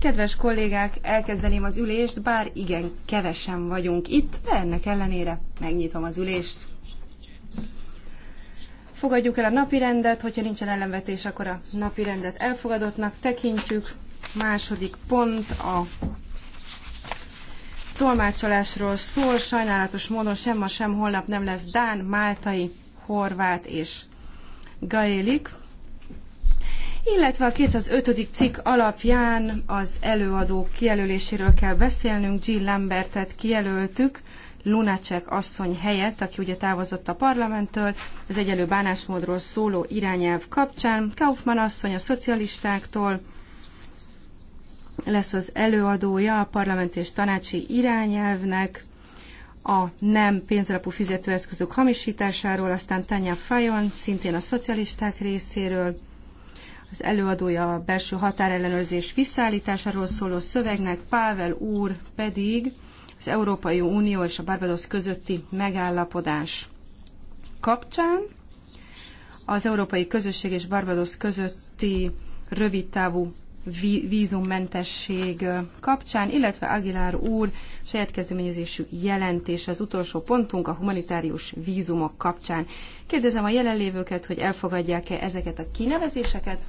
Kedves kollégák, elkezdeném az ülést, bár igen, kevesen vagyunk itt, de ennek ellenére megnyitom az ülést. Fogadjuk el a napirendet, hogyha nincsen ellenvetés, akkor a napirendet elfogadottnak tekintjük. Második pont a tolmácsolásról szól, sajnálatos módon sem ma, sem holnap nem lesz Dán, Máltai, Horvát és Gaélik illetve a 205. cikk alapján az előadók kijelöléséről kell beszélnünk. Jill Lambertet kijelöltük, Lunacek asszony helyett, aki ugye távozott a parlamenttől, az egyelő bánásmódról szóló irányelv kapcsán. Kaufmann asszony a szocialistáktól lesz az előadója a parlament és tanácsi irányelvnek, a nem pénzalapú fizetőeszközök hamisításáról, aztán Tanya Fajon, szintén a szocialisták részéről, az előadója a belső határellenőrzés visszaállításáról szóló szövegnek, Pável úr pedig az Európai Unió és a Barbados közötti megállapodás kapcsán az Európai Közösség és Barbados közötti rövidtávú vízummentesség kapcsán, illetve Aguilar úr saját kezdeményezésű jelentés az utolsó pontunk a humanitárius vízumok kapcsán. Kérdezem a jelenlévőket, hogy elfogadják-e ezeket a kinevezéseket?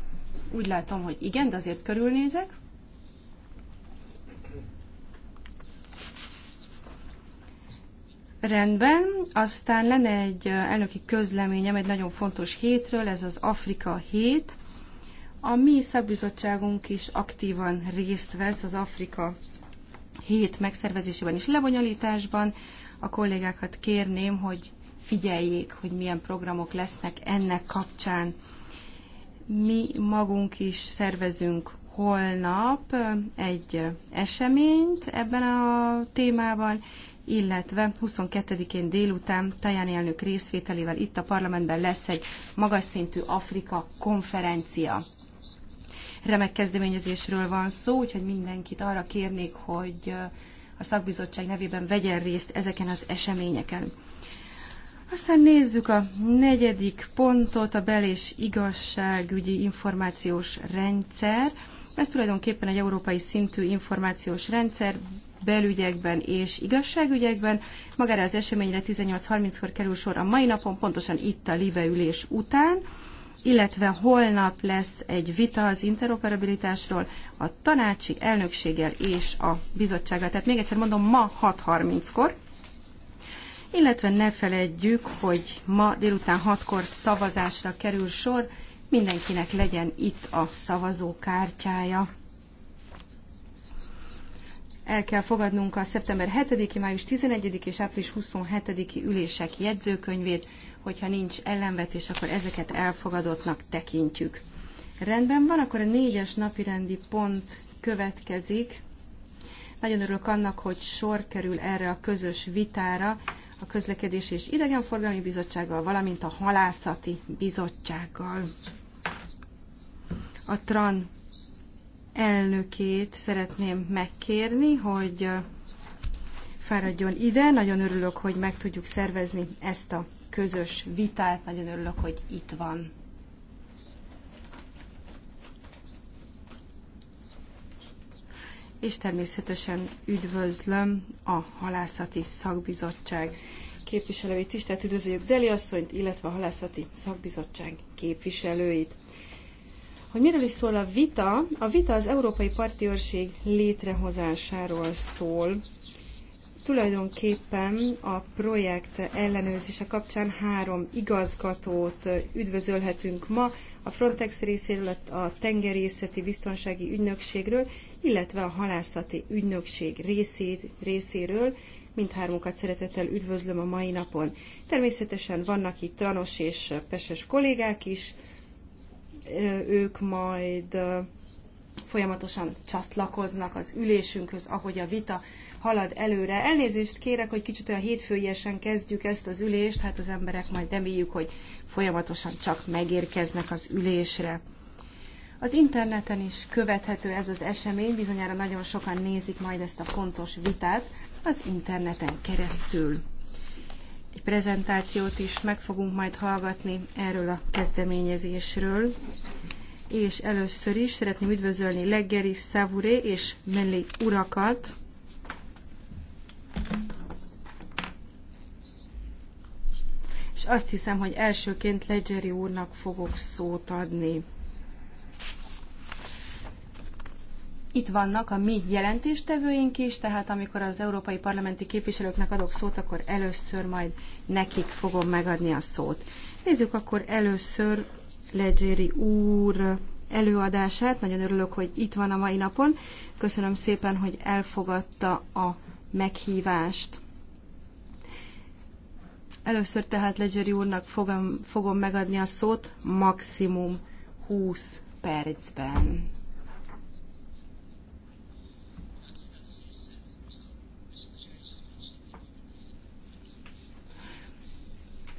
Úgy látom, hogy igen, de azért körülnézek. Rendben, aztán lenne egy elnöki közleményem egy nagyon fontos hétről, ez az Afrika hét. A mi szakbizottságunk is aktívan részt vesz az Afrika hét megszervezésében és lebonyolításban. A kollégákat kérném, hogy figyeljék, hogy milyen programok lesznek ennek kapcsán. Mi magunk is szervezünk holnap eh, egy eseményt ebben a témában, illetve 22-én délután Taján elnök részvételével itt a parlamentben lesz egy magas szintű Afrika konferencia. Remek kezdeményezésről van szó, úgyhogy mindenkit arra kérnék, hogy eh, a szakbizottság nevében vegyen részt ezeken az eseményeken. Aztán nézzük a negyedik pontot, a bel- és igazságügyi információs rendszer. Ez tulajdonképpen egy európai szintű információs rendszer, belügyekben és igazságügyekben. Magára az eseményre 18.30-kor kerül sor a mai napon, pontosan itt a Libe ülés után, illetve holnap lesz egy vita az interoperabilitásról a tanácsi elnökséggel és a bizottsággal. Tehát még egyszer mondom, ma 6.30-kor illetve ne feledjük, hogy ma délután hatkor szavazásra kerül sor, mindenkinek legyen itt a szavazókártyája. El kell fogadnunk a szeptember 7-i, május 11 és április 27-i ülések jegyzőkönyvét, hogyha nincs ellenvetés, akkor ezeket elfogadottnak tekintjük. Rendben van, akkor a négyes napirendi pont következik. Nagyon örülök annak, hogy sor kerül erre a közös vitára a Közlekedés és Idegenforgalmi Bizottsággal, valamint a Halászati Bizottsággal. A TRAN elnökét szeretném megkérni, hogy fáradjon ide. Nagyon örülök, hogy meg tudjuk szervezni ezt a közös vitát. Nagyon örülök, hogy itt van. és természetesen üdvözlöm a Halászati Szakbizottság képviselőit tisztelt üdvözöljük Deli asszonyt, illetve a Halászati Szakbizottság képviselőit. Hogy miről is szól a vita? A vita az Európai Parti Őrség létrehozásáról szól. Tulajdonképpen a projekt ellenőrzése kapcsán három igazgatót üdvözölhetünk ma, a Frontex részéről, a Tengerészeti Biztonsági Ügynökségről, illetve a halászati ügynökség részét, részéről. Mindhármukat szeretettel üdvözlöm a mai napon. Természetesen vannak itt Tranos és Peses kollégák is, ők majd folyamatosan csatlakoznak az ülésünkhöz, ahogy a vita halad előre. Elnézést kérek, hogy kicsit olyan hétfőjesen kezdjük ezt az ülést, hát az emberek majd reméljük, hogy folyamatosan csak megérkeznek az ülésre. Az interneten is követhető ez az esemény, bizonyára nagyon sokan nézik majd ezt a fontos vitát az interneten keresztül. Egy prezentációt is meg fogunk majd hallgatni erről a kezdeményezésről. És először is szeretném üdvözölni Leggeri, Szavuré és Melli urakat. És azt hiszem, hogy elsőként Leggeri úrnak fogok szót adni. Itt vannak a mi jelentéstevőink is, tehát amikor az európai parlamenti képviselőknek adok szót, akkor először majd nekik fogom megadni a szót. Nézzük akkor először Legyéri úr előadását. Nagyon örülök, hogy itt van a mai napon. Köszönöm szépen, hogy elfogadta a meghívást. Először tehát Legyéri úrnak fogom, fogom megadni a szót maximum 20 percben.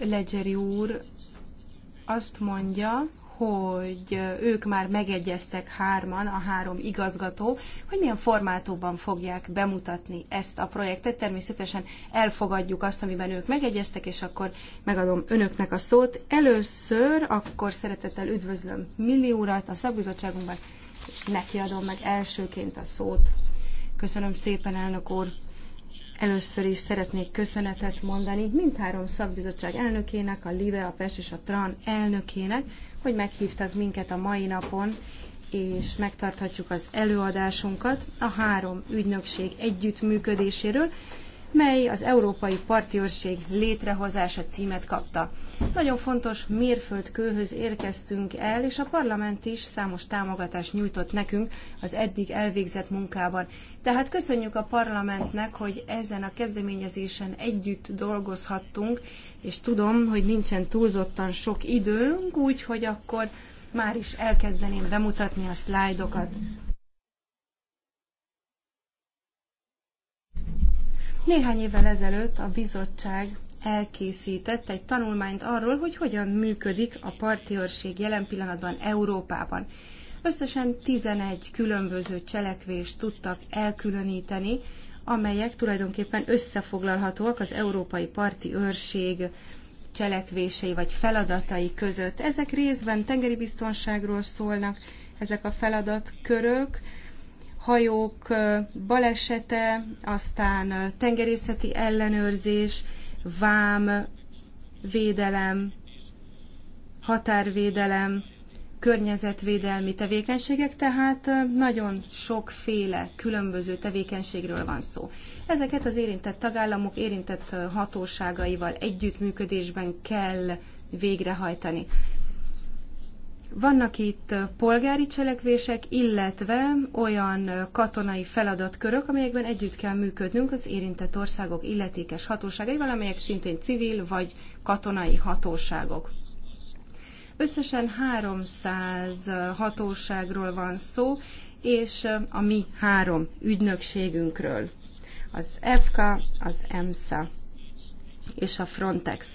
Legyeri úr azt mondja, hogy ők már megegyeztek hárman, a három igazgató, hogy milyen formátóban fogják bemutatni ezt a projektet. Természetesen elfogadjuk azt, amiben ők megegyeztek, és akkor megadom önöknek a szót. Először akkor szeretettel üdvözlöm Milli urat a szakbizottságunkban, és neki adom meg elsőként a szót. Köszönöm szépen, elnök úr! Először is szeretnék köszönetet mondani mindhárom szakbizottság elnökének, a LIVE, a PES és a TRAN elnökének, hogy meghívtak minket a mai napon, és megtarthatjuk az előadásunkat a három ügynökség együttműködéséről, mely az Európai Partiőrség létrehozása címet kapta. Nagyon fontos mérföldkőhöz érkeztünk el, és a parlament is számos támogatást nyújtott nekünk az eddig elvégzett munkában. Tehát köszönjük a parlamentnek, hogy ezen a kezdeményezésen együtt dolgozhattunk, és tudom, hogy nincsen túlzottan sok időnk, úgyhogy akkor már is elkezdeném bemutatni a szlájdokat. Néhány évvel ezelőtt a bizottság elkészített egy tanulmányt arról, hogy hogyan működik a partiőrség jelen pillanatban Európában. Összesen 11 különböző cselekvést tudtak elkülöníteni, amelyek tulajdonképpen összefoglalhatóak az Európai Parti Őrség cselekvései vagy feladatai között. Ezek részben tengeri biztonságról szólnak, ezek a feladatkörök, hajók balesete, aztán tengerészeti ellenőrzés, vám, védelem, határvédelem, környezetvédelmi tevékenységek, tehát nagyon sokféle különböző tevékenységről van szó. Ezeket az érintett tagállamok érintett hatóságaival együttműködésben kell végrehajtani. Vannak itt polgári cselekvések, illetve olyan katonai feladatkörök, amelyekben együtt kell működnünk az érintett országok illetékes hatóságai valamelyek szintén civil vagy katonai hatóságok. Összesen 300 hatóságról van szó, és a mi három ügynökségünkről. Az EFKA, az EMSA és a Frontex.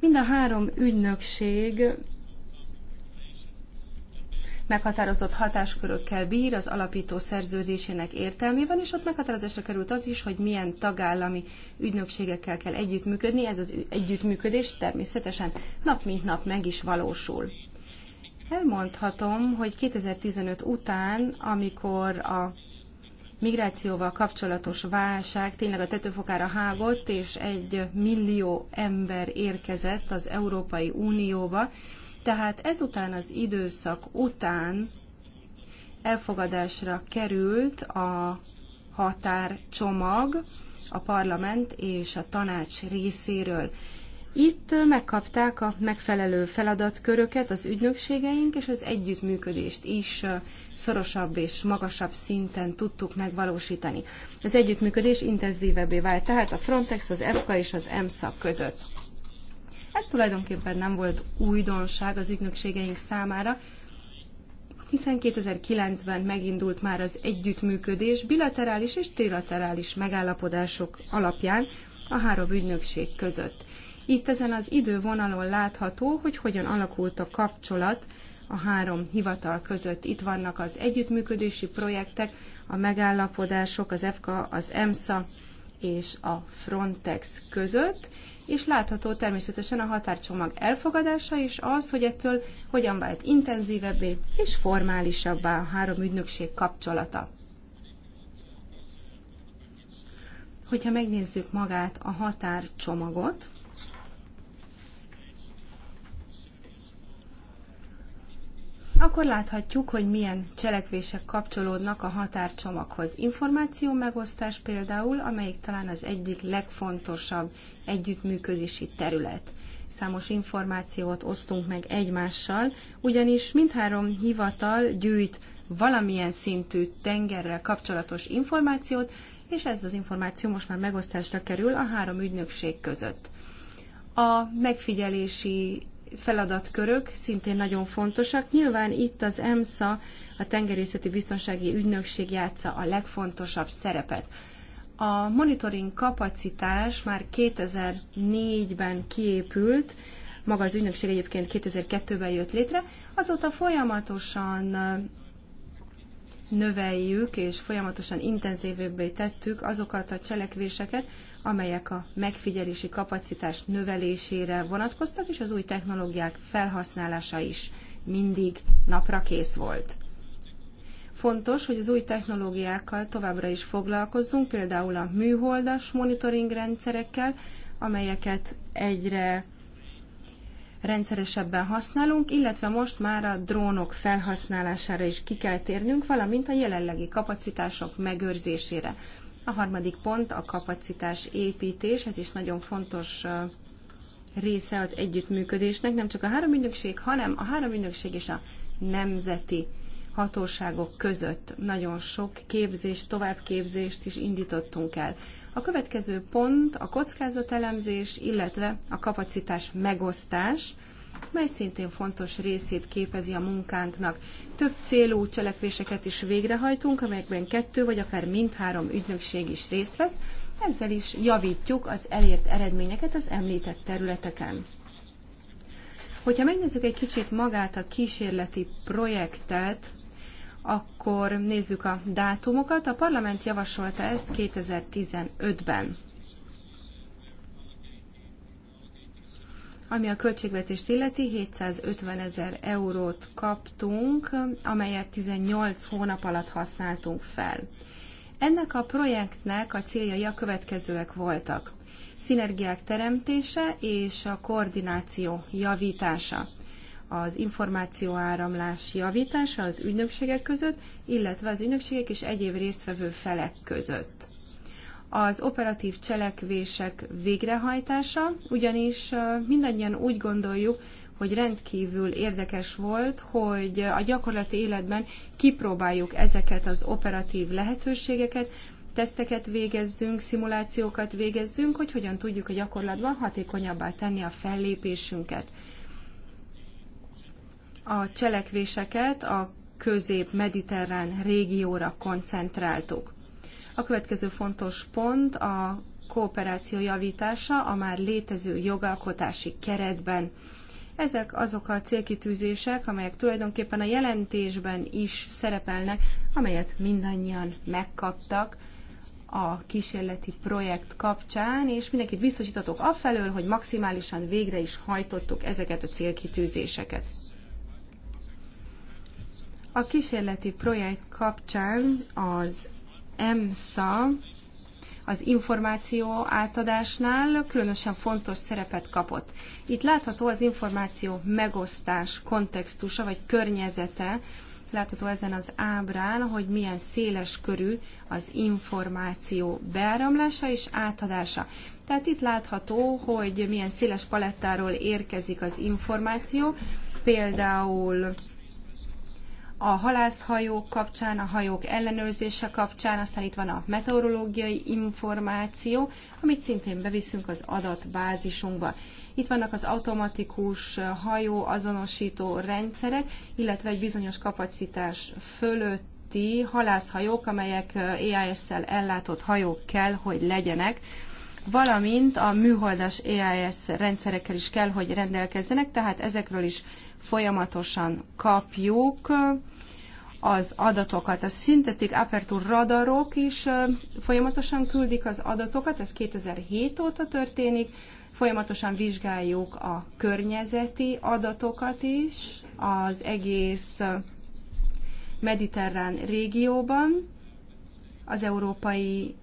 Mind a három ügynökség meghatározott hatáskörökkel bír az alapító szerződésének értelmében, és ott meghatározásra került az is, hogy milyen tagállami ügynökségekkel kell együttműködni. Ez az együttműködés természetesen nap mint nap meg is valósul. Elmondhatom, hogy 2015 után, amikor a migrációval kapcsolatos válság tényleg a tetőfokára hágott, és egy millió ember érkezett az Európai Unióba, tehát ezután az időszak után elfogadásra került a határcsomag a parlament és a tanács részéről. Itt megkapták a megfelelő feladatköröket az ügynökségeink, és az együttműködést is szorosabb és magasabb szinten tudtuk megvalósítani. Az együttműködés intenzívebbé vált, tehát a Frontex, az EFKA és az EMSZA között. Ez tulajdonképpen nem volt újdonság az ügynökségeink számára, hiszen 2009-ben megindult már az együttműködés bilaterális és trilaterális megállapodások alapján a három ügynökség között. Itt ezen az idővonalon látható, hogy hogyan alakult a kapcsolat a három hivatal között. Itt vannak az együttműködési projektek, a megállapodások az EFKA, az EMSA és a Frontex között, és látható természetesen a határcsomag elfogadása is az, hogy ettől hogyan vált intenzívebbé és formálisabbá a három ügynökség kapcsolata. Hogyha megnézzük magát a határcsomagot, akkor láthatjuk, hogy milyen cselekvések kapcsolódnak a határcsomaghoz. Információ megosztás például, amelyik talán az egyik legfontosabb együttműködési terület. Számos információt osztunk meg egymással, ugyanis mindhárom hivatal gyűjt valamilyen szintű tengerrel kapcsolatos információt, és ez az információ most már megosztásra kerül a három ügynökség között. A megfigyelési feladatkörök szintén nagyon fontosak. Nyilván itt az EMSA, a Tengerészeti Biztonsági Ügynökség játsza a legfontosabb szerepet. A monitoring kapacitás már 2004-ben kiépült, maga az ügynökség egyébként 2002-ben jött létre, azóta folyamatosan növeljük és folyamatosan intenzívebbé tettük azokat a cselekvéseket, amelyek a megfigyelési kapacitás növelésére vonatkoztak, és az új technológiák felhasználása is mindig napra kész volt. Fontos, hogy az új technológiákkal továbbra is foglalkozzunk, például a műholdas monitoring rendszerekkel, amelyeket egyre rendszeresebben használunk, illetve most már a drónok felhasználására is ki kell térnünk, valamint a jelenlegi kapacitások megőrzésére. A harmadik pont a kapacitás építés, ez is nagyon fontos része az együttműködésnek, nem csak a három ügynökség, hanem a három ügynökség és a nemzeti hatóságok között nagyon sok képzést, továbbképzést is indítottunk el. A következő pont a kockázatelemzés, illetve a kapacitás megosztás, mely szintén fontos részét képezi a munkánknak. Több célú cselekvéseket is végrehajtunk, amelyekben kettő vagy akár mindhárom ügynökség is részt vesz, ezzel is javítjuk az elért eredményeket az említett területeken. Hogyha megnézzük egy kicsit magát a kísérleti projektet, akkor nézzük a dátumokat. A parlament javasolta ezt 2015-ben. Ami a költségvetést illeti, 750 ezer eurót kaptunk, amelyet 18 hónap alatt használtunk fel. Ennek a projektnek a céljai a következőek voltak. Szinergiák teremtése és a koordináció javítása az áramlás javítása az ügynökségek között, illetve az ügynökségek és egyéb résztvevő felek között. Az operatív cselekvések végrehajtása, ugyanis mindannyian úgy gondoljuk, hogy rendkívül érdekes volt, hogy a gyakorlati életben kipróbáljuk ezeket az operatív lehetőségeket, teszteket végezzünk, szimulációkat végezzünk, hogy hogyan tudjuk a gyakorlatban hatékonyabbá tenni a fellépésünket a cselekvéseket a közép-mediterrán régióra koncentráltuk. A következő fontos pont a kooperáció javítása a már létező jogalkotási keretben. Ezek azok a célkitűzések, amelyek tulajdonképpen a jelentésben is szerepelnek, amelyet mindannyian megkaptak a kísérleti projekt kapcsán, és mindenkit biztosítatok afelől, hogy maximálisan végre is hajtottuk ezeket a célkitűzéseket. A kísérleti projekt kapcsán az EMSA az információ átadásnál különösen fontos szerepet kapott. Itt látható az információ megosztás kontextusa vagy környezete, látható ezen az ábrán, hogy milyen széles körű az információ beáramlása és átadása. Tehát itt látható, hogy milyen széles palettáról érkezik az információ, például a halászhajók kapcsán, a hajók ellenőrzése kapcsán, aztán itt van a meteorológiai információ, amit szintén beviszünk az adatbázisunkba. Itt vannak az automatikus hajó azonosító rendszerek, illetve egy bizonyos kapacitás fölött halászhajók, amelyek EIS-szel eh, ellátott hajók kell, hogy legyenek valamint a műholdas EIS rendszerekkel is kell, hogy rendelkezzenek, tehát ezekről is folyamatosan kapjuk eh, az adatokat. A szintetik apertur radarok is folyamatosan küldik az adatokat, ez 2007 óta történik, folyamatosan vizsgáljuk a környezeti adatokat is az egész mediterrán régióban, az Európai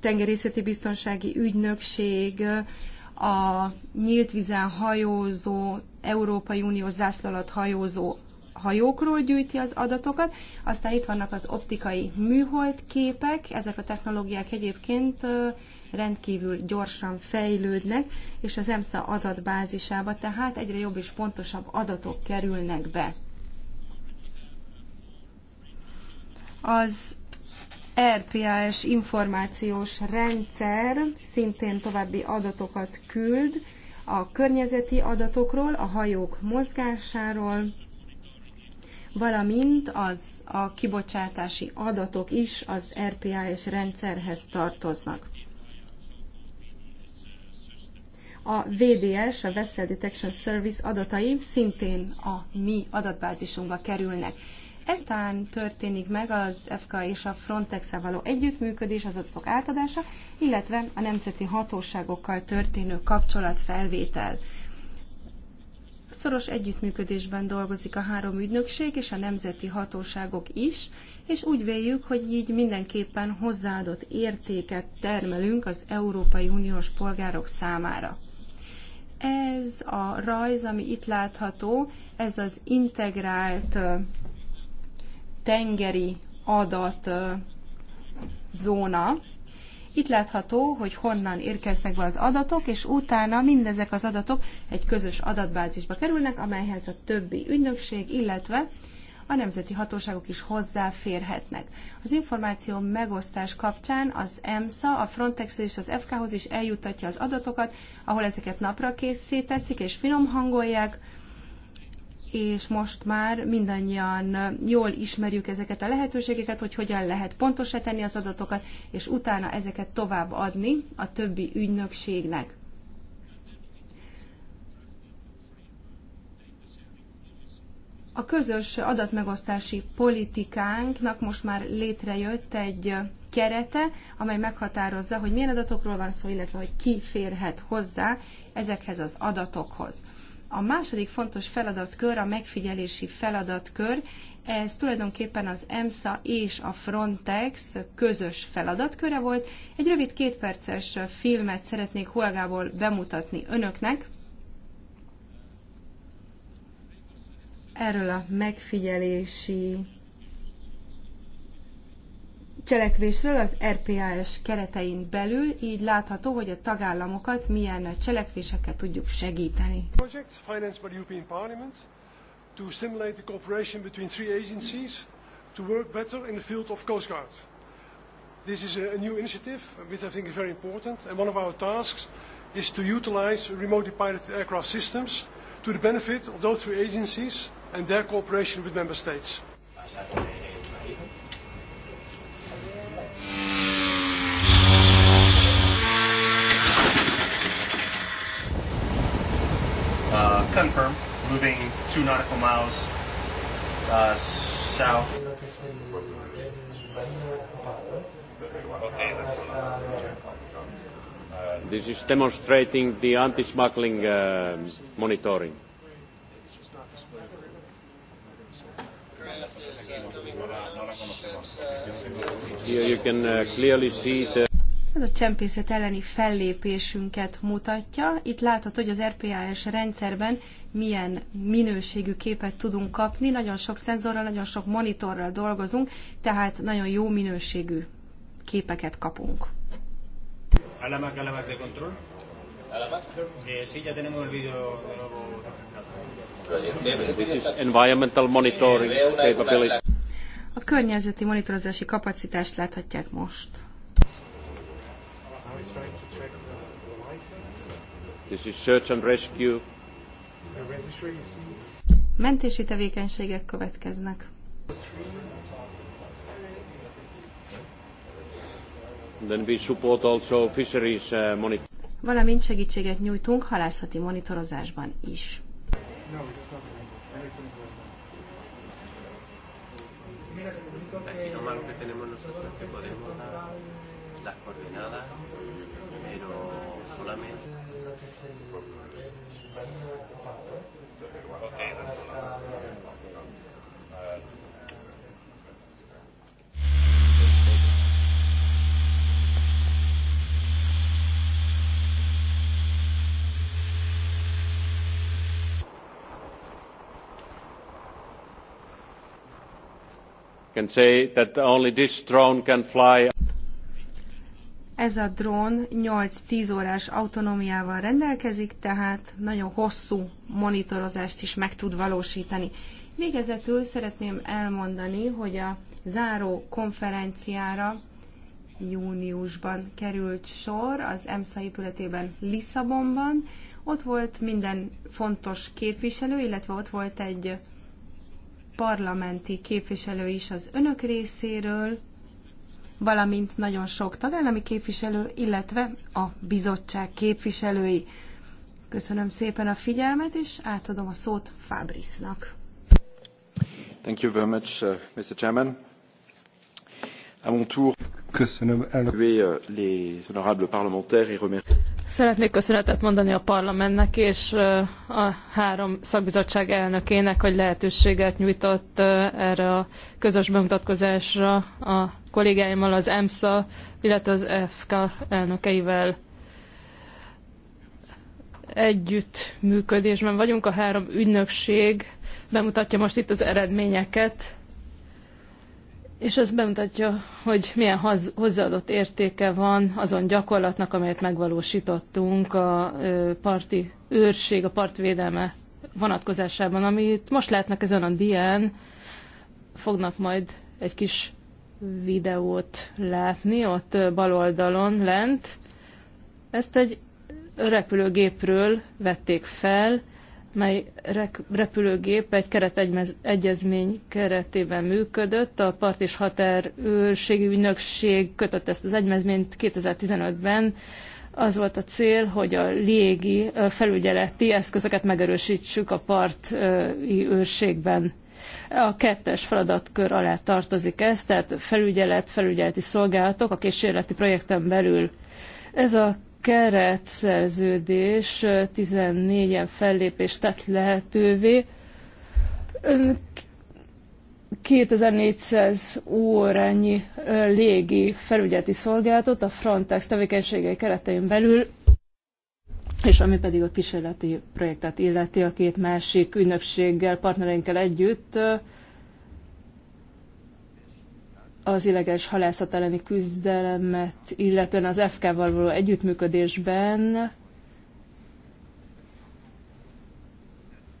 Tengerészeti Biztonsági Ügynökség, a nyílt vizen hajózó, Európai Unió zászlalat hajózó hajókról gyűjti az adatokat, aztán itt vannak az optikai műhold képek, ezek a technológiák egyébként rendkívül gyorsan fejlődnek, és az EMSZA adatbázisába tehát egyre jobb és pontosabb adatok kerülnek be. Az RPAS információs rendszer szintén további adatokat küld a környezeti adatokról, a hajók mozgásáról, valamint az a kibocsátási adatok is az RPAS rendszerhez tartoznak. A VDS, a Vessel Detection Service adatai szintén a mi adatbázisunkba kerülnek. Ezután történik meg az FK és a frontex való együttműködés, az adatok átadása, illetve a nemzeti hatóságokkal történő kapcsolatfelvétel. Szoros együttműködésben dolgozik a három ügynökség és a nemzeti hatóságok is, és úgy véljük, hogy így mindenképpen hozzáadott értéket termelünk az Európai Uniós polgárok számára. Ez a rajz, ami itt látható, ez az integrált tengeri adat zóna, itt látható, hogy honnan érkeznek be az adatok, és utána mindezek az adatok egy közös adatbázisba kerülnek, amelyhez a többi ügynökség, illetve a nemzeti hatóságok is hozzáférhetnek. Az információ megosztás kapcsán az EMSA, a Frontex és az FK-hoz is eljutatja az adatokat, ahol ezeket napra készíteszik és finomhangolják, és most már mindannyian jól ismerjük ezeket a lehetőségeket, hogy hogyan lehet pontosra tenni az adatokat, és utána ezeket tovább adni a többi ügynökségnek. A közös adatmegosztási politikánknak most már létrejött egy kerete, amely meghatározza, hogy milyen adatokról van szó, illetve hogy ki férhet hozzá ezekhez az adatokhoz. A második fontos feladatkör a megfigyelési feladatkör, ez tulajdonképpen az EMSA és a Frontex közös feladatköre volt. Egy rövid kétperces filmet szeretnék Holgából bemutatni önöknek. Erről a megfigyelési cselekvésről az RPAS keretein belül, így látható, hogy a tagállamokat milyen cselekvésekkel tudjuk segíteni. to stimulate the cooperation between three agencies to work better in the field of Coast Guard. This is a new initiative, which I think is very important, and one of our tasks is to utilize remotely piloted aircraft systems to the benefit of those three agencies and their cooperation with member states. uh, confirm, moving two nautical miles uh, south. Uh, This is demonstrating the anti-smuggling uh, monitoring. Here you can uh, clearly see the ez a csempészet elleni fellépésünket mutatja. Itt látható, hogy az RPAS rendszerben milyen minőségű képet tudunk kapni. Nagyon sok szenzorral, nagyon sok monitorral dolgozunk, tehát nagyon jó minőségű képeket kapunk. Elemek, elemek de control. Eh, Environmental monitoring capability. A környezeti monitorozási kapacitást láthatják most trying to check the, license. This is search and rescue. The registry Mentési tevékenységek következnek. Then we support also fisheries uh, monitor. Valamint segítséget nyújtunk halászati monitorozásban is. No, it's not. Aquí nomás lo que tenemos nosotros que podemos dar las coordenadas pero solamente. can say that only this drone can fly. Ez a drón 8-10 órás autonómiával rendelkezik, tehát nagyon hosszú monitorozást is meg tud valósítani. Végezetül szeretném elmondani, hogy a záró konferenciára júniusban került sor az EMSZA épületében Lisszabonban. Ott volt minden fontos képviselő, illetve ott volt egy parlamenti képviselő is az önök részéről, valamint nagyon sok tagállami képviselő, illetve a bizottság képviselői. Köszönöm szépen a figyelmet, és átadom a szót Fabrisnak. Thank you very much, uh, Mr. Chairman. À mon tour, Köszönöm, elnök. Uh, les honorables parlementaires et remercier. Szeretnék köszönetet mondani a parlamentnek és uh, a három szakbizottság elnökének, hogy lehetőséget nyújtott uh, erre a közös bemutatkozásra a kollégáimmal, az EMSZA, illetve az FK elnökeivel együtt működésben vagyunk. A három ügynökség bemutatja most itt az eredményeket, és ez bemutatja, hogy milyen hozzáadott értéke van azon gyakorlatnak, amelyet megvalósítottunk a parti őrség, a partvédelme vonatkozásában, amit most látnak ezen a dián, fognak majd egy kis videót látni, ott bal oldalon lent. Ezt egy repülőgépről vették fel, mely repülőgép egy keretegyezmény keretében működött. A Part és őrségi Ügynökség kötött ezt az egyezményt 2015-ben. Az volt a cél, hogy a légi felügyeleti eszközöket megerősítsük a parti őrségben. A kettes feladatkör alá tartozik ez, tehát felügyelet, felügyeleti szolgálatok a kísérleti projekten belül. Ez a szerződés 14 en fellépést tett lehetővé. 2400 órányi légi felügyeleti szolgálatot a Frontex tevékenységei keretein belül és ami pedig a kísérleti projektet illeti a két másik ügynökséggel, partnereinkkel együtt, az illegális halászat elleni küzdelemet, illetően az FK-val való együttműködésben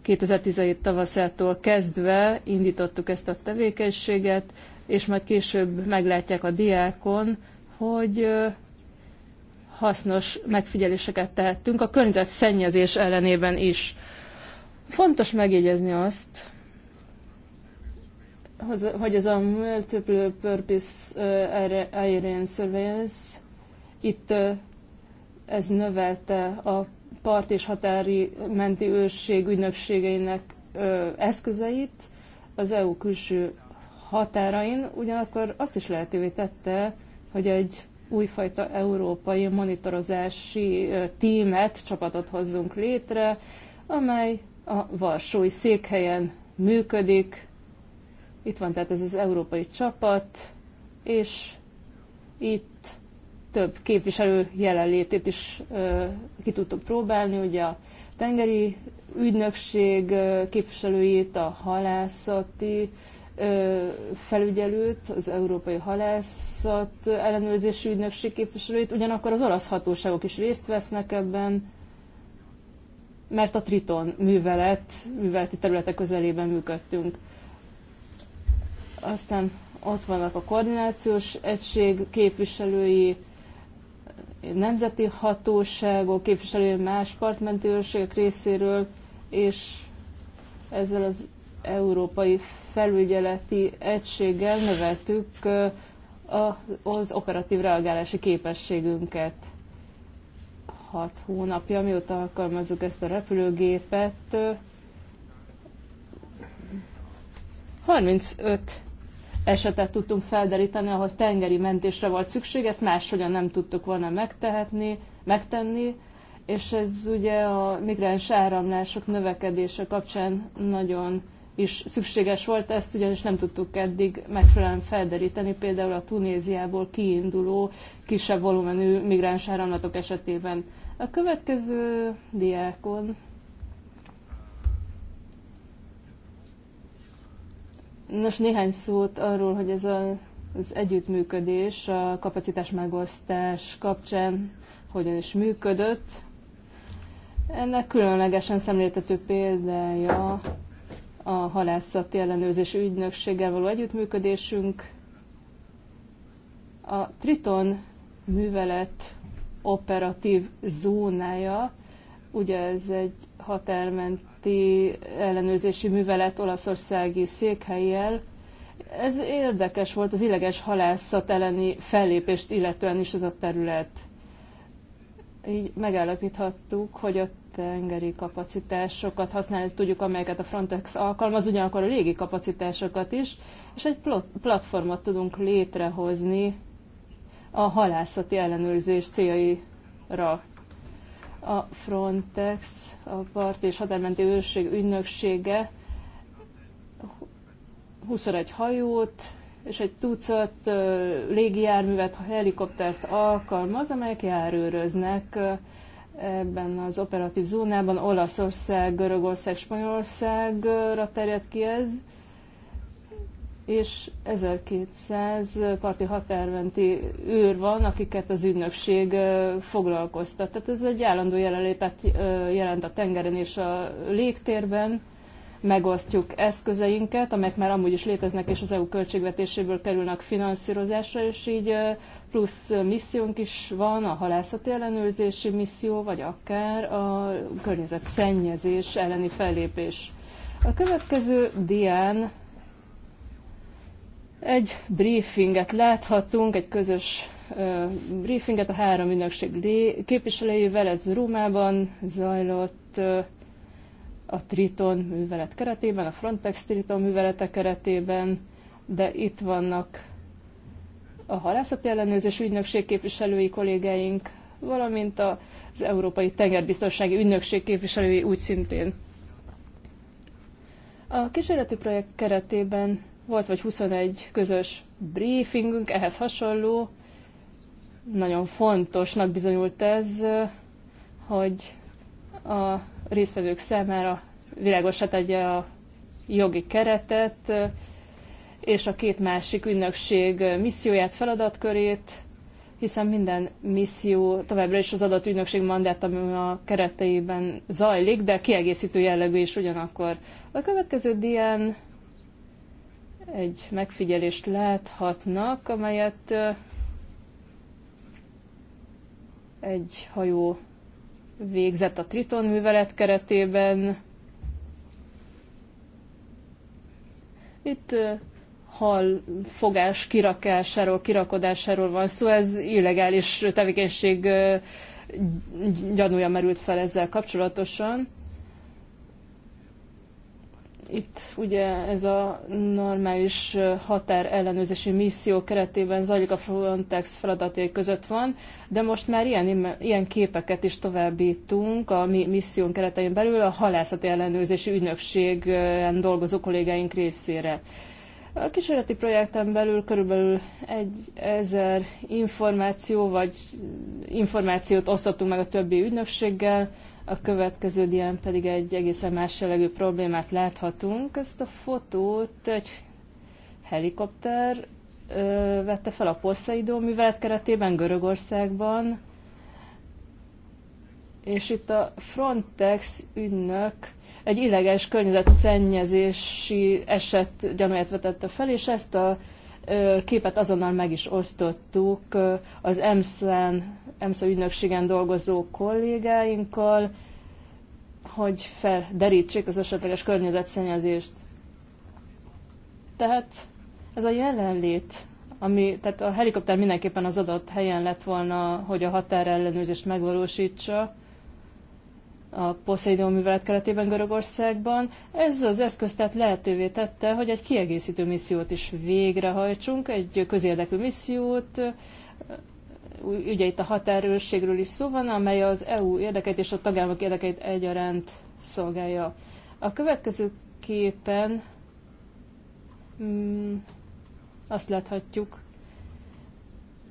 2017 tavaszától kezdve indítottuk ezt a tevékenységet, és majd később meglátják a diákon, hogy hasznos megfigyeléseket tehettünk a környezet szennyezés ellenében is. Fontos megjegyezni azt, hogy ez a Multiple Purpose uh, Iron Surveillance itt uh, ez növelte a part és határi menti őrség ügynökségeinek uh, eszközeit az EU külső határain, ugyanakkor azt is lehetővé tette, hogy egy újfajta európai monitorozási tímet, csapatot hozzunk létre, amely a Varsói székhelyen működik. Itt van tehát ez az európai csapat, és itt több képviselő jelenlétét is ö, ki tudtuk próbálni, ugye a tengeri ügynökség képviselőjét, a halászati felügyelőt, az Európai Halászat ellenőrzési ügynökség képviselőit, ugyanakkor az olasz hatóságok is részt vesznek ebben, mert a Triton művelet, műveleti területek közelében működtünk. Aztán ott vannak a koordinációs egység képviselői, nemzeti hatóságok képviselői más partmentőrségek részéről, és ezzel az európai felügyeleti egységgel növeltük az operatív reagálási képességünket. Hat hónapja, mióta alkalmazzuk ezt a repülőgépet, 35 esetet tudtunk felderíteni, ahol tengeri mentésre volt szükség, ezt máshogyan nem tudtuk volna megtehetni, megtenni, és ez ugye a migráns áramlások növekedése kapcsán nagyon is szükséges volt, ezt ugyanis nem tudtuk eddig megfelelően felderíteni, például a Tunéziából kiinduló kisebb volumenű migráns áramlatok esetében. A következő diákon Nos, néhány szót arról, hogy ez a, az együttműködés a kapacitás megosztás kapcsán hogyan is működött. Ennek különlegesen szemléltető példája a halászati ellenőrzés ügynökséggel való együttműködésünk. A Triton művelet operatív zónája, ugye ez egy határmenti ellenőrzési művelet olaszországi székhelyjel, ez érdekes volt az illeges halászat elleni fellépést illetően is ez a terület. Így megállapíthattuk, hogy a tengeri kapacitásokat használni tudjuk, amelyeket a Frontex alkalmaz, ugyanakkor a légi kapacitásokat is, és egy platformot tudunk létrehozni a halászati ellenőrzés céljaira. A Frontex, a Part és Határmenti Őrség ügynöksége 21 hajót, és egy tucat légijárművet, helikoptert alkalmaz, amelyek járőröznek ebben az operatív zónában Olaszország, Görögország, Spanyolországra terjed ki ez, és 1200 parti határmenti őr van, akiket az ügynökség foglalkoztat. Tehát ez egy állandó jelenlépet jelent a tengeren és a légtérben, megosztjuk eszközeinket, amelyek már amúgy is léteznek, és az EU költségvetéséből kerülnek finanszírozásra, és így plusz missziónk is van, a halászati ellenőrzési misszió, vagy akár a környezet szennyezés elleni fellépés. A következő dián egy briefinget láthatunk, egy közös briefinget a három ünnökség képviselőjével, ez Rómában zajlott a Triton művelet keretében, a Frontex Triton művelete keretében, de itt vannak a halászati ellenőrzés ügynökség képviselői kollégáink, valamint az Európai Tengerbiztonsági Ügynökség képviselői úgy szintén. A kísérleti projekt keretében volt vagy 21 közös briefingünk, ehhez hasonló. Nagyon fontosnak bizonyult ez, hogy a résztvevők számára világosá tegye a jogi keretet, és a két másik ügynökség misszióját, feladatkörét, hiszen minden misszió továbbra is az adott ügynökség mandátum a kereteiben zajlik, de kiegészítő jellegű is ugyanakkor. A következő dián egy megfigyelést láthatnak, amelyet egy hajó végzett a Triton művelet keretében. Itt hal fogás kirakásáról, kirakodásáról van szó, ez illegális tevékenység gyanúja merült fel ezzel kapcsolatosan. Itt ugye ez a normális határ ellenőrzési misszió keretében zajlik a Frontex feladatai között van, de most már ilyen, ilyen képeket is továbbítunk a mi misszión keretein belül a halászati ellenőrzési ügynökségen dolgozó kollégáink részére. A kísérleti projekten belül körülbelül egy ezer információ vagy információt osztottunk meg a többi ügynökséggel, a következő dián pedig egy egészen más jellegű problémát láthatunk. Ezt a fotót egy helikopter ö, vette fel a Poseidó művelet keretében Görögországban, és itt a Frontex ünnök egy illegális környezetszennyezési eset gyanúját vetette fel, és ezt a képet azonnal meg is osztottuk az EMSZ-en, EMSZ ügynökségen dolgozó kollégáinkkal, hogy felderítsék az esetleges környezetszennyezést. Tehát ez a jelenlét, ami, tehát a helikopter mindenképpen az adott helyen lett volna, hogy a határellenőrzést megvalósítsa, a Poseidon művelet keretében Görögországban. Ez az eszköz tehát lehetővé tette, hogy egy kiegészítő missziót is végrehajtsunk, egy közérdekű missziót, ugye itt a határőrségről is szó van, amely az EU érdekeit és a tagállamok érdekeit egyaránt szolgálja. A következő képen mm, azt láthatjuk,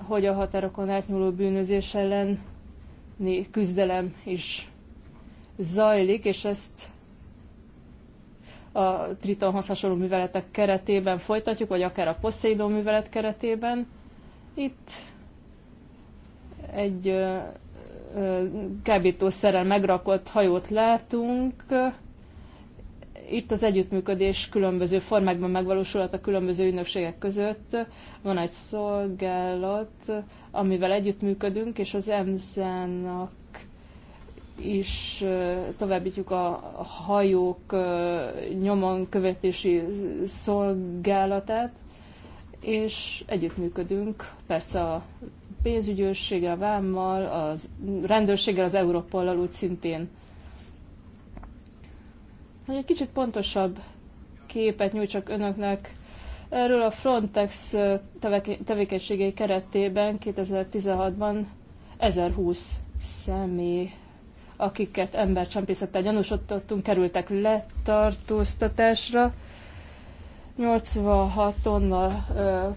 hogy a határokon átnyúló bűnözés ellen küzdelem is zajlik, és ezt a Tritonhoz hasonló műveletek keretében folytatjuk, vagy akár a Poseidon művelet keretében. Itt egy kábítószerrel megrakott hajót látunk. Itt az együttműködés különböző formákban megvalósulhat a különböző ünnepségek között. Van egy szolgálat, amivel együttműködünk, és az emsz a is továbbítjuk a hajók nyomon követési szolgálatát, és együttműködünk persze a pénzügyőrséggel, a vámmal, a rendőrséggel, az Európollal úgy szintén. Hogy egy kicsit pontosabb képet nyújtsak önöknek erről a Frontex tevékenységei keretében 2016-ban 1020 személy akiket embercsempészettel gyanúsítottunk, kerültek letartóztatásra. 86 tonna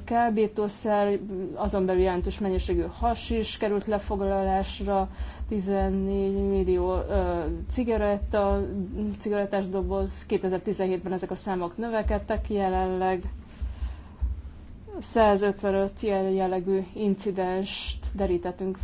kábítószer, azon belül jelentős mennyiségű has is került lefoglalásra, 14 millió cigaretta, cigarettás doboz, 2017-ben ezek a számok növekedtek jelenleg. 155 jellegű incidenst derítettünk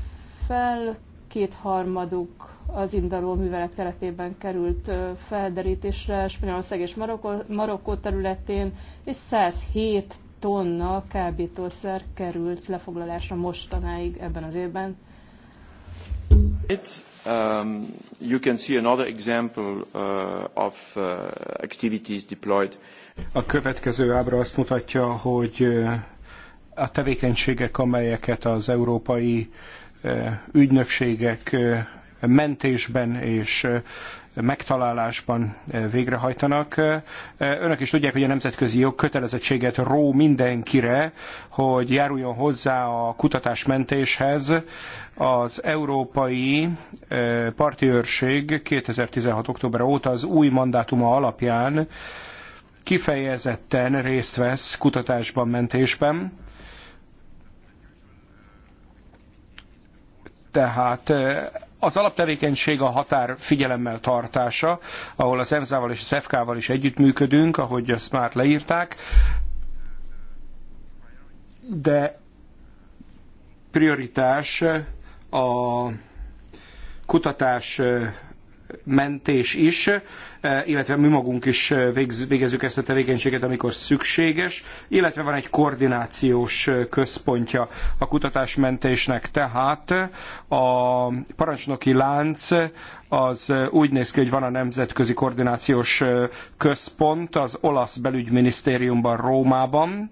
fel, kétharmaduk az indaló művelet keretében került felderítésre Spanyolország és Marokko, Marokkó területén, és 107 tonna kábítószer került lefoglalásra mostanáig ebben az évben. It, um, you can see another example uh, of uh, activities deployed. A következő ábra azt mutatja, hogy uh, a tevékenységek, amelyeket az európai uh, ügynökségek uh, mentésben és megtalálásban végrehajtanak. Önök is tudják, hogy a nemzetközi jog kötelezettséget ró mindenkire, hogy járuljon hozzá a kutatásmentéshez. Az Európai Parti Őrség 2016. október óta az új mandátuma alapján kifejezetten részt vesz kutatásban, mentésben. Tehát az alaptevékenység a határ figyelemmel tartása, ahol az EMSZ-val és a SZEFK-val is együttműködünk, ahogy azt már leírták, de prioritás a kutatás mentés is, eh, illetve mi magunk is eh, végezzük ezt a tevékenységet, amikor szükséges, illetve van egy koordinációs eh, központja a kutatásmentésnek, tehát a parancsnoki lánc az úgy néz ki, hogy van a Nemzetközi Koordinációs Központ az olasz belügyminisztériumban, Rómában,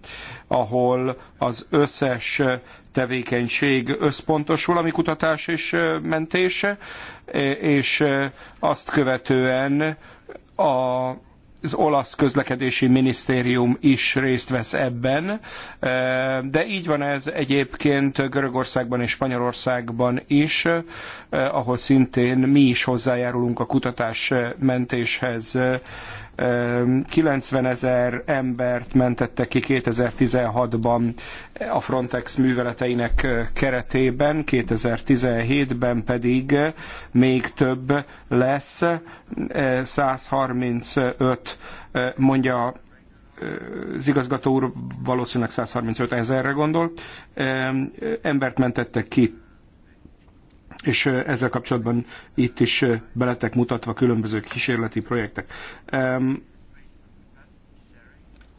ahol az összes tevékenység összpontosul, ami kutatás és mentése, és azt követően a az olasz közlekedési minisztérium is részt vesz ebben, de így van ez egyébként Görögországban és Spanyolországban is, ahol szintén mi is hozzájárulunk a kutatás mentéshez. 90 ehm, ezer embert mentettek ki 2016-ban a Frontex műveleteinek keretében, 2017-ben pedig még több lesz, 135 mondja az igazgató úr valószínűleg 135 ezerre gondol, ehm, embert mentettek ki és ezzel kapcsolatban itt is beletek mutatva különböző kísérleti projektek.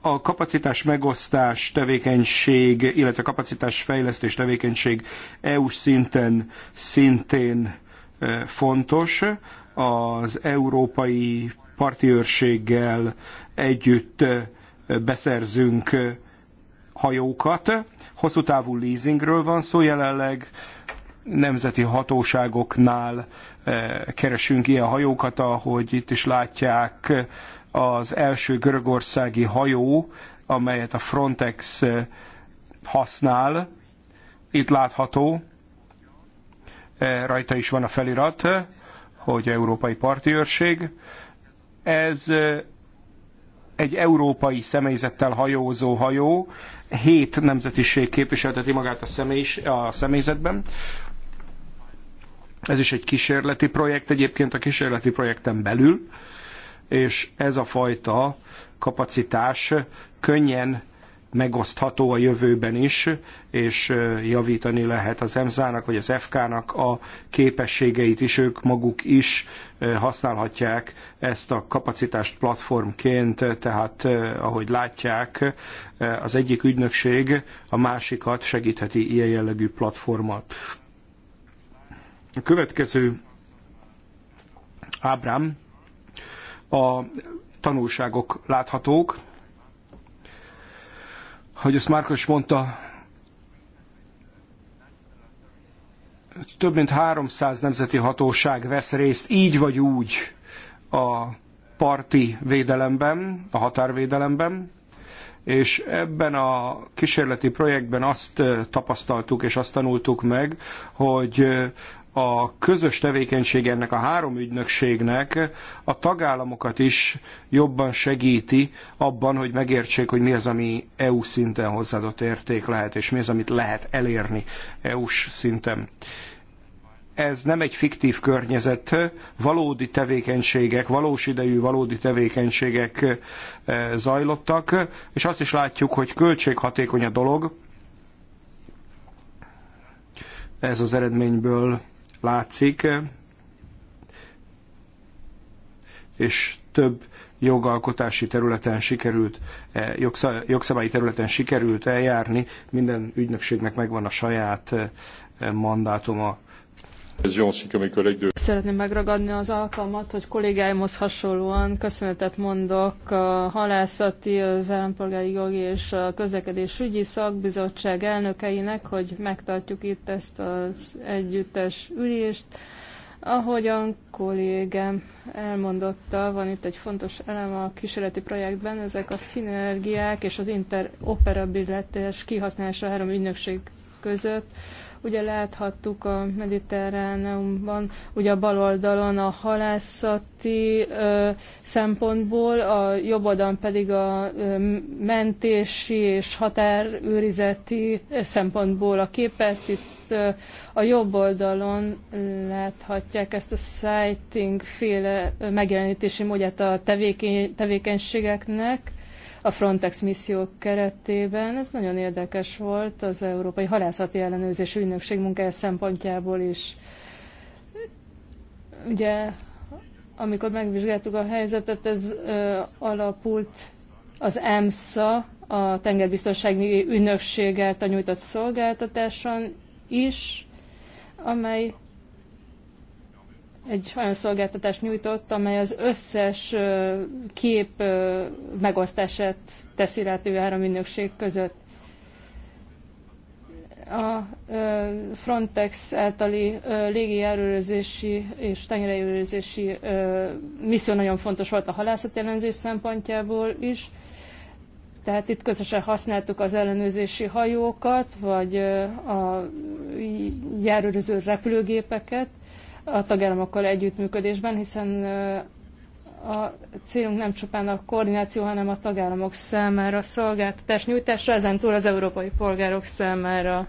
A kapacitás megosztás tevékenység, illetve kapacitás fejlesztés tevékenység eu szinten szintén fontos. Az európai partiőrséggel együtt beszerzünk hajókat. Hosszú távú leasingről van szó jelenleg, nemzeti hatóságoknál eh, keresünk ilyen hajókat, ahogy itt is látják, az első görögországi hajó, amelyet a Frontex eh, használ, itt látható, eh, rajta is van a felirat, hogy Európai Parti Őrség. Ez egy európai személyzettel hajózó hajó, hét nemzetiség képviselteti magát a, személy, a személyzetben. Ez is egy kísérleti projekt egyébként a kísérleti projekten belül, és ez a fajta kapacitás könnyen megosztható a jövőben is, és javítani lehet az EMSZ-nak vagy az FK-nak a képességeit is, ők maguk is használhatják ezt a kapacitást platformként, tehát ahogy látják, az egyik ügynökség a másikat segítheti ilyen jellegű platformmal. A következő ábrám a tanulságok láthatók. Hogy ezt Márkos mondta, több mint 300 nemzeti hatóság vesz részt így vagy úgy a parti védelemben, a határvédelemben, és ebben a kísérleti projektben azt eh, tapasztaltuk és azt tanultuk meg, hogy eh, a közös tevékenység ennek a három ügynökségnek a tagállamokat is jobban segíti abban, hogy megértsék, hogy mi az, ami EU szinten hozzáadott érték lehet, és mi az, amit lehet elérni EU-s szinten ez nem egy fiktív környezet, valódi tevékenységek, valós idejű valódi tevékenységek eh, zajlottak, és azt is látjuk, hogy költséghatékony a dolog. Ez az eredményből látszik, és több jogalkotási területen sikerült, eh, jogszabályi területen sikerült eljárni, minden ügynökségnek megvan a saját eh, mandátuma. Szeretném megragadni az alkalmat, hogy kollégáimhoz hasonlóan köszönetet mondok a halászati, az állampolgári jogi és a közlekedésügyi szakbizottság elnökeinek, hogy megtartjuk itt ezt az együttes ülést. Ahogyan kollégám elmondotta, van itt egy fontos elem a kísérleti projektben, ezek a szinergiák és az interoperabilitás kihasználása a három ügynökség között Ugye láthattuk a Mediterráneumban, ugye a bal oldalon a halászati ö, szempontból, a jobb oldalon pedig a ö, mentési és határőrizeti szempontból a képet. Itt ö, a jobb oldalon láthatják ezt a sighting féle megjelenítési módját a tevékeny, tevékenységeknek a Frontex misszió keretében. Ez nagyon érdekes volt az Európai Halászati Ellenőrzés Ügynökség munkája szempontjából is. Ugye, amikor megvizsgáltuk a helyzetet, ez ö, alapult az EMSA, a tengerbiztonsági ügynökség által nyújtott szolgáltatáson is, amely egy olyan szolgáltatást nyújtott, amely az összes kép megosztását teszi lehetővé három ügynökség között. A Frontex általi légi ellenőrzési és tengerellenőrzési misszió nagyon fontos volt a halászat ellenőrzés szempontjából is. Tehát itt közösen használtuk az ellenőrzési hajókat, vagy a járőröző repülőgépeket, a tagállamokkal együttműködésben, hiszen a célunk nem csupán a koordináció, hanem a tagállamok számára a szolgáltatás nyújtásra, ezentúl az európai polgárok számára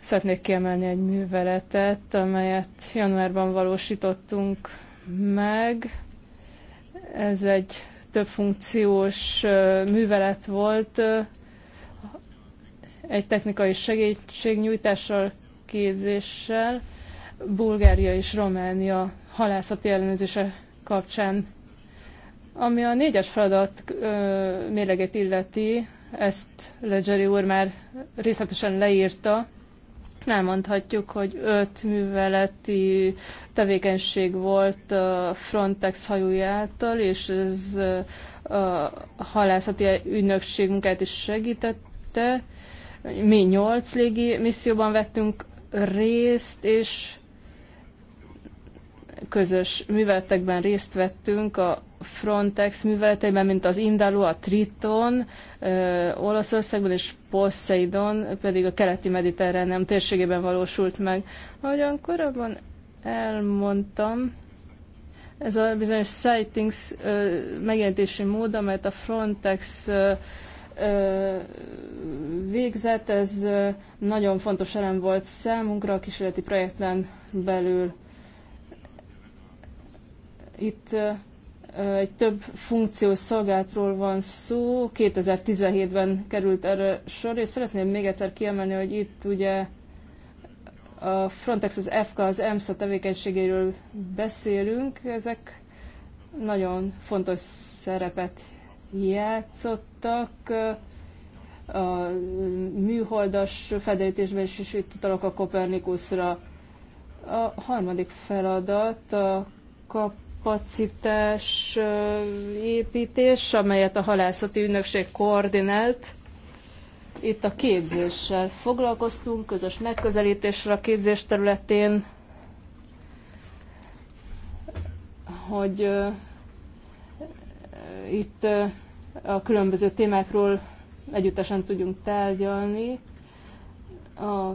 szeretnék kiemelni egy műveletet, amelyet januárban valósítottunk meg. Ez egy többfunkciós művelet volt, egy technikai segítségnyújtással, képzéssel, Bulgária és Románia halászati ellenőrzése kapcsán. Ami a négyes feladat mérleget illeti, ezt Legeri úr már részletesen leírta, mondhatjuk, hogy öt műveleti tevékenység volt a Frontex hajójától, és ez a halászati ügynökség munkát is segítette. Mi nyolc légi misszióban vettünk részt, és közös műveletekben részt vettünk, a Frontex műveleteiben, mint az Indalo a Triton, ö, Olaszországban és Poseidon, pedig a keleti mediterránem térségében valósult meg. Ahogyan korábban elmondtam, ez a bizonyos sightings ö, megjelentési mód, amelyet a Frontex ö, ö, végzett, ez ö, nagyon fontos elem volt számunkra a kísérleti projekten belül itt egy több funkciós szolgáltról van szó, 2017-ben került erre sor, és szeretném még egyszer kiemelni, hogy itt ugye a Frontex, az FK, az EMSZA tevékenységéről beszélünk, ezek nagyon fontos szerepet játszottak a műholdas fedelítésben, is, és itt utalok a Kopernikusra. A harmadik feladat a kap kapacitás építés, amelyet a halászati ügynökség koordinált. Itt a képzéssel foglalkoztunk, közös megközelítésre a képzés területén, hogy uh, itt uh, a különböző témákról együttesen tudjunk tárgyalni. A uh,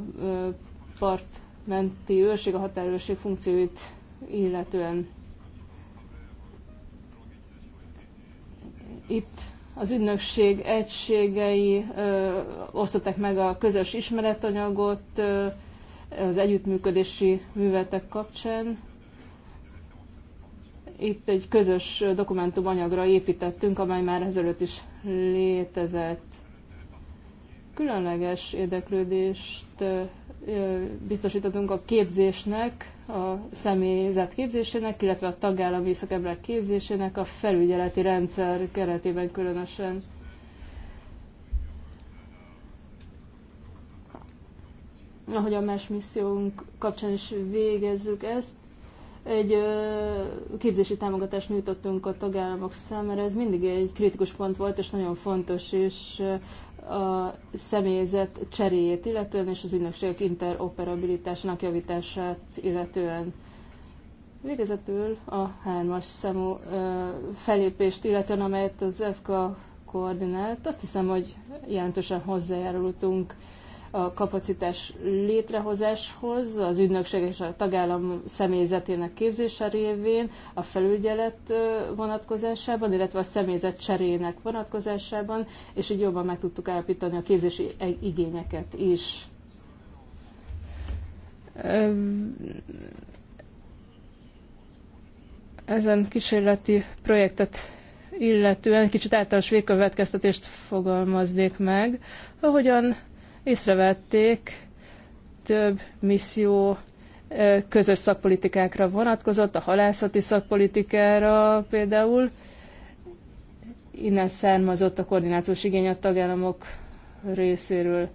partmenti őrség, a határőrség funkcióit illetően Itt az ügynökség egységei ö, osztották meg a közös ismeretanyagot ö, az együttműködési művetek kapcsán. Itt egy közös dokumentumanyagra építettünk, amely már ezelőtt is létezett. Különleges érdeklődést biztosítottunk a képzésnek, a személyzet képzésének, illetve a tagállami szakemberek képzésének a felügyeleti rendszer keretében különösen. Ahogy a más missziónk kapcsán is végezzük ezt, egy képzési támogatást nyújtottunk a tagállamok számára, ez mindig egy kritikus pont volt, és nagyon fontos, és a személyzet cseréjét illetően és az ügynökségek interoperabilitásnak javítását illetően. Végezetül a hármas számú felépést illetően, amelyet az EFKA koordinált, azt hiszem, hogy jelentősen hozzájárultunk a kapacitás létrehozáshoz, az ügynökség és a tagállam személyzetének képzése révén, a felügyelet vonatkozásában, illetve a személyzet cserének vonatkozásában, és így jobban meg tudtuk állapítani a képzési igényeket is. Ezen kísérleti projektet illetően kicsit általános végkövetkeztetést fogalmaznék meg, ahogyan észrevették, több misszió közös szakpolitikákra vonatkozott, a halászati szakpolitikára például. Innen származott a koordinációs igény a tagállamok részéről.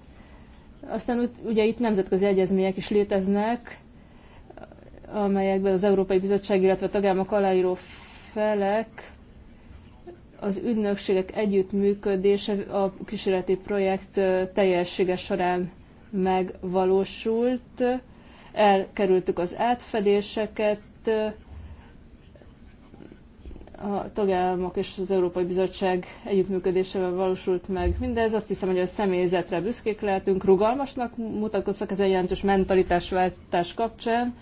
Aztán ugye itt nemzetközi egyezmények is léteznek, amelyekben az Európai Bizottság, illetve a tagállamok aláíró felek az ügynökségek együttműködése a kísérleti projekt teljessége során megvalósult. Elkerültük az átfedéseket, a tagállamok és az Európai Bizottság együttműködésével valósult meg mindez. Azt hiszem, hogy a személyzetre büszkék lehetünk, rugalmasnak mutatkoztak ez egy jelentős mentalitásváltás kapcsán,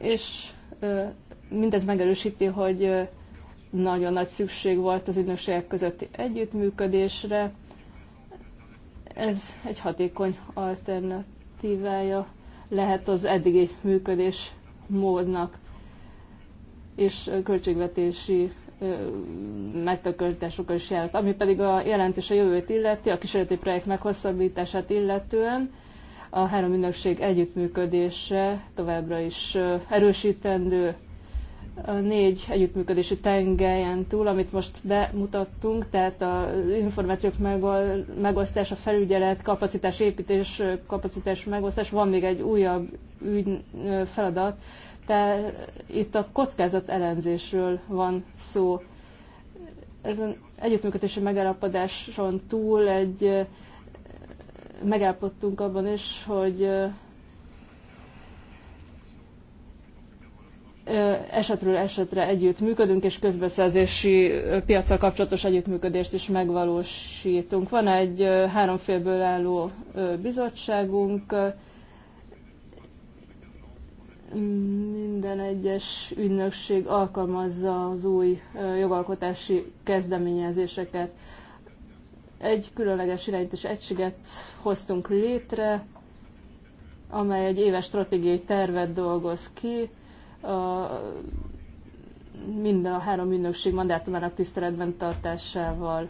és mindez megerősíti, hogy nagyon nagy szükség volt az ügynökségek közötti együttműködésre. Ez egy hatékony alternatívája lehet az eddigi működés módnak és költségvetési megtakarításokkal is járt. Ami pedig a jelentés a jövőt illeti, a kísérleti projekt meghosszabbítását illetően, a három ügynökség együttműködése továbbra is erősítendő a négy együttműködési tengelyen túl, amit most bemutattunk, tehát az információk megosztása, felügyelet, kapacitás építés, kapacitás megosztás, van még egy újabb ügy, feladat, tehát itt a kockázat elemzésről van szó. az együttműködési megállapodáson túl egy megállapodtunk abban is, hogy esetről esetre együtt működünk, és közbeszerzési piacsal kapcsolatos együttműködést is megvalósítunk. Van egy három félből álló bizottságunk, minden egyes ügynökség alkalmazza az új jogalkotási kezdeményezéseket. Egy különleges irányítás egységet hoztunk létre, amely egy éves stratégiai tervet dolgoz ki, a minden a három ügynökség mandátumának tiszteletben tartásával.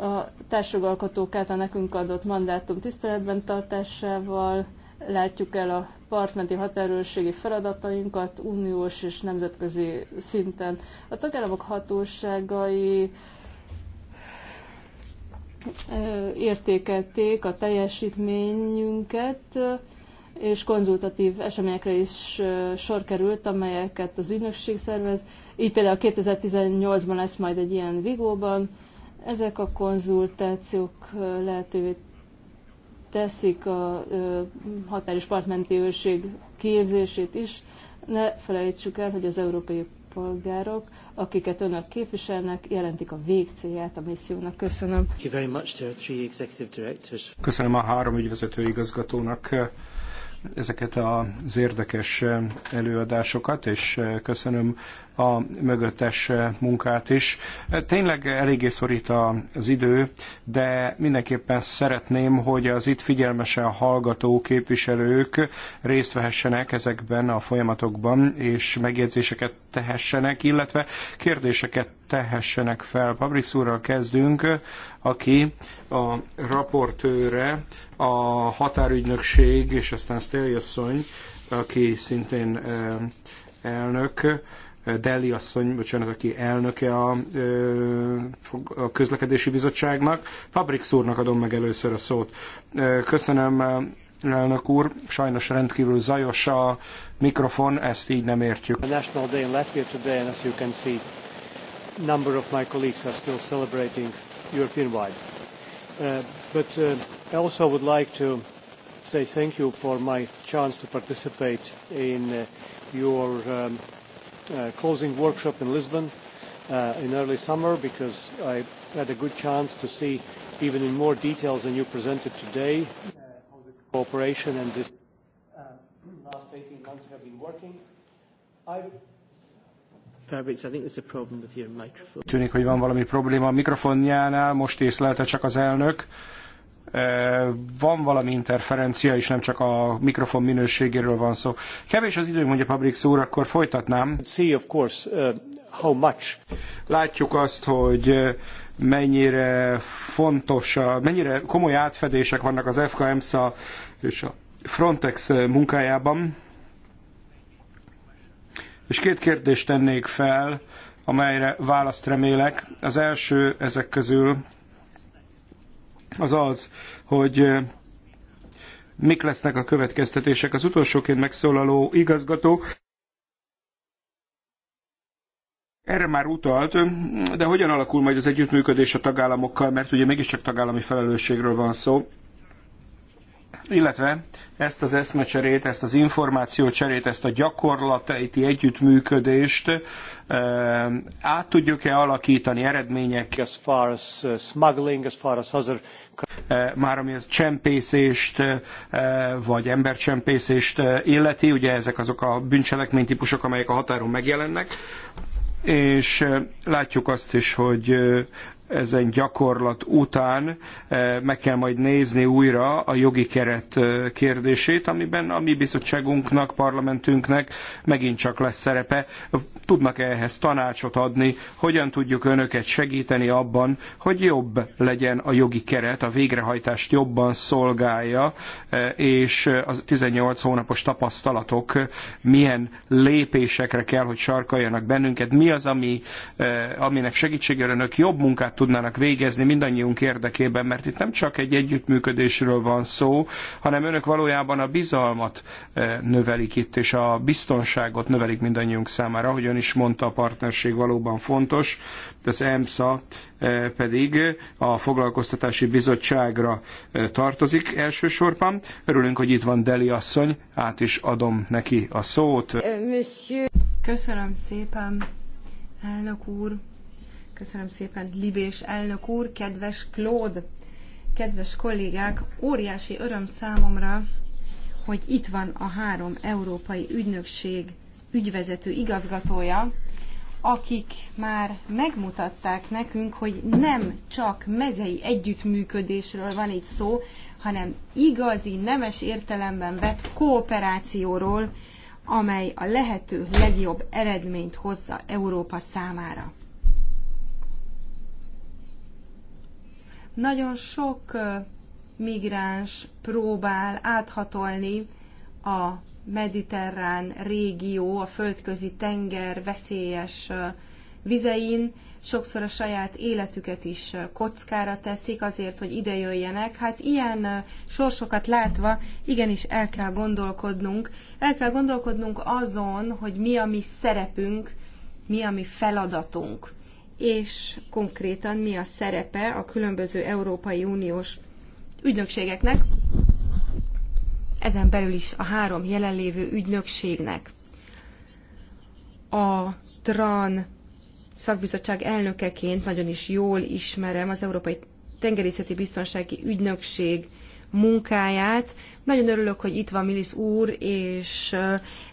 A társjogalkotók által nekünk adott mandátum tiszteletben tartásával látjuk el a partmenti határőrségi feladatainkat uniós és nemzetközi szinten. A tagállamok hatóságai értékelték a teljesítményünket, és konzultatív eseményekre is sor került, amelyeket az ügynökség szervez. Így például 2018-ban lesz majd egy ilyen Vigóban. Ezek a konzultációk lehetővé teszik a határos partmenti őrség képzését is. Ne felejtsük el, hogy az európai polgárok, akiket önök képviselnek, jelentik a végcélját a missziónak. Köszönöm. Köszönöm a három ügyvezető igazgatónak ezeket az érdekes előadásokat, és köszönöm a mögöttes eh, munkát is. Eh, tényleg eléggé szorít az idő, de mindenképpen szeretném, hogy az itt figyelmesen hallgató képviselők részt vehessenek ezekben a folyamatokban, és megjegyzéseket tehessenek, illetve kérdéseket tehessenek fel. Fabrics úrral kezdünk, aki a raportőre a határügynökség, és aztán Sztélyasszony, aki szintén eh, elnök Delli asszony, bocsánat, aki elnöke a, a közlekedési bizottságnak. Fabrik úrnak adom meg először a szót. Köszönöm, elnök úr. Sajnos rendkívül zajos a mikrofon, ezt így nem értjük. National Day in Latvia today, and as you can see, number of my colleagues are still celebrating European-wide. Uh, but uh, I also would like to say thank you for my chance to participate in uh, your um, Uh, closing workshop in Lisbon uh, in early summer because I had a good chance to see even in more details than you presented today uh, how the cooperation and this uh, last 18 months have been working. I've Fabrics, I think there's a problem with your microphone. Tűnik, hogy van valami probléma a mikrofonjánál, most észlelte csak az elnök. Van valami interferencia, és nem csak a mikrofon minőségéről van szó. Kevés az idő, mondja Pabrix úr, akkor folytatnám. See, of course, uh, how much. Látjuk azt, hogy mennyire fontos, mennyire komoly átfedések vannak az FKMSA és a Frontex munkájában. És két kérdést tennék fel, amelyre választ remélek. Az első ezek közül az az, hogy mik lesznek a következtetések. Az utolsóként megszólaló igazgató erre már utalt, de hogyan alakul majd az együttműködés a tagállamokkal, mert ugye mégiscsak tagállami felelősségről van szó. Illetve ezt az eszmecserét, ezt az információcserét, ezt a gyakorlati együttműködést át tudjuk-e alakítani eredmények? As far as uh, smuggling, as far as other Eh, már ami ez csempészést, eh, vagy embercsempészést eh, illeti, ugye ezek azok a bűncselekménytípusok, amelyek a határon megjelennek, és látjuk azt is, hogy ezen gyakorlat után eh, meg kell majd nézni újra a jogi keret eh, kérdését, amiben a mi bizottságunknak, parlamentünknek megint csak lesz szerepe. Tudnak -e ehhez tanácsot adni, hogyan tudjuk önöket segíteni abban, hogy jobb legyen a jogi keret, a végrehajtást jobban szolgálja, eh, és a 18 hónapos tapasztalatok milyen lépésekre kell, hogy sarkaljanak bennünket, mi az, ami, aminek segítségére önök jobb munkát tudnának végezni mindannyiunk érdekében, mert itt nem csak egy együttműködésről van szó, hanem önök valójában a bizalmat eh, növelik itt, és a biztonságot növelik mindannyiunk számára, ahogy ön is mondta, a partnerség valóban fontos, az EMSA eh, pedig a foglalkoztatási bizottságra eh, tartozik elsősorban. Örülünk, hogy itt van Deli asszony, át is adom neki a szót. Köszönöm szépen, elnök úr. Köszönöm szépen, Libés elnök úr, kedves Klód, kedves kollégák, óriási öröm számomra, hogy itt van a három európai ügynökség ügyvezető igazgatója, akik már megmutatták nekünk, hogy nem csak mezei együttműködésről van itt szó, hanem igazi, nemes értelemben vett kooperációról, amely a lehető legjobb eredményt hozza Európa számára. Nagyon sok migráns próbál áthatolni a mediterrán régió, a földközi tenger veszélyes vizein, sokszor a saját életüket is kockára teszik azért, hogy ide jöjjenek. Hát ilyen sorsokat látva igenis el kell gondolkodnunk. El kell gondolkodnunk azon, hogy mi a mi szerepünk, mi a mi feladatunk és konkrétan mi a szerepe a különböző Európai Uniós ügynökségeknek, ezen belül is a három jelenlévő ügynökségnek. A TRAN szakbizottság elnökeként nagyon is jól ismerem az Európai Tengerészeti Biztonsági Ügynökség munkáját. Nagyon örülök, hogy itt van Milis úr, és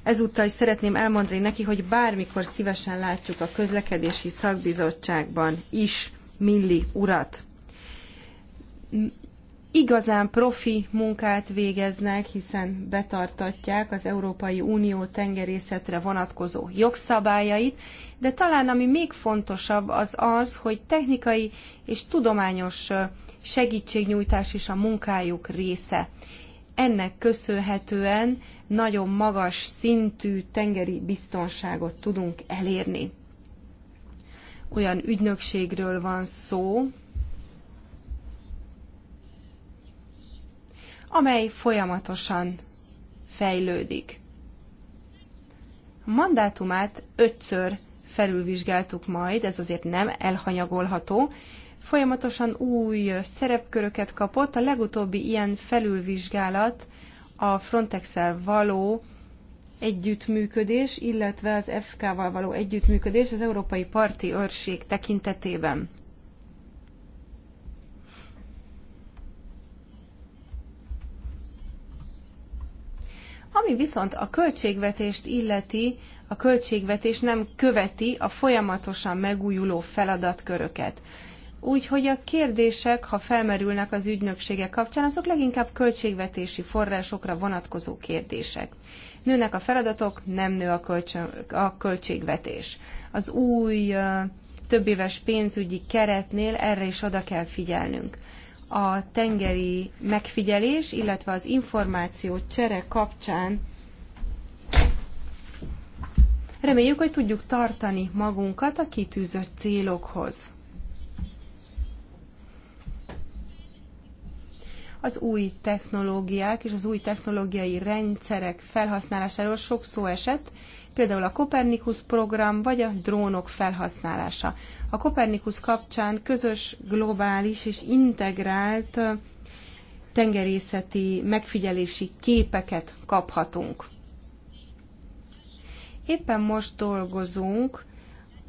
ezúttal is szeretném elmondani neki, hogy bármikor szívesen látjuk a közlekedési szakbizottságban is Milli urat. Igazán profi munkát végeznek, hiszen betartatják az Európai Unió tengerészetre vonatkozó jogszabályait, de talán ami még fontosabb az az, hogy technikai és tudományos segítségnyújtás is a munkájuk része. Ennek köszönhetően nagyon magas szintű tengeri biztonságot tudunk elérni. Olyan ügynökségről van szó, amely folyamatosan fejlődik. A mandátumát ötször felülvizsgáltuk majd, ez azért nem elhanyagolható, folyamatosan új szerepköröket kapott. A legutóbbi ilyen felülvizsgálat a frontex való együttműködés, illetve az FK-val való együttműködés az Európai Parti Őrség tekintetében. Ami viszont a költségvetést illeti, a költségvetés nem követi a folyamatosan megújuló feladatköröket. Úgyhogy a kérdések, ha felmerülnek az ügynöksége kapcsán, azok leginkább költségvetési forrásokra vonatkozó kérdések. Nőnek a feladatok, nem nő a, kölcs- a költségvetés. Az új többéves pénzügyi keretnél erre is oda kell figyelnünk. A tengeri megfigyelés, illetve az információ csere kapcsán reméljük, hogy tudjuk tartani magunkat a kitűzött célokhoz. Az új technológiák és az új technológiai rendszerek felhasználásáról sok szó esett, például a Kopernikus program vagy a drónok felhasználása. A Kopernikus kapcsán közös, globális és integrált tengerészeti megfigyelési képeket kaphatunk. Éppen most dolgozunk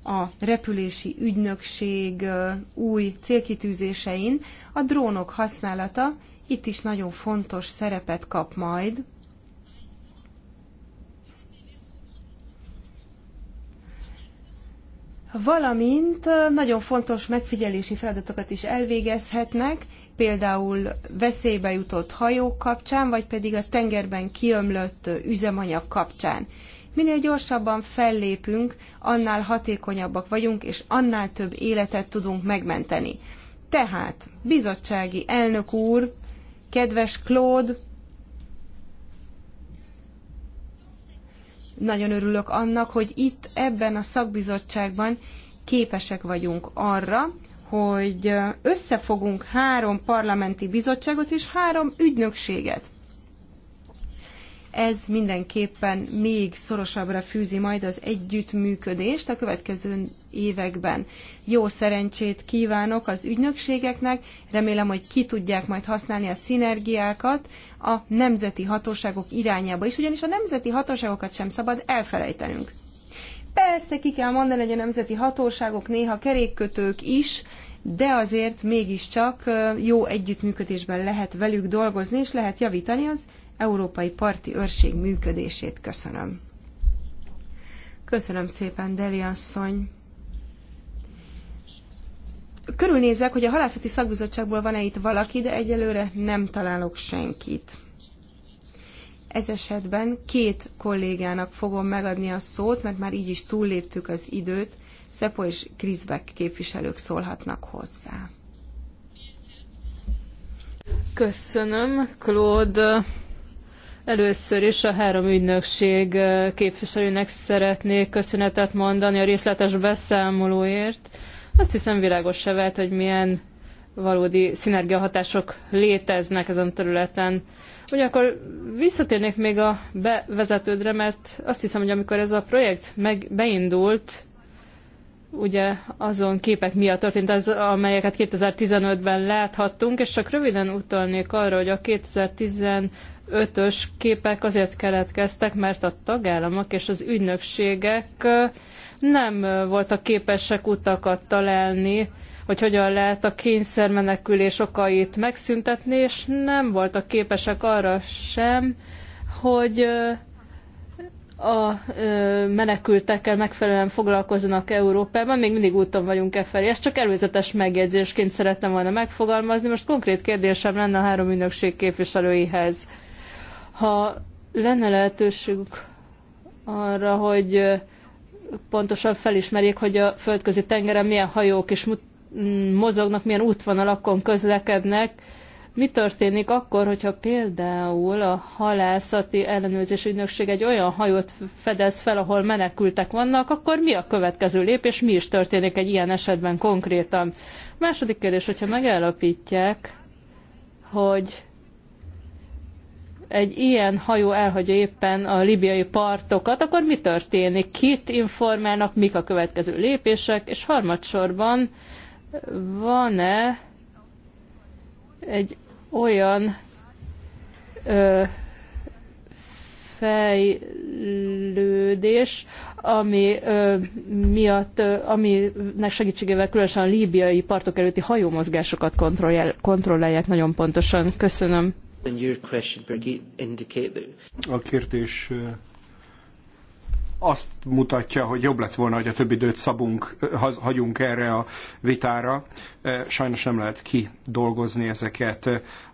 a repülési ügynökség új célkitűzésein a drónok használata itt is nagyon fontos szerepet kap majd. Valamint nagyon fontos megfigyelési feladatokat is elvégezhetnek, például veszélybe jutott hajók kapcsán, vagy pedig a tengerben kiömlött üzemanyag kapcsán. Minél gyorsabban fellépünk, annál hatékonyabbak vagyunk, és annál több életet tudunk megmenteni. Tehát, bizottsági elnök úr, Kedves Claude, nagyon örülök annak, hogy itt ebben a szakbizottságban képesek vagyunk arra, hogy összefogunk három parlamenti bizottságot és három ügynökséget. Ez mindenképpen még szorosabbra fűzi majd az együttműködést a következő években. Jó szerencsét kívánok az ügynökségeknek, remélem, hogy ki tudják majd használni a szinergiákat a nemzeti hatóságok irányába is, ugyanis a nemzeti hatóságokat sem szabad elfelejtenünk. Persze ki kell mondani, hogy a nemzeti hatóságok néha kerékkötők is, de azért mégiscsak jó együttműködésben lehet velük dolgozni, és lehet javítani az európai parti őrség működését. Köszönöm. Köszönöm szépen, Deli asszony. Körülnézek, hogy a halászati szakbizottságból van-e itt valaki, de egyelőre nem találok senkit. Ez esetben két kollégának fogom megadni a szót, mert már így is túlléptük az időt. Szepo és Kriszbek képviselők szólhatnak hozzá. Köszönöm, Claude. Először is a három ügynökség képviselőnek szeretnék köszönetet mondani a részletes beszámolóért. Azt hiszem világos se vált, hogy milyen valódi szinergiahatások léteznek ezen a területen. Ugyanakkor visszatérnék még a bevezetődre, mert azt hiszem, hogy amikor ez a projekt meg beindult, ugye azon képek miatt történt ez, amelyeket 2015-ben láthattunk, és csak röviden utalnék arra, hogy a 2010 ötös képek azért keletkeztek, mert a tagállamok és az ügynökségek nem voltak képesek utakat találni, hogy hogyan lehet a kényszermenekülés okait megszüntetni, és nem voltak képesek arra sem, hogy a menekültekkel megfelelően foglalkozzanak Európában, még mindig úton vagyunk e felé. Ezt csak előzetes megjegyzésként szerettem volna megfogalmazni. Most konkrét kérdésem lenne a három ügynökség képviselőihez. Ha lenne lehetőségük arra, hogy pontosan felismerjék, hogy a földközi tengeren milyen hajók is mm, mozognak, milyen útvonalakon közlekednek, mi történik akkor, hogyha például a halászati ellenőrzés ügynökség egy olyan hajót fedez fel, ahol menekültek vannak, akkor mi a következő lépés, mi is történik egy ilyen esetben konkrétan? második kérdés, hogyha megállapítják, hogy egy ilyen hajó elhagyja éppen a libiai partokat, akkor mi történik? Kit informálnak, mik a következő lépések? És harmadsorban van-e egy olyan ö, fejlődés, ami ö, miatt, ö, aminek segítségével különösen a líbiai partok előtti hajómozgásokat kontrollálják nagyon pontosan. Köszönöm. A kérdés azt mutatja, hogy jobb lett volna, hogy a több időt szabunk, hagyunk erre a vitára. Sajnos nem lehet kidolgozni ezeket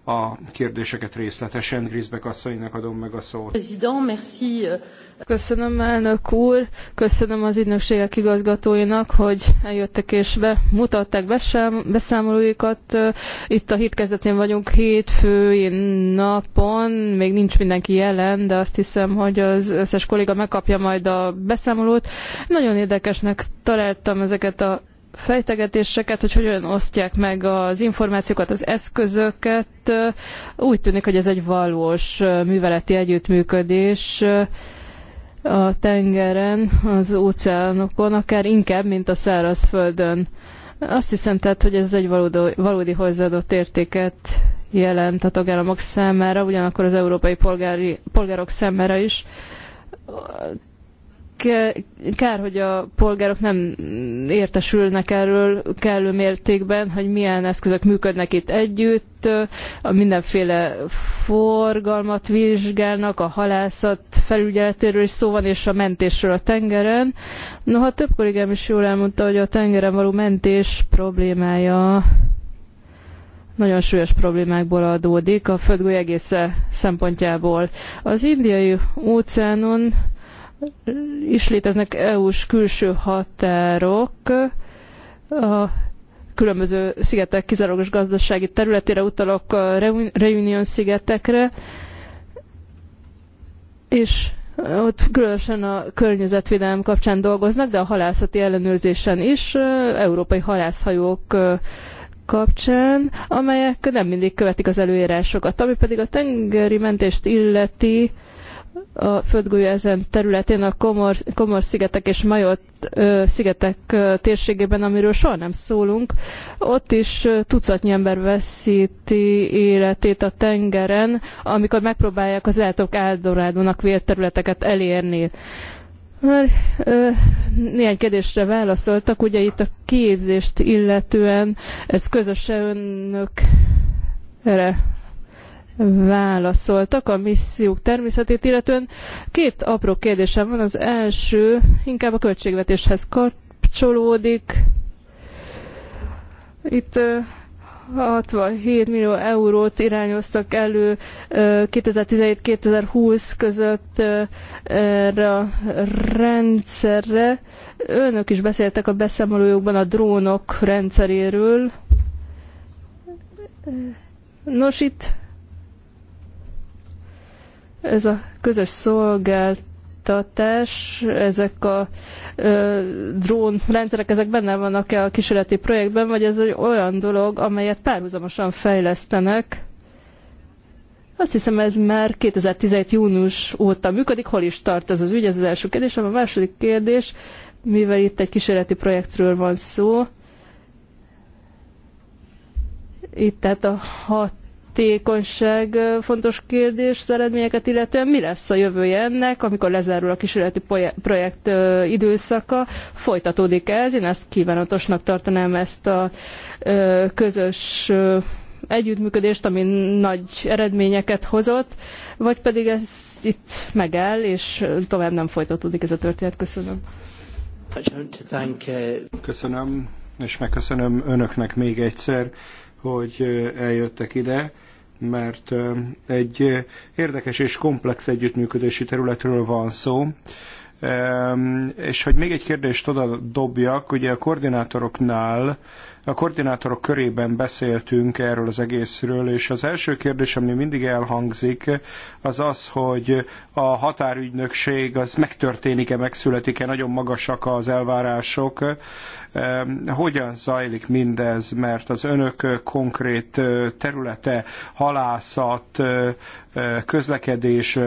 a kérdéseket részletesen. Grisbek asszonynak adom meg a szót. Euh, köszönöm elnök úr, köszönöm az ügynökségek igazgatóinak, hogy eljöttek és bemutatták beszámolóikat. Itt a hét kezdetén vagyunk hétfői napon, még nincs mindenki jelen, de azt hiszem, hogy az összes kolléga megkapja majd a beszámolót. Nagyon érdekesnek találtam ezeket a fejtegetéseket, hogy hogyan osztják meg az információkat, az eszközöket. Úgy tűnik, hogy ez egy valós műveleti együttműködés a tengeren, az óceánokon, akár inkább, mint a szárazföldön. Azt hiszem tehát, hogy ez egy valódi, valódi hozzáadott értéket jelent a tagállamok számára, ugyanakkor az európai polgári, polgárok számára is kár, hogy a polgárok nem értesülnek erről kellő mértékben, hogy milyen eszközök működnek itt együtt, a mindenféle forgalmat vizsgálnak, a halászat felügyeletéről is szó van, és a mentésről a tengeren. Noha több kollégám is jól elmondta, hogy a tengeren való mentés problémája nagyon súlyos problémákból adódik a földgolyó egésze szempontjából. Az indiai óceánon is léteznek EU-s külső határok a különböző szigetek kizárólagos gazdasági területére utalok a Reunion szigetekre, és ott különösen a környezetvédelem kapcsán dolgoznak, de a halászati ellenőrzésen is, európai halászhajók kapcsán, amelyek nem mindig követik az előírásokat. Ami pedig a tengeri mentést illeti, a földgolyó ezen területén, a Komor, Komor szigetek és Majot szigetek térségében, amiről soha nem szólunk, ott is tucatnyi ember veszíti életét a tengeren, amikor megpróbálják az állatok áldorádónak vélt területeket elérni. Már néhány kérdésre válaszoltak, ugye itt a képzést illetően ez közösen önök erre válaszoltak a missziók természetét, illetően két apró kérdésem van. Az első inkább a költségvetéshez kapcsolódik. Itt 67 millió eurót irányoztak elő 2017-2020 között erre a rendszerre. Önök is beszéltek a beszámolójukban a drónok rendszeréről. Nos, itt ez a közös szolgáltatás, ezek a ö, drón rendszerek, ezek benne vannak-e a kísérleti projektben, vagy ez egy olyan dolog, amelyet párhuzamosan fejlesztenek? Azt hiszem, ez már 2017. június óta működik. Hol is tart ez az ügy? Ez az első kérdés. A második kérdés, mivel itt egy kísérleti projektről van szó, itt tehát a hat hatékonyság fontos kérdés az eredményeket illetően. Mi lesz a jövője ennek, amikor lezárul a kísérleti projekt időszaka? Folytatódik ez? Én ezt kívánatosnak tartanám ezt a közös együttműködést, ami nagy eredményeket hozott, vagy pedig ez itt megáll, és tovább nem folytatódik ez a történet. Köszönöm. Köszönöm, és megköszönöm önöknek még egyszer, hogy eljöttek ide mert egy érdekes és komplex együttműködési területről van szó. És hogy még egy kérdést oda dobjak, ugye a koordinátoroknál a koordinátorok körében beszéltünk erről az egészről, és az első kérdés, ami mindig elhangzik, az az, hogy a határügynökség az megtörténik-e, megszületik-e, nagyon magasak az elvárások. Hogyan zajlik mindez, mert az önök konkrét területe, halászat, közlekedés,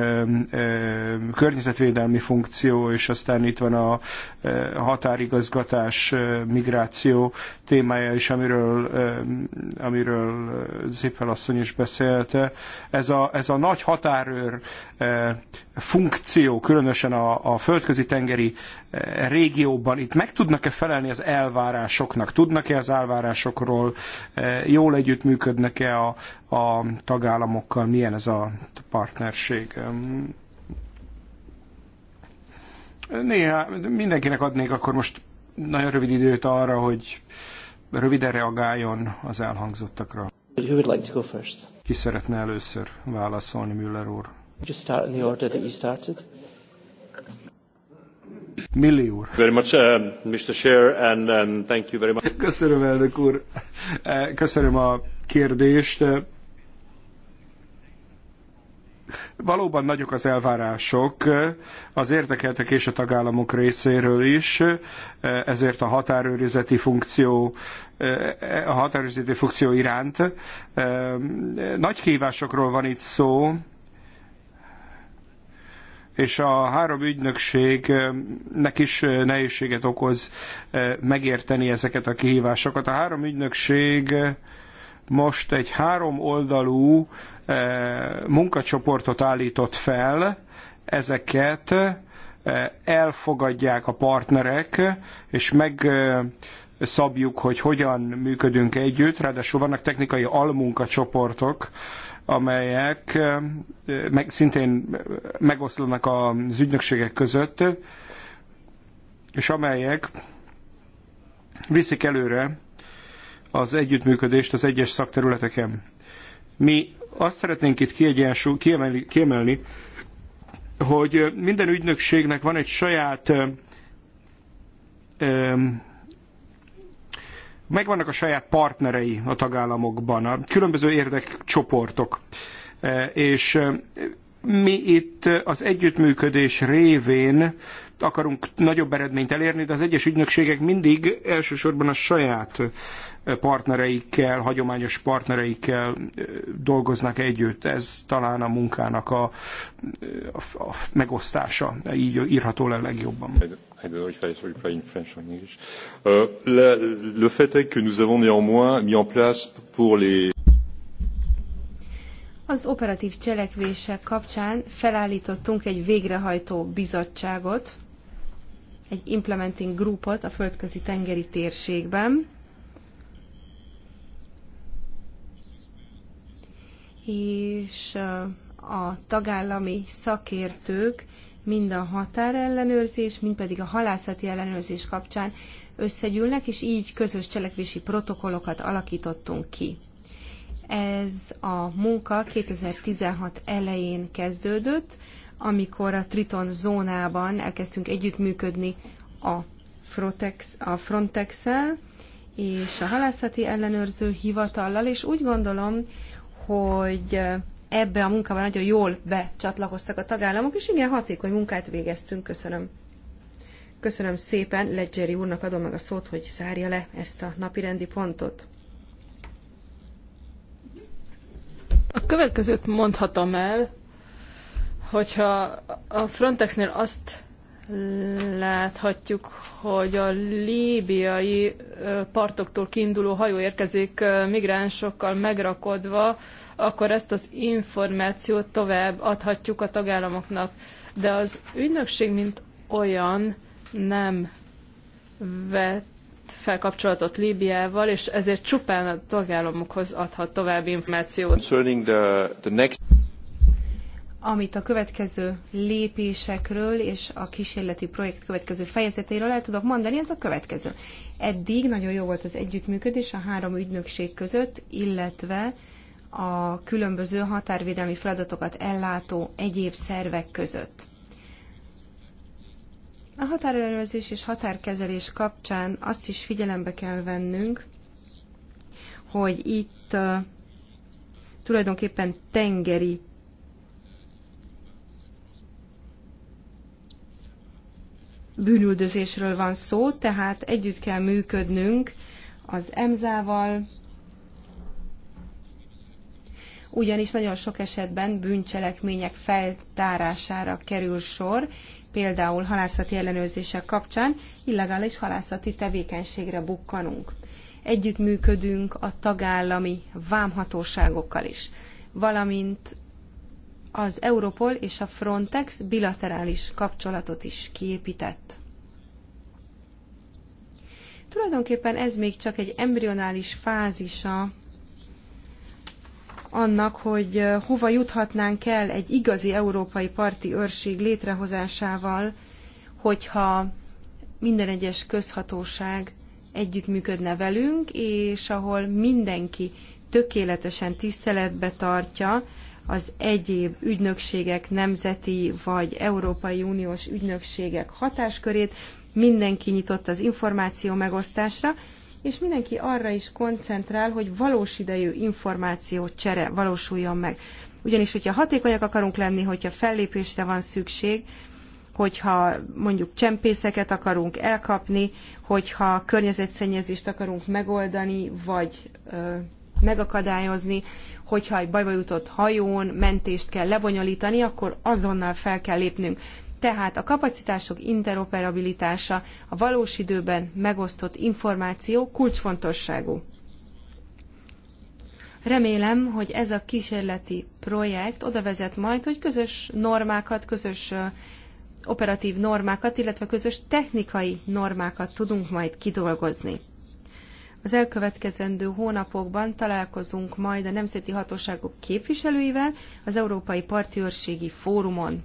környezetvédelmi funkció, és aztán itt van a határigazgatás, migráció témája, és amiről, amiről eh, Zippel asszony is beszélt. Ez a, ez a nagy határőr eh, funkció, különösen a, a földközi tengeri eh, régióban, itt meg tudnak-e felelni az elvárásoknak? Tudnak-e az elvárásokról? Jól együttműködnek-e a, a tagállamokkal? Milyen ez a partnerség? Néha mindenkinek adnék akkor most nagyon rövid időt arra, hogy röviden reagáljon az elhangzottakra. Who would like to go first? Ki szeretne először válaszolni, Müller úr? Just start in the order that you started. Milli úr. Very much, uh, Mr. Chair, and um, thank you very much. Köszönöm, elnök úr. Köszönöm a kérdést valóban nagyok az elvárások az érdekeltek és a tagállamok részéről is, ezért a határőrizeti funkció a határőrizeti funkció iránt. Nagy kívásokról van itt szó, és a három ügynökségnek is nehézséget okoz megérteni ezeket a kihívásokat. A három ügynökség most egy három oldalú E, munkacsoportot állított fel, ezeket e, elfogadják a partnerek, és meg e, szabjuk, hogy hogyan működünk együtt, ráadásul vannak technikai almunkacsoportok, amelyek meg, szintén megoszlanak az ügynökségek között, és amelyek viszik előre az együttműködést az egyes szakterületeken. Mi azt szeretnénk itt kiegyensú, kiemelni, kiemelni, hogy minden ügynökségnek van egy saját megvannak a saját partnerei a tagállamokban, a különböző érdekcsoportok. És mi itt az együttműködés révén akarunk nagyobb eredményt elérni, de az egyes ügynökségek mindig elsősorban a saját partnereikkel, hagyományos partnereikkel dolgoznak együtt. Ez talán a munkának a, a, a megosztása, így írható le legjobban. I don't know if I reply in French or English. Euh, la, le fait est que nous avons néanmoins mis en place pour les az operatív cselekvések kapcsán felállítottunk egy végrehajtó bizottságot, egy implementing groupot a földközi tengeri térségben, és a tagállami szakértők mind a határellenőrzés, mind pedig a halászati ellenőrzés kapcsán összegyűlnek, és így közös cselekvési protokollokat alakítottunk ki. Ez a munka 2016 elején kezdődött, amikor a Triton zónában elkezdtünk együttműködni a, Frontex, a Frontex-el és a halászati ellenőrző hivatallal, és úgy gondolom, hogy ebbe a munkában nagyon jól becsatlakoztak a tagállamok, és igen, hatékony munkát végeztünk. Köszönöm. Köszönöm szépen. Ledgeri úrnak adom meg a szót, hogy zárja le ezt a napirendi pontot. A következőt mondhatom el, hogyha a Frontexnél azt láthatjuk, hogy a líbiai partoktól kiinduló hajó érkezik migránsokkal megrakodva, akkor ezt az információt tovább adhatjuk a tagállamoknak. De az ügynökség, mint olyan, nem vett felkapcsolatot Líbiával, és ezért csupán a tagállamokhoz adhat további információt amit a következő lépésekről és a kísérleti projekt következő fejezeteiről el tudok mondani, ez a következő. Eddig nagyon jó volt az együttműködés a három ügynökség között, illetve a különböző határvédelmi feladatokat ellátó egyéb szervek között. A határellenőrzés és határkezelés kapcsán azt is figyelembe kell vennünk, hogy itt uh, tulajdonképpen tengeri bűnüldözésről van szó, tehát együtt kell működnünk az emzával, ugyanis nagyon sok esetben bűncselekmények feltárására kerül sor, például halászati ellenőrzések kapcsán illegális halászati tevékenységre bukkanunk. Együttműködünk a tagállami vámhatóságokkal is, valamint az Europol és a Frontex bilaterális kapcsolatot is kiépített. Tulajdonképpen ez még csak egy embryonális fázisa annak, hogy eh, hova juthatnánk el egy igazi európai parti őrség létrehozásával, hogyha minden egyes közhatóság együttműködne velünk, és ahol mindenki tökéletesen tiszteletbe tartja az egyéb ügynökségek, nemzeti vagy Európai Uniós ügynökségek hatáskörét, mindenki nyitott az információ megosztásra, és mindenki arra is koncentrál, hogy valós idejű információ csere valósuljon meg. Ugyanis, hogyha hatékonyak akarunk lenni, hogyha fellépésre van szükség, hogyha mondjuk csempészeket akarunk elkapni, hogyha környezetszennyezést akarunk megoldani, vagy ö, megakadályozni, hogyha egy bajba jutott hajón mentést kell lebonyolítani, akkor azonnal fel kell lépnünk. Tehát a kapacitások interoperabilitása, a valós időben megosztott információ kulcsfontosságú. Remélem, hogy ez a kísérleti projekt oda vezet majd, hogy közös normákat, közös operatív normákat, illetve közös technikai normákat tudunk majd kidolgozni. Az elkövetkezendő hónapokban találkozunk majd a nemzeti hatóságok képviselőivel az Európai Partiőrségi Fórumon.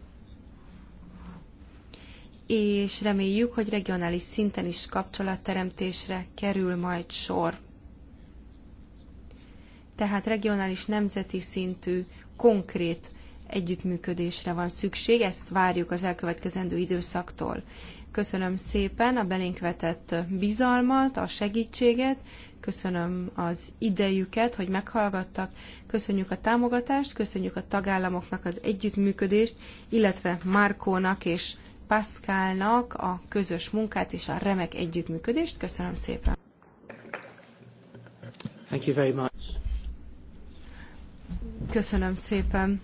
És reméljük, hogy regionális szinten is kapcsolatteremtésre kerül majd sor. Tehát regionális nemzeti szintű konkrét együttműködésre van szükség, ezt várjuk az elkövetkezendő időszaktól. Köszönöm szépen a belénk vetett bizalmat, a segítséget, köszönöm az idejüket, hogy meghallgattak, köszönjük a támogatást, köszönjük a tagállamoknak az együttműködést, illetve Márkónak és Pascalnak a közös munkát és a remek együttműködést. Köszönöm szépen! Thank you very much. Köszönöm szépen!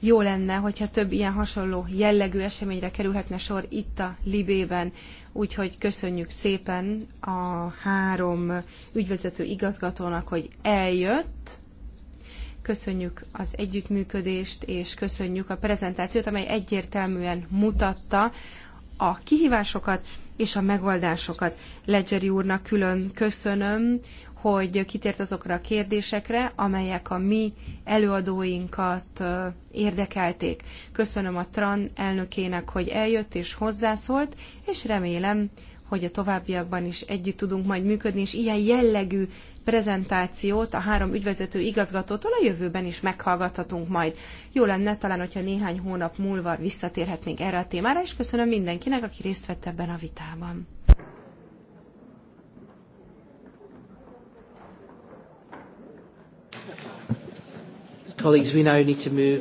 jó lenne, hogyha több ilyen hasonló jellegű eseményre kerülhetne sor itt a Libében. Úgyhogy köszönjük szépen a három ügyvezető igazgatónak, hogy eljött. Köszönjük az együttműködést, és köszönjük a prezentációt, amely egyértelműen mutatta a kihívásokat, és a megoldásokat. Ledgeri úrnak külön köszönöm, hogy kitért azokra a kérdésekre, amelyek a mi előadóinkat érdekelték. Köszönöm a TRAN elnökének, hogy eljött és hozzászólt, és remélem, hogy a továbbiakban is együtt tudunk majd működni, és ilyen jellegű prezentációt a három ügyvezető igazgatótól a jövőben is meghallgathatunk majd. Jó lenne talán, hogyha néhány hónap múlva visszatérhetnénk erre a témára, és köszönöm mindenkinek, aki részt vett ebben a vitában. Colleagues, we now need to move.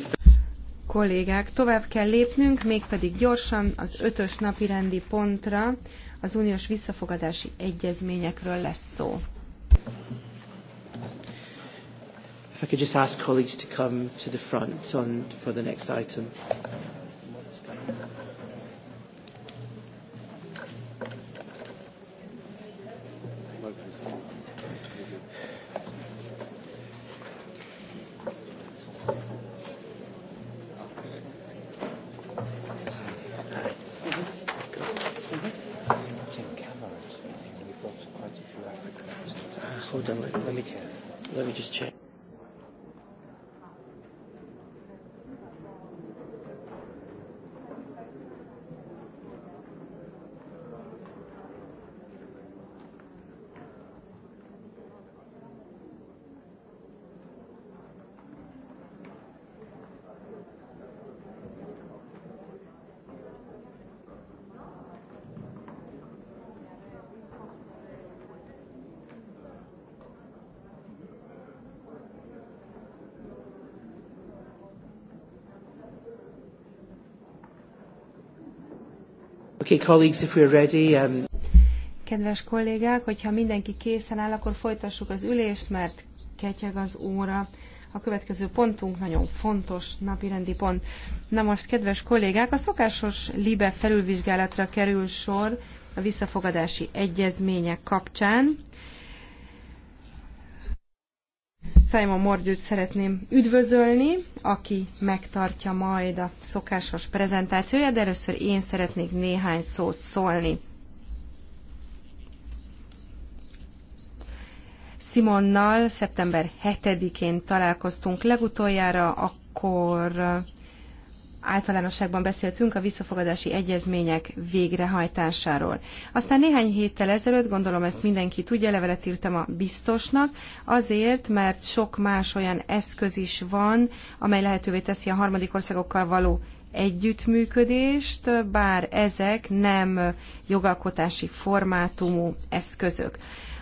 Kollégák, tovább kell lépnünk, mégpedig gyorsan az ötös napi rendi pontra az uniós visszafogadási egyezményekről lesz szó. If I could just ask colleagues to come to the front on, for the next item. Okay, colleagues, if we're ready, um... Kedves kollégák, hogyha mindenki készen áll, akkor folytassuk az ülést, mert ketyeg az óra. A következő pontunk nagyon fontos napirendi pont. Na most, kedves kollégák, a szokásos LIBE felülvizsgálatra kerül sor a visszafogadási egyezmények kapcsán. Simon Mordőt szeretném üdvözölni, aki megtartja majd a szokásos prezentációját, de először én szeretnék néhány szót szólni. Simonnal szeptember 7-én találkoztunk legutoljára, akkor általánosságban beszéltünk a visszafogadási egyezmények végrehajtásáról. Aztán néhány héttel ezelőtt, gondolom ezt mindenki tudja, levelet írtam a biztosnak, azért, mert sok más olyan eszköz is van, amely lehetővé teszi a harmadik országokkal való együttműködést, bár ezek nem jogalkotási formátumú eszközök.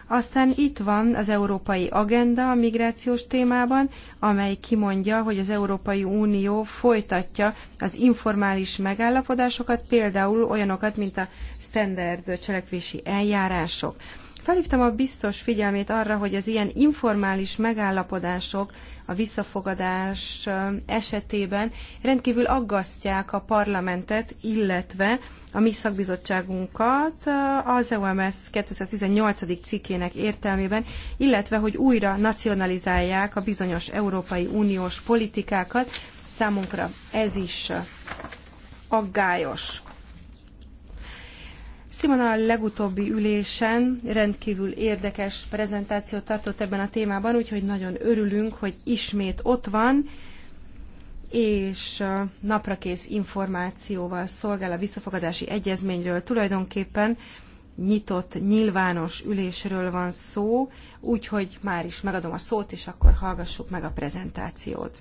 Aztán itt van az európai agenda a migrációs témában, amely kimondja, hogy az Európai Unió folytatja az informális megállapodásokat, például olyanokat, mint a standard cselekvési eljárások. Felhívtam a biztos figyelmét arra, hogy az ilyen informális megállapodások a visszafogadás esetében rendkívül aggasztják a parlamentet, illetve a mi szakbizottságunkat az EUMS 2018 cikkének értelmében, illetve hogy újra nacionalizálják a bizonyos Európai Uniós politikákat. Számunkra ez is aggályos. Simon a legutóbbi ülésen rendkívül érdekes prezentációt tartott ebben a témában, úgyhogy nagyon örülünk, hogy ismét ott van, és naprakész információval szolgál a visszafogadási egyezményről. Tulajdonképpen nyitott, nyilvános ülésről van szó, úgyhogy már is megadom a szót, és akkor hallgassuk meg a prezentációt.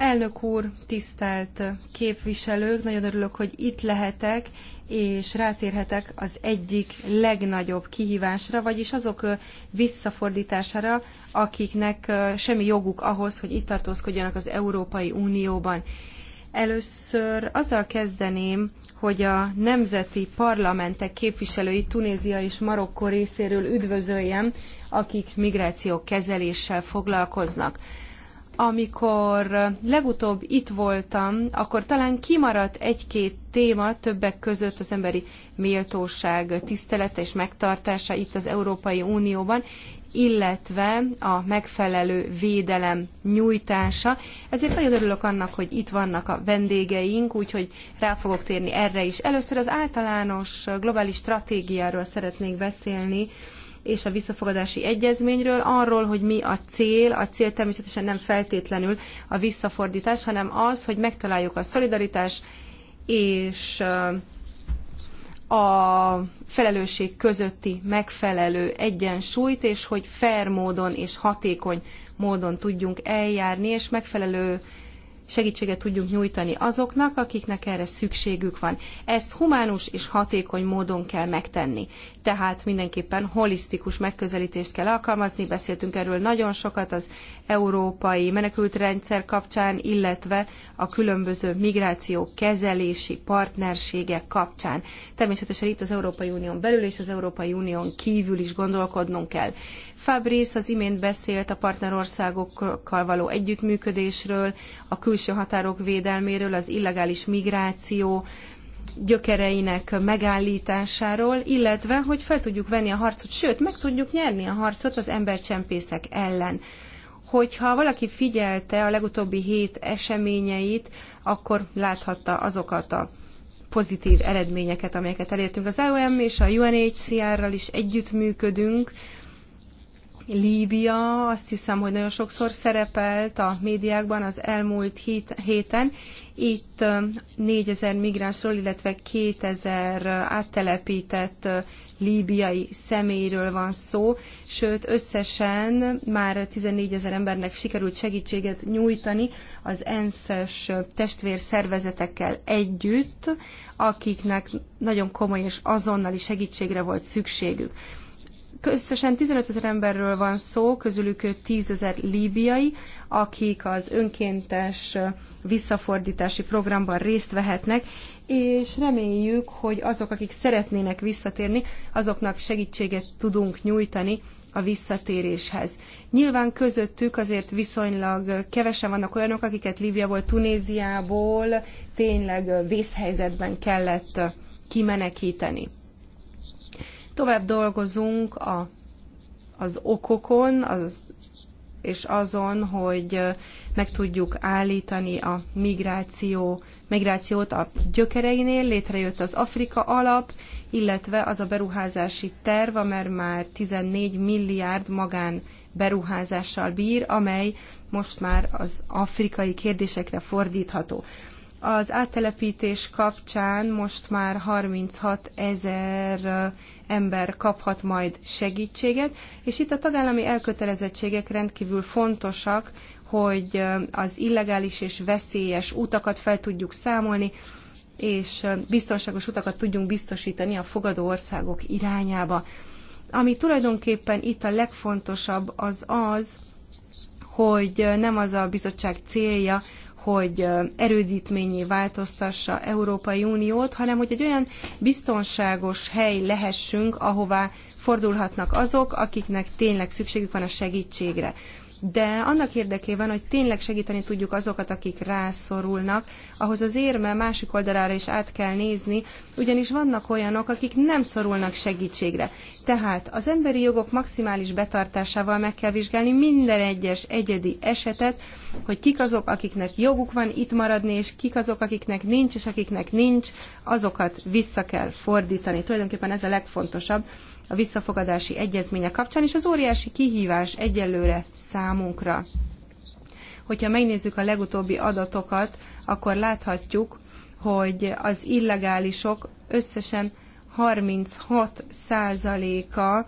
Elnök úr, tisztelt képviselők, nagyon örülök, hogy itt lehetek, és rátérhetek az egyik legnagyobb kihívásra, vagyis azok visszafordítására, akiknek semmi joguk ahhoz, hogy itt tartózkodjanak az Európai Unióban. Először azzal kezdeném, hogy a nemzeti parlamentek képviselői Tunézia és Marokkó részéről üdvözöljem, akik migráció kezeléssel foglalkoznak. Amikor legutóbb itt voltam, akkor talán kimaradt egy-két téma, többek között az emberi méltóság tisztelete és megtartása itt az Európai Unióban, illetve a megfelelő védelem nyújtása. Ezért nagyon örülök annak, hogy itt vannak a vendégeink, úgyhogy rá fogok térni erre is. Először az általános globális stratégiáról szeretnék beszélni, és a visszafogadási egyezményről, arról, hogy mi a cél. A cél természetesen nem feltétlenül a visszafordítás, hanem az, hogy megtaláljuk a szolidaritás és a felelősség közötti megfelelő egyensúlyt, és hogy fair módon és hatékony módon tudjunk eljárni, és megfelelő segítséget tudjunk nyújtani azoknak, akiknek erre szükségük van. Ezt humánus és hatékony módon kell megtenni. Tehát mindenképpen holisztikus megközelítést kell alkalmazni, beszéltünk erről nagyon sokat az európai menekültrendszer kapcsán, illetve a különböző migráció kezelési partnerségek kapcsán. Természetesen itt az Európai Unión belül és az Európai Unión kívül is gondolkodnunk kell. Fabrice az imént beszélt a partnerországokkal való együttműködésről, a külső határok védelméről, az illegális migráció gyökereinek megállításáról, illetve hogy fel tudjuk venni a harcot, sőt, meg tudjuk nyerni a harcot az embercsempészek ellen hogyha valaki figyelte a legutóbbi hét eseményeit, akkor láthatta azokat a pozitív eredményeket, amelyeket elértünk. Az IOM és a UNHCR-ral is együttműködünk Líbia azt hiszem, hogy nagyon sokszor szerepelt a médiákban az elmúlt hét, héten. Itt 4000 migránsról, illetve 2000 áttelepített líbiai személyről van szó, sőt összesen már 14 ezer embernek sikerült segítséget nyújtani az ENSZ-es testvérszervezetekkel együtt, akiknek nagyon komoly és azonnali segítségre volt szükségük. Összesen 15 ezer emberről van szó, közülük 10 ezer líbiai, akik az önkéntes visszafordítási programban részt vehetnek, és reméljük, hogy azok, akik szeretnének visszatérni, azoknak segítséget tudunk nyújtani a visszatéréshez. Nyilván közöttük azért viszonylag kevesen vannak olyanok, akiket Líbiából, Tunéziából tényleg vészhelyzetben kellett kimenekíteni. Tovább dolgozunk a, az okokon, az, és azon, hogy meg tudjuk állítani a migráció, migrációt a gyökereinél. Létrejött az Afrika alap, illetve az a beruházási terv, amely már 14 milliárd magán beruházással bír, amely most már az afrikai kérdésekre fordítható. Az áttelepítés kapcsán most már 36 ezer ember kaphat majd segítséget, és itt a tagállami elkötelezettségek rendkívül fontosak, hogy az illegális és veszélyes utakat fel tudjuk számolni, és biztonságos utakat tudjunk biztosítani a fogadó országok irányába. Ami tulajdonképpen itt a legfontosabb az az, hogy nem az a bizottság célja, hogy erődítményé változtassa Európai Uniót, hanem hogy egy olyan biztonságos hely lehessünk, ahová fordulhatnak azok, akiknek tényleg szükségük van a segítségre de annak érdekében, hogy tényleg segíteni tudjuk azokat, akik rászorulnak, ahhoz az érme másik oldalára is át kell nézni, ugyanis vannak olyanok, akik nem szorulnak segítségre. Tehát az emberi jogok maximális betartásával meg kell vizsgálni minden egyes egyedi esetet, hogy kik azok, akiknek joguk van itt maradni, és kik azok, akiknek nincs, és akiknek nincs, azokat vissza kell fordítani. Tulajdonképpen ez a legfontosabb, a visszafogadási egyezménye kapcsán, és az óriási kihívás egyelőre számunkra. Hogyha megnézzük a legutóbbi adatokat, akkor láthatjuk, hogy az illegálisok összesen 36 százaléka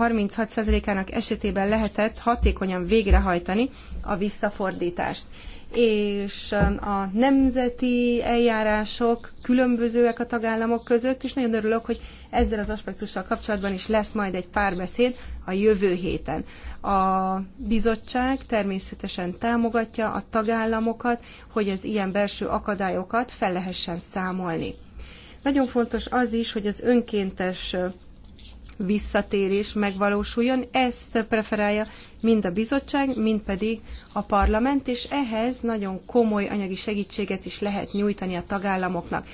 36%-ának esetében lehetett hatékonyan végrehajtani a visszafordítást és um, a nemzeti eljárások különbözőek a tagállamok között, és nagyon örülök, hogy ezzel az aspektussal kapcsolatban is lesz majd egy párbeszéd a jövő héten. A bizottság természetesen támogatja a tagállamokat, hogy az ilyen belső akadályokat fel lehessen számolni. Nagyon fontos az is, hogy az önkéntes visszatérés megvalósuljon. Ezt preferálja mind a bizottság, mind pedig a parlament, és ehhez nagyon komoly anyagi segítséget is lehet nyújtani a tagállamoknak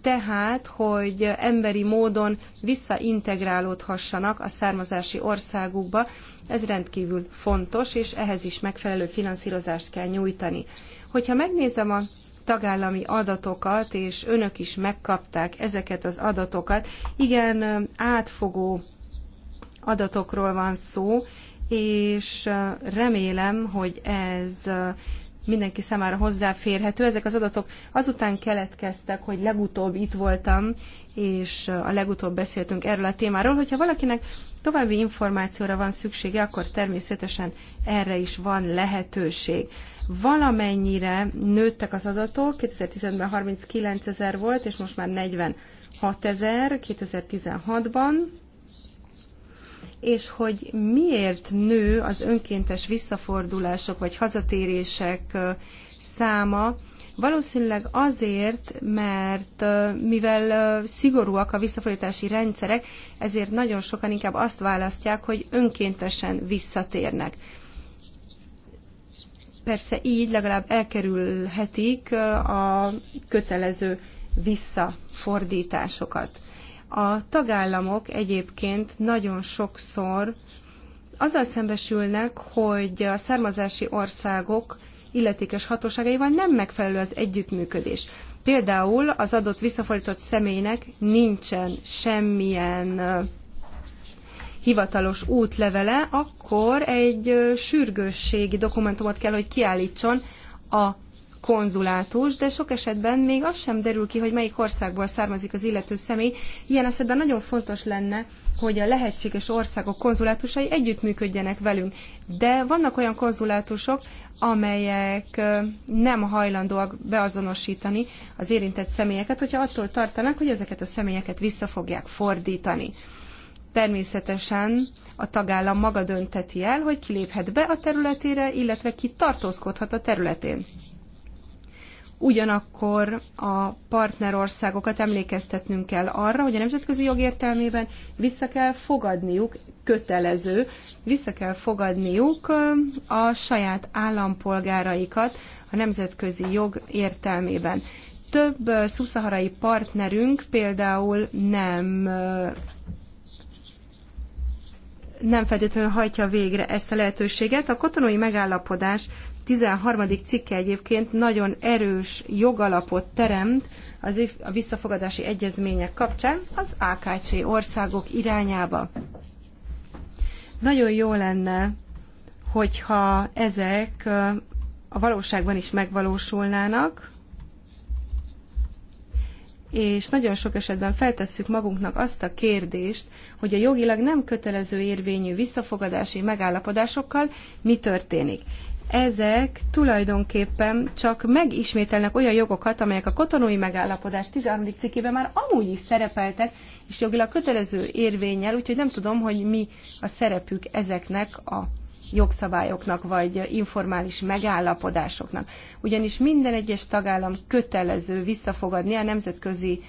tehát, hogy emberi módon visszaintegrálódhassanak a származási országukba. Ez rendkívül fontos, és ehhez is megfelelő finanszírozást kell nyújtani. Hogyha megnézem a tagállami adatokat, és önök is megkapták ezeket az adatokat. Igen, átfogó adatokról van szó, és remélem, hogy ez mindenki számára hozzáférhető. Ezek az adatok azután keletkeztek, hogy legutóbb itt voltam, és a legutóbb beszéltünk erről a témáról. Hogyha valakinek további információra van szüksége, akkor természetesen erre is van lehetőség valamennyire nőttek az adatok, 2010 ben 39 ezer volt, és most már 46 ezer 2016-ban, és hogy miért nő az önkéntes visszafordulások vagy hazatérések száma, Valószínűleg azért, mert mivel szigorúak a visszafordítási rendszerek, ezért nagyon sokan inkább azt választják, hogy önkéntesen visszatérnek. Persze így legalább elkerülhetik a kötelező visszafordításokat. A tagállamok egyébként nagyon sokszor azzal szembesülnek, hogy a származási országok illetékes hatóságaival nem megfelelő az együttműködés. Például az adott visszafordított személynek nincsen semmilyen hivatalos útlevele, akkor egy sürgősségi dokumentumot kell, hogy kiállítson a konzulátus, de sok esetben még az sem derül ki, hogy melyik országból származik az illető személy. Ilyen esetben nagyon fontos lenne, hogy a lehetséges országok konzulátusai együttműködjenek velünk. De vannak olyan konzulátusok, amelyek nem hajlandóak beazonosítani az érintett személyeket, hogyha attól tartanak, hogy ezeket a személyeket vissza fogják fordítani. Természetesen a tagállam maga dönteti el, hogy kiléphet be a területére, illetve ki tartózkodhat a területén. Ugyanakkor a partnerországokat emlékeztetnünk kell arra, hogy a nemzetközi jog értelmében vissza kell fogadniuk, kötelező, vissza kell fogadniuk a saját állampolgáraikat a nemzetközi jog értelmében. Több szuszaharai partnerünk például nem nem feltétlenül hajtja végre ezt a lehetőséget. A kotonói megállapodás 13. cikke egyébként nagyon erős jogalapot teremt az a visszafogadási egyezmények kapcsán az AKC országok irányába. Nagyon jó lenne, hogyha ezek a valóságban is megvalósulnának, és nagyon sok esetben feltesszük magunknak azt a kérdést, hogy a jogilag nem kötelező érvényű visszafogadási megállapodásokkal mi történik. Ezek tulajdonképpen csak megismételnek olyan jogokat, amelyek a kotonói megállapodás 13. cikkében már amúgy is szerepeltek, és jogilag kötelező érvényel, úgyhogy nem tudom, hogy mi a szerepük ezeknek a jogszabályoknak vagy informális megállapodásoknak. Ugyanis minden egyes tagállam kötelező visszafogadni a nemzetközi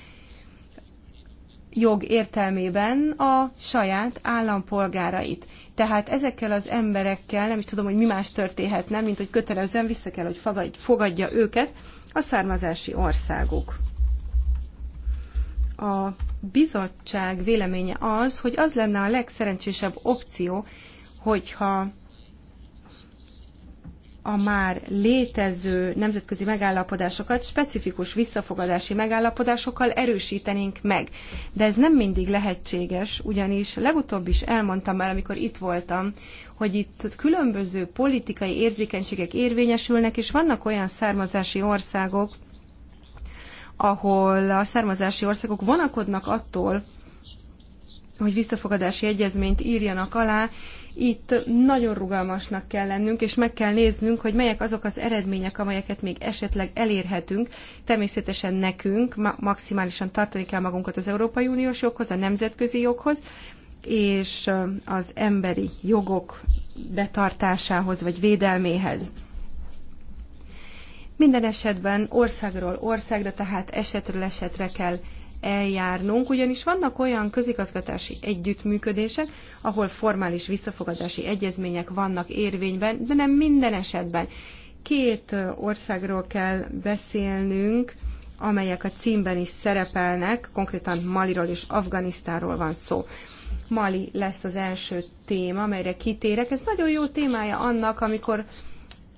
jog értelmében a saját állampolgárait. Tehát ezekkel az emberekkel nem is tudom, hogy mi más történhetne, mint hogy kötelezően vissza kell, hogy fogadj, fogadja őket a származási országuk. A bizottság véleménye az, hogy az lenne a legszerencsésebb opció, hogyha a már létező nemzetközi megállapodásokat specifikus visszafogadási megállapodásokkal erősítenénk meg. De ez nem mindig lehetséges, ugyanis legutóbb is elmondtam már, amikor itt voltam, hogy itt különböző politikai érzékenységek érvényesülnek, és vannak olyan származási országok, ahol a származási országok vonakodnak attól, hogy visszafogadási egyezményt írjanak alá, itt nagyon rugalmasnak kell lennünk, és meg kell néznünk, hogy melyek azok az eredmények, amelyeket még esetleg elérhetünk. Természetesen nekünk maximálisan tartani kell magunkat az Európai Uniós joghoz, a nemzetközi joghoz, és az emberi jogok betartásához vagy védelméhez. Minden esetben országról országra, tehát esetről esetre kell eljárnunk, ugyanis vannak olyan közigazgatási együttműködések, ahol formális visszafogadási egyezmények vannak érvényben, de nem minden esetben. Két országról kell beszélnünk, amelyek a címben is szerepelnek, konkrétan Maliról és Afganisztánról van szó. Mali lesz az első téma, amelyre kitérek. Ez nagyon jó témája annak, amikor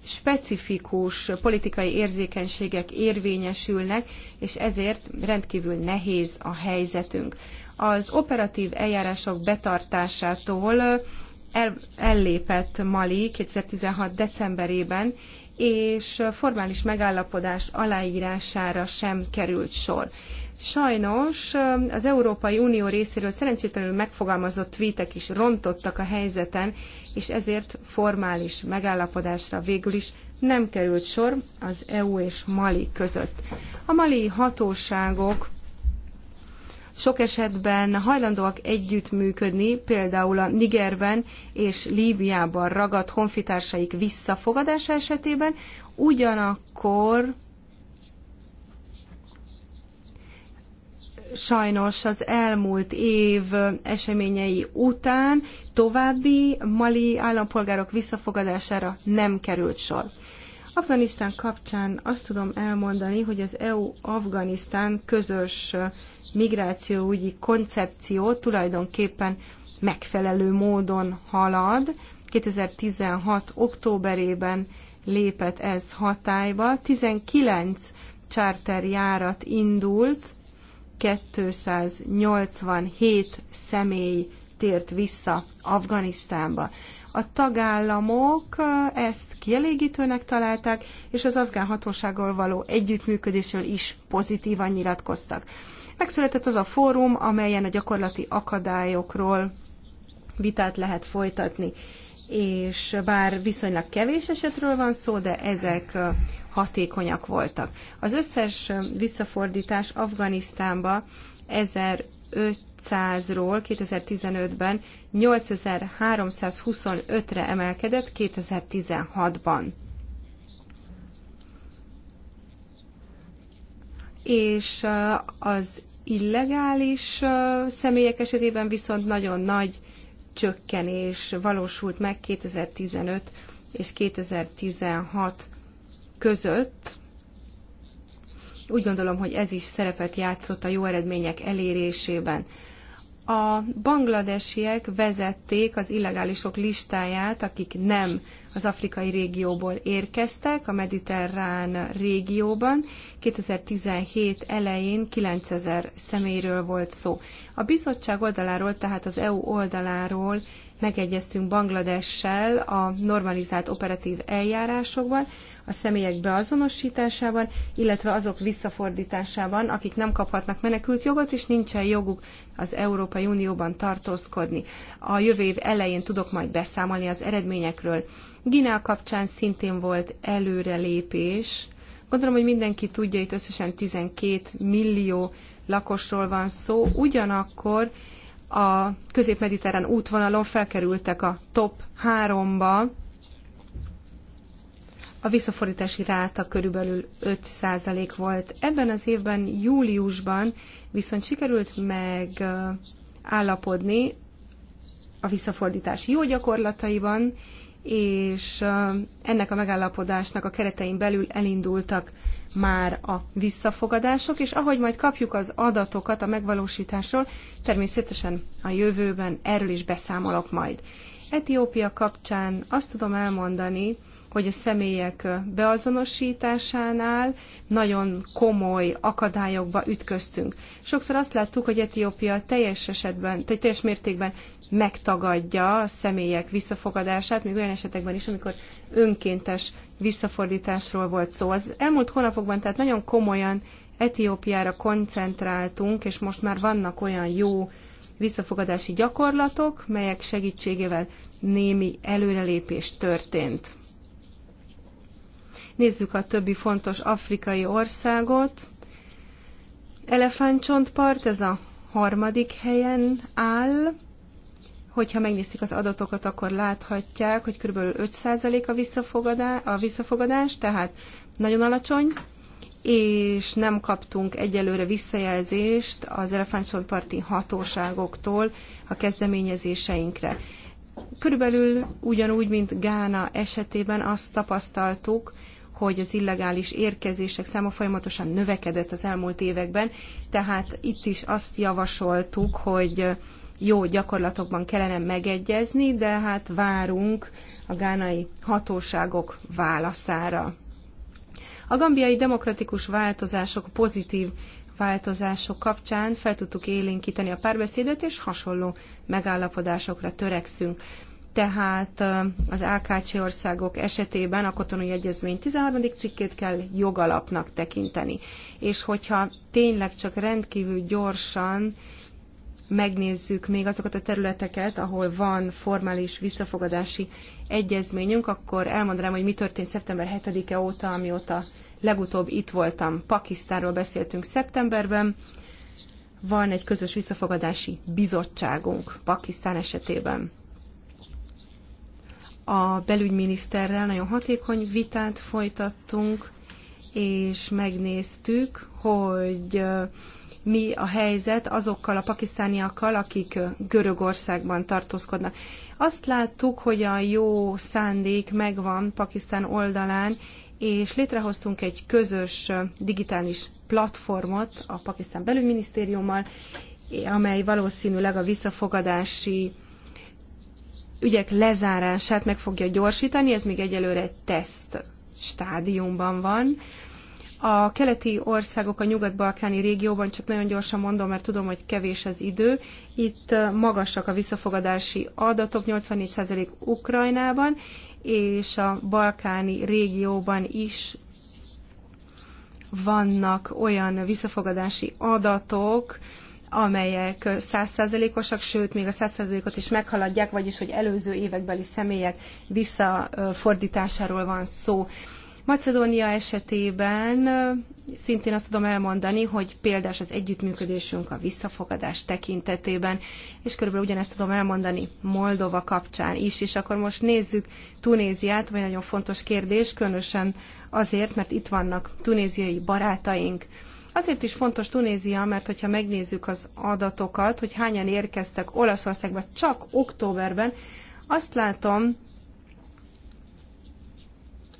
specifikus politikai érzékenységek érvényesülnek, és ezért rendkívül nehéz a helyzetünk. Az operatív eljárások betartásától el, ellépett Mali 2016. decemberében, és formális megállapodás aláírására sem került sor. Sajnos az Európai Unió részéről szerencsétlenül megfogalmazott tweetek is rontottak a helyzeten, és ezért formális megállapodásra végül is nem került sor az EU és Mali között. A mali hatóságok sok esetben hajlandóak együttműködni, például a Nigerben és Líbiában ragadt honfitársaik visszafogadása esetében, ugyanakkor sajnos az elmúlt év eseményei után további mali állampolgárok visszafogadására nem került sor. Afganisztán kapcsán azt tudom elmondani, hogy az EU-Afganisztán közös migrációügyi koncepció tulajdonképpen megfelelő módon halad. 2016. októberében lépett ez hatályba. 19 charterjárat indult 287 személy tért vissza Afganisztánba. A tagállamok ezt kielégítőnek találták, és az afgán hatósággal való együttműködésről is pozitívan nyilatkoztak. Megszületett az a fórum, amelyen a gyakorlati akadályokról vitát lehet folytatni és bár viszonylag kevés esetről van szó, de ezek hatékonyak voltak. Az összes visszafordítás Afganisztánba 1500-ról 2015-ben 8325-re emelkedett 2016-ban. És az illegális személyek esetében viszont nagyon nagy csökkenés valósult meg 2015 és 2016 között. Úgy gondolom, hogy ez is szerepet játszott a jó eredmények elérésében a bangladesiek vezették az illegálisok listáját, akik nem az afrikai régióból érkeztek, a mediterrán régióban. 2017 elején 9000 személyről volt szó. A bizottság oldaláról, tehát az EU oldaláról megegyeztünk Bangladessel a normalizált operatív eljárásokban, a személyek beazonosításában, illetve azok visszafordításában, akik nem kaphatnak menekült jogot, és nincsen joguk az Európai Unióban tartózkodni. A jövő év elején tudok majd beszámolni az eredményekről. Ginál kapcsán szintén volt előrelépés. Gondolom, hogy mindenki tudja, itt összesen 12 millió lakosról van szó, ugyanakkor a közép-mediterrán útvonalon felkerültek a top háromba, a visszafordítási ráta körülbelül 5% volt. Ebben az évben, júliusban viszont sikerült meg állapodni a visszafordítás jó gyakorlataiban, és ennek a megállapodásnak a keretein belül elindultak már a visszafogadások, és ahogy majd kapjuk az adatokat a megvalósításról, természetesen a jövőben erről is beszámolok majd. Etiópia kapcsán azt tudom elmondani, hogy a személyek beazonosításánál nagyon komoly akadályokba ütköztünk. Sokszor azt láttuk, hogy Etiópia teljes esetben, tehát teljes mértékben megtagadja a személyek visszafogadását, még olyan esetekben is, amikor önkéntes visszafordításról volt szó. Az elmúlt hónapokban tehát nagyon komolyan Etiópiára koncentráltunk, és most már vannak olyan jó visszafogadási gyakorlatok, melyek segítségével némi előrelépés történt. Nézzük a többi fontos afrikai országot. Elefántcsontpart, ez a harmadik helyen áll. Hogyha megnézték az adatokat, akkor láthatják, hogy kb. 5% a visszafogadá, a visszafogadás, tehát nagyon alacsony, és nem kaptunk egyelőre visszajelzést az elefántcsontparti hatóságoktól a kezdeményezéseinkre. Körülbelül ugyanúgy, mint Gána esetében azt tapasztaltuk, hogy az illegális érkezések száma folyamatosan növekedett az elmúlt években, tehát itt is azt javasoltuk, hogy jó gyakorlatokban kellene megegyezni, de hát várunk a gánai hatóságok válaszára. A gambiai demokratikus változások pozitív változások kapcsán fel tudtuk élénkíteni a párbeszédet, és hasonló megállapodásokra törekszünk tehát az AKC országok esetében a kotonai egyezmény 13. cikkét kell jogalapnak tekinteni. És hogyha tényleg csak rendkívül gyorsan megnézzük még azokat a területeket, ahol van formális visszafogadási egyezményünk, akkor elmondanám, hogy mi történt szeptember 7-e óta, amióta legutóbb itt voltam. Pakisztánról beszéltünk szeptemberben. Van egy közös visszafogadási bizottságunk Pakisztán esetében a belügyminiszterrel nagyon hatékony vitát folytattunk, és megnéztük, hogy mi a helyzet azokkal a pakisztániakkal, akik Görögországban tartózkodnak. Azt láttuk, hogy a jó szándék megvan Pakisztán oldalán, és létrehoztunk egy közös digitális platformot a Pakisztán belügyminisztériummal, amely valószínűleg a visszafogadási ügyek lezárását meg fogja gyorsítani, ez még egyelőre egy teszt stádiumban van. A keleti országok a nyugat-balkáni régióban, csak nagyon gyorsan mondom, mert tudom, hogy kevés az idő, itt magasak a visszafogadási adatok, 84% Ukrajnában, és a balkáni régióban is vannak olyan visszafogadási adatok, amelyek 100%-osak sőt, még a százszázalékot is meghaladják, vagyis hogy előző évekbeli személyek visszafordításáról van szó. Macedónia esetében szintén azt tudom elmondani, hogy példás az együttműködésünk a visszafogadás tekintetében, és körülbelül ugyanezt tudom elmondani Moldova kapcsán is, és akkor most nézzük Tunéziát, vagy nagyon fontos kérdés, különösen azért, mert itt vannak tunéziai barátaink. Azért is fontos Tunézia, mert hogyha megnézzük az adatokat, hogy hányan érkeztek Olaszországba csak októberben, azt látom,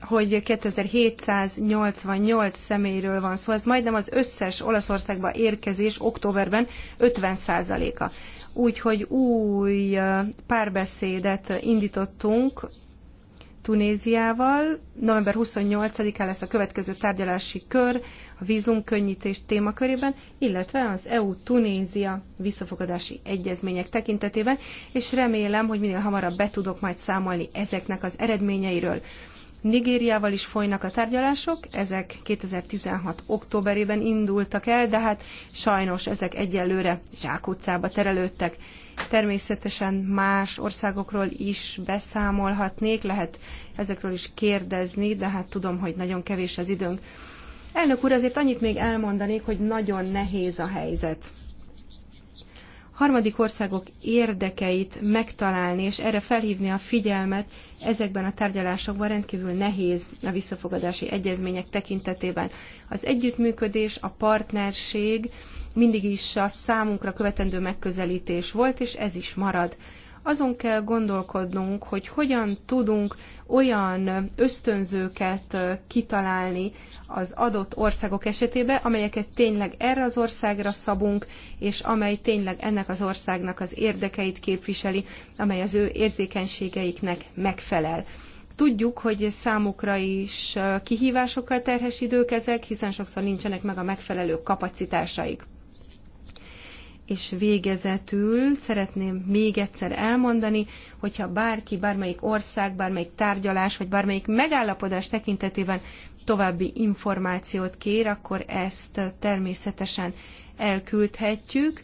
hogy 2788 személyről van szó, szóval ez majdnem az összes Olaszországba érkezés októberben 50%-a. Úgyhogy új párbeszédet indítottunk Tunéziával. November 28-án lesz a következő tárgyalási kör a vízumkönnyítés témakörében, illetve az EU-Tunézia visszafogadási egyezmények tekintetében, és remélem, hogy minél hamarabb be tudok majd számolni ezeknek az eredményeiről. Nigériával is folynak a tárgyalások, ezek 2016. októberében indultak el, de hát sajnos ezek egyelőre zsákutcába terelődtek. Természetesen más országokról is beszámolhatnék, lehet ezekről is kérdezni, de hát tudom, hogy nagyon kevés az időnk. Elnök úr, azért annyit még elmondanék, hogy nagyon nehéz a helyzet harmadik országok érdekeit megtalálni, és erre felhívni a figyelmet ezekben a tárgyalásokban rendkívül nehéz a visszafogadási egyezmények tekintetében. Az együttműködés, a partnerség mindig is a számunkra követendő megközelítés volt, és ez is marad. Azon kell gondolkodnunk, hogy hogyan tudunk olyan ösztönzőket kitalálni az adott országok esetében, amelyeket tényleg erre az országra szabunk, és amely tényleg ennek az országnak az érdekeit képviseli, amely az ő érzékenységeiknek megfelel tudjuk, hogy számukra is kihívásokkal terhes idők ezek, hiszen sokszor nincsenek meg a megfelelő kapacitásaik. És végezetül szeretném még egyszer elmondani, hogyha bárki, bármelyik ország, bármelyik tárgyalás, vagy bármelyik megállapodás tekintetében további információt kér, akkor ezt természetesen elküldhetjük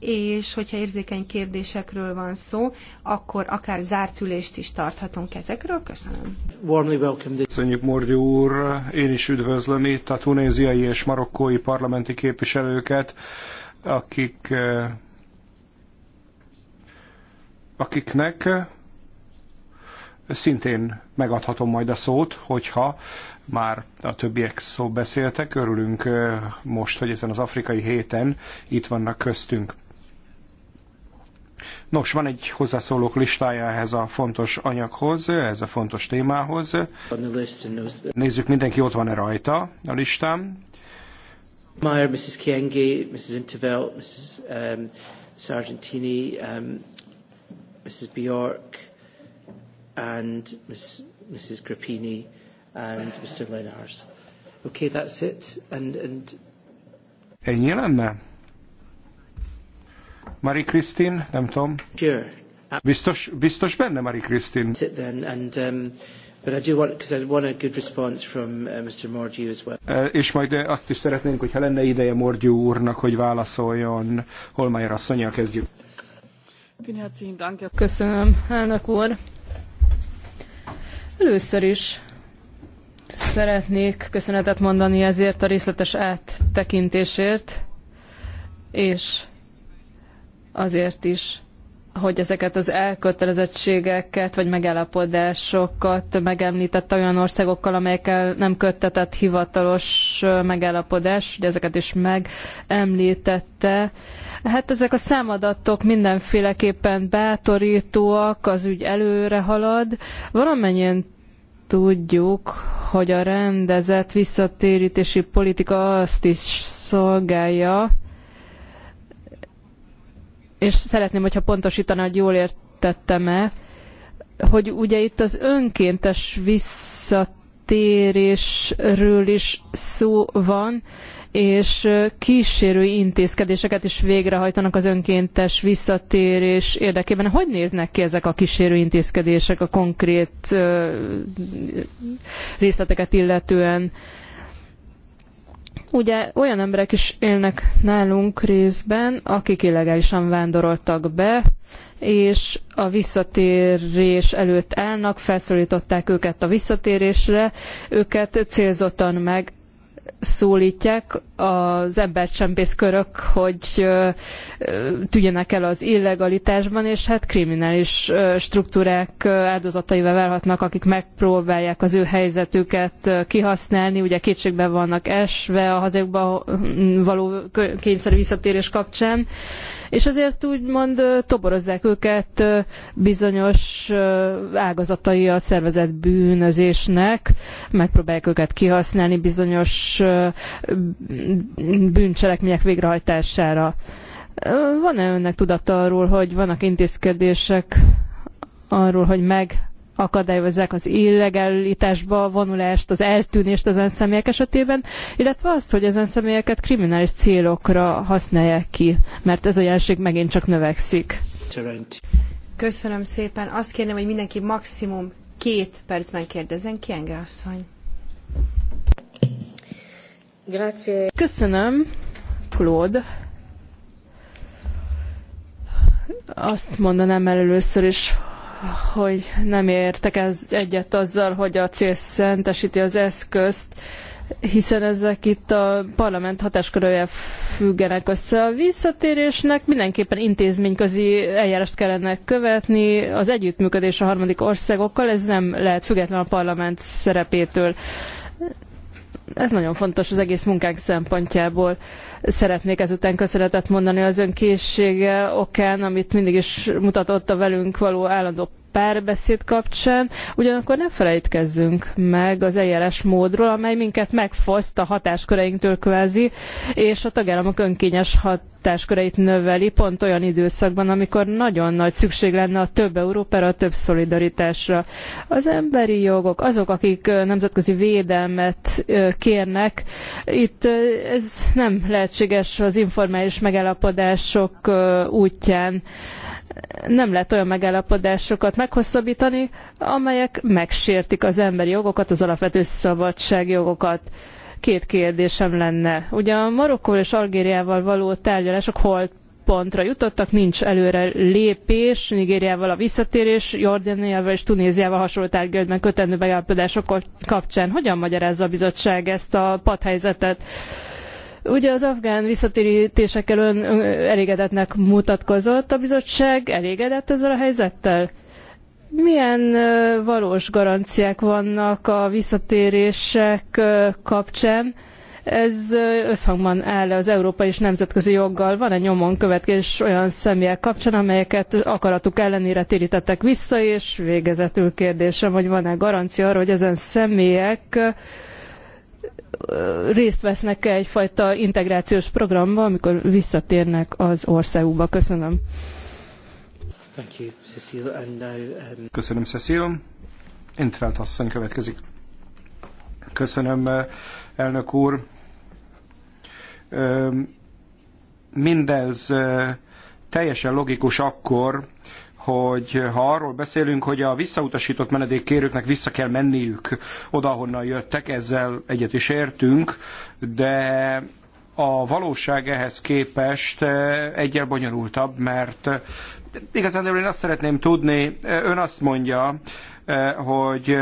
és hogyha érzékeny kérdésekről van szó, akkor akár zárt ülést is tarthatunk ezekről. Köszönöm. welcome. Köszönjük, Mordi úr. Én is üdvözlöm itt a tunéziai és marokkói parlamenti képviselőket akik eh, akiknek eh, szintén megadhatom majd a szót, hogyha már a többiek szó beszéltek. Örülünk eh, most, hogy ezen az afrikai héten itt vannak köztünk. Nos, van egy hozzászólók listája ehhez a fontos anyaghoz, ehhez a fontos témához. Nézzük, mindenki ott van-e rajta a listán. Meyer, Mrs. Kienge, Mrs. Intervelt, Mrs. Um, Sargentini, um, Mrs. Bjork, and Ms. Mrs. Grappini and Mr. Lenars. Okay, that's it. And, and... Ennyi lenne? Marie Christine, nem tudom. Sure. Biztos, biztos benne Marie Christine. Sit then. And, um, és majd uh, azt is szeretnénk, hogyha lenne ideje Mordjú úrnak, hogy válaszoljon. Holmeyer asszonyjal kezdjük. Köszönöm, elnök úr. Először is szeretnék köszönetet mondani ezért a részletes áttekintésért, és azért is, hogy ezeket az elkötelezettségeket vagy megállapodásokat megemlített olyan országokkal, amelyekkel nem köttetett hivatalos megállapodás, de ezeket is megemlítette. Hát ezek a számadatok mindenféleképpen bátorítóak, az ügy előre halad. Valamennyien tudjuk, hogy a rendezett visszatérítési politika azt is szolgálja, és szeretném, hogyha pontosítaná, hogy jól értettem-e, hogy ugye itt az önkéntes visszatérésről is szó van, és kísérő intézkedéseket is végrehajtanak az önkéntes visszatérés érdekében. Hogy néznek ki ezek a kísérő intézkedések a konkrét részleteket illetően? Ugye olyan emberek is élnek nálunk részben, akik illegálisan vándoroltak be, és a visszatérés előtt állnak, felszólították őket a visszatérésre, őket célzottan megszólítják, az embercsempészkörök, hogy tűnjenek el az illegalitásban, és hát kriminális struktúrák áldozataival válhatnak, akik megpróbálják az ő helyzetüket kihasználni, ugye kétségbe vannak esve a hazájukba való kényszerű visszatérés kapcsán, és azért úgymond toborozzák őket bizonyos ágazatai a szervezett bűnözésnek, megpróbálják őket kihasználni bizonyos bűncselekmények végrehajtására. Van-e önnek tudata arról, hogy vannak intézkedések arról, hogy megakadályozzák az illegalitásba vonulást, az eltűnést ezen személyek esetében, illetve azt, hogy ezen személyeket kriminális célokra használják ki, mert ez a jelenség megint csak növekszik. Köszönöm szépen. Azt kérném, hogy mindenki maximum két percben kérdezzen ki, Enge asszony. Köszönöm, Claude. Azt mondanám először is, hogy nem értek ez egyet azzal, hogy a cél szentesíti az eszközt, hiszen ezek itt a parlament hatáskörője függenek össze a visszatérésnek. Mindenképpen intézményközi eljárást kellene követni, az együttműködés a harmadik országokkal, ez nem lehet független a parlament szerepétől. Ez nagyon fontos az egész munkánk szempontjából. Szeretnék ezután köszönetet mondani az ön készsége okán, amit mindig is mutatott a velünk való állandó párbeszéd kapcsán, ugyanakkor ne felejtkezzünk meg az eljárás módról, amely minket megfoszt a hatásköreinktől kvázi, és a tagállamok önkényes hatásköreit növeli pont olyan időszakban, amikor nagyon nagy szükség lenne a több Európára, a több szolidaritásra. Az emberi jogok, azok, akik nemzetközi védelmet kérnek, itt ez nem lehetséges az informális megállapodások útján nem lehet olyan megállapodásokat meghosszabbítani, amelyek megsértik az emberi jogokat, az alapvető szabadságjogokat. Két kérdésem lenne. Ugye a Marokkóval és Algériával való tárgyalások hol pontra jutottak, nincs előre lépés, Nigériával a visszatérés, Jordániával és Tunéziával hasonló tárgyalásban kötendő megállapodások kapcsán. Hogyan magyarázza a bizottság ezt a padhelyzetet? Ugye az afgán visszatérítésekkel ön, ön elégedetnek mutatkozott a bizottság, elégedett ezzel a helyzettel? Milyen valós garanciák vannak a visszatérések kapcsán? Ez összhangban áll az európai és nemzetközi joggal. Van egy nyomon következés olyan személyek kapcsán, amelyeket akaratuk ellenére térítettek vissza, és végezetül kérdésem, hogy van-e garancia arra, hogy ezen személyek részt vesznek -e egyfajta integrációs programba, amikor visszatérnek az országukba. Köszönöm. Um, Köszönöm, Cecil. Intfeld asszony következik. Köszönöm, elnök úr. Mindez teljesen logikus akkor, hogy ha arról beszélünk, hogy a visszautasított menedékkérőknek vissza kell menniük oda, honnan jöttek, ezzel egyet is értünk, de a valóság ehhez képest eh, egyel bonyolultabb, mert eh, igazán én azt szeretném tudni, eh, ön azt mondja, hogy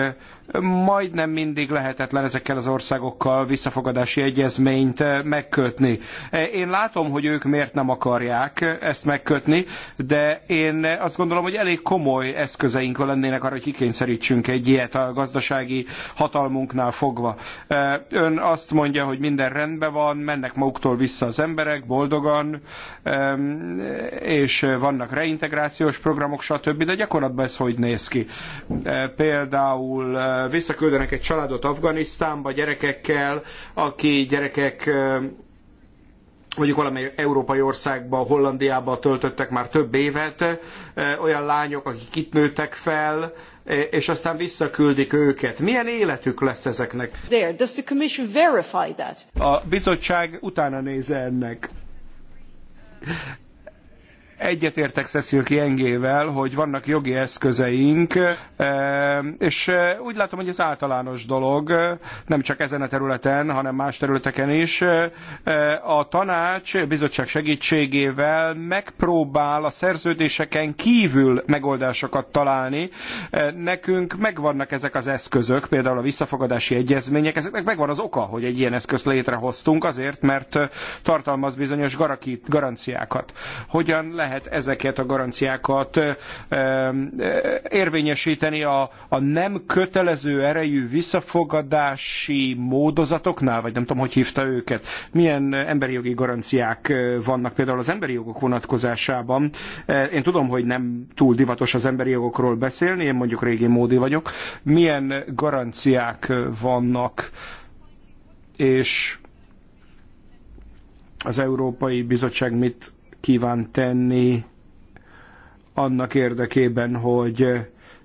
majdnem mindig lehetetlen ezekkel az országokkal visszafogadási egyezményt eh, megkötni. Eh, én látom, hogy ők miért nem akarják ezt megkötni, de én azt gondolom, hogy elég komoly eszközeink lennének arra, hogy kikényszerítsünk egy ilyet a gazdasági hatalmunknál fogva. Eh, ön azt mondja, hogy minden rendben van, mennek maguktól vissza az emberek, boldogan, és vannak reintegrációs programok, stb., de gyakorlatban ez hogy néz ki? Például visszaküldenek egy családot Afganisztánba gyerekekkel, aki gyerekek mondjuk valami európai országba, Hollandiába töltöttek már több évet, olyan lányok, akik itt nőttek fel, és aztán visszaküldik őket. Milyen életük lesz ezeknek? There, does the commission verify that? A bizottság utána néz ennek egyetértek Cecil Kiengével, hogy vannak jogi eszközeink, eh, és eh, úgy látom, hogy ez általános dolog, eh, nem csak ezen a területen, hanem más területeken is. A tanács a bizottság segítségével megpróbál a szerződéseken kívül megoldásokat találni. Nekünk megvannak ezek az eszközök, például a visszafogadási egyezmények, ezeknek megvan az oka, hogy egy ilyen eszközt létrehoztunk, azért, mert tartalmaz bizonyos garanciákat. Hogyan lehet lehet ezeket a garanciákat érvényesíteni a, a nem kötelező erejű visszafogadási módozatoknál, vagy nem tudom, hogy hívta őket. Milyen emberi jogi garanciák vannak például az emberi jogok vonatkozásában. Én tudom, hogy nem túl divatos az emberi jogokról beszélni, én mondjuk régi módi vagyok. Milyen garanciák vannak, és az Európai Bizottság mit kíván tenni annak érdekében, hogy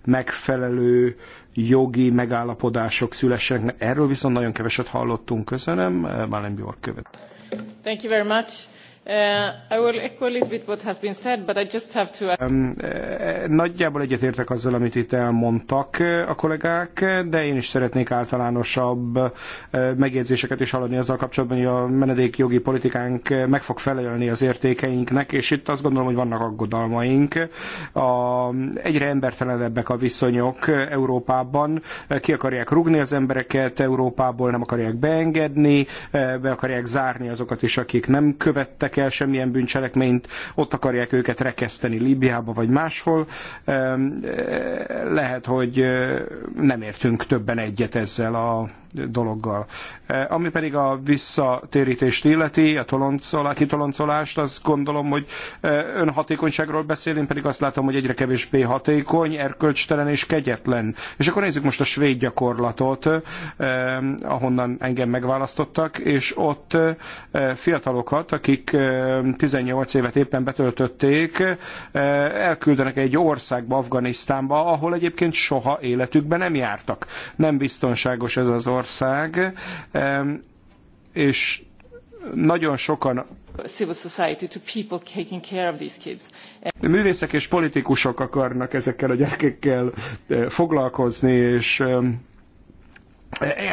megfelelő jogi megállapodások szülessenek. Erről viszont nagyon keveset hallottunk. Köszönöm. Malen Björk követ. Thank you very much. Uh, nagyjából egyetértek azzal, amit itt elmondtak uh, a kollégák, de én is szeretnék általánosabb uh, megjegyzéseket is hallani azzal kapcsolatban, hogy a menedékjogi politikánk meg fog felelni az értékeinknek, és itt azt gondolom, hogy vannak aggodalmaink. A, egyre embertelenebbek a viszonyok Európában. Ki akarják rugni az embereket Európából, nem akarják beengedni, be akarják zárni azokat is, akik nem követtek el semmilyen bűncselekményt, ott akarják őket rekeszteni Líbiába vagy máshol. Eh, lehet, hogy eh, nem értünk többen egyet ezzel a dologgal. E, ami pedig a visszatérítést illeti, a toloncolá, kitoloncolást, azt gondolom, hogy e, önhatékonyságról beszélünk, pedig azt látom, hogy egyre kevésbé hatékony, erkölcstelen és kegyetlen. És akkor nézzük most a svéd gyakorlatot, e, ahonnan engem megválasztottak, és ott fiatalokat, akik 18 évet éppen betöltötték, elküldenek egy országba, Afganisztánba, ahol egyébként soha életükben nem jártak. Nem biztonságos ez az ország Franciaország, és nagyon sokan civil society to people taking care of these kids. Művészek és politikusok akarnak ezekkel a gyerekekkel eh, foglalkozni, és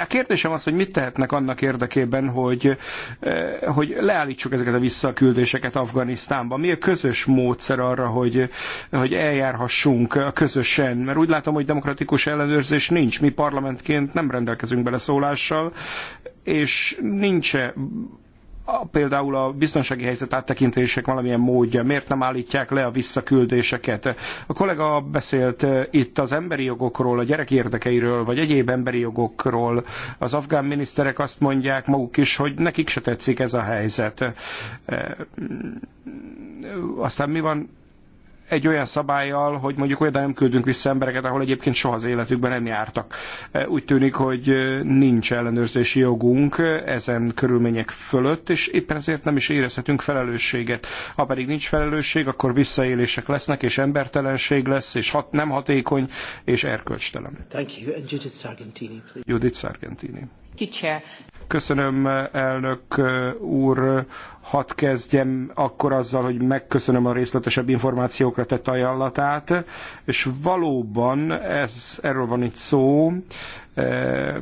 a kérdésem az, hogy mit tehetnek annak érdekében, hogy, eh, hogy leállítsuk ezeket a visszaküldéseket Afganisztánba. Mi a közös módszer arra, hogy, hogy eljárhassunk közösen? Mert úgy látom, hogy demokratikus ellenőrzés nincs. Mi parlamentként nem rendelkezünk beleszólással, és nincs -e a, például a biztonsági helyzet áttekintések valamilyen módja, miért nem állítják le a visszaküldéseket. A kollega beszélt eh, itt az emberi jogokról, a gyerek érdekeiről, vagy egyéb emberi jogokról. Az afgán miniszterek azt mondják maguk is, hogy nekik se tetszik ez a helyzet. Eh, mm, aztán mi van egy olyan szabályjal, hogy mondjuk olyan nem küldünk vissza embereket, ahol egyébként soha az életükben nem jártak. E, úgy tűnik, hogy e, nincs ellenőrzési jogunk ezen körülmények fölött, és éppen ezért nem is érezhetünk felelősséget. Ha pedig nincs felelősség, akkor visszaélések lesznek, és embertelenség lesz, és hat, nem hatékony, és erkölcstelen. Thank you. And Judith Sargentini, please. Judith Sargentini. Köszönöm, elnök e, úr hadd kezdjem akkor azzal, hogy megköszönöm a részletesebb információkra tett ajánlatát, és valóban ez, erről van itt szó, eh,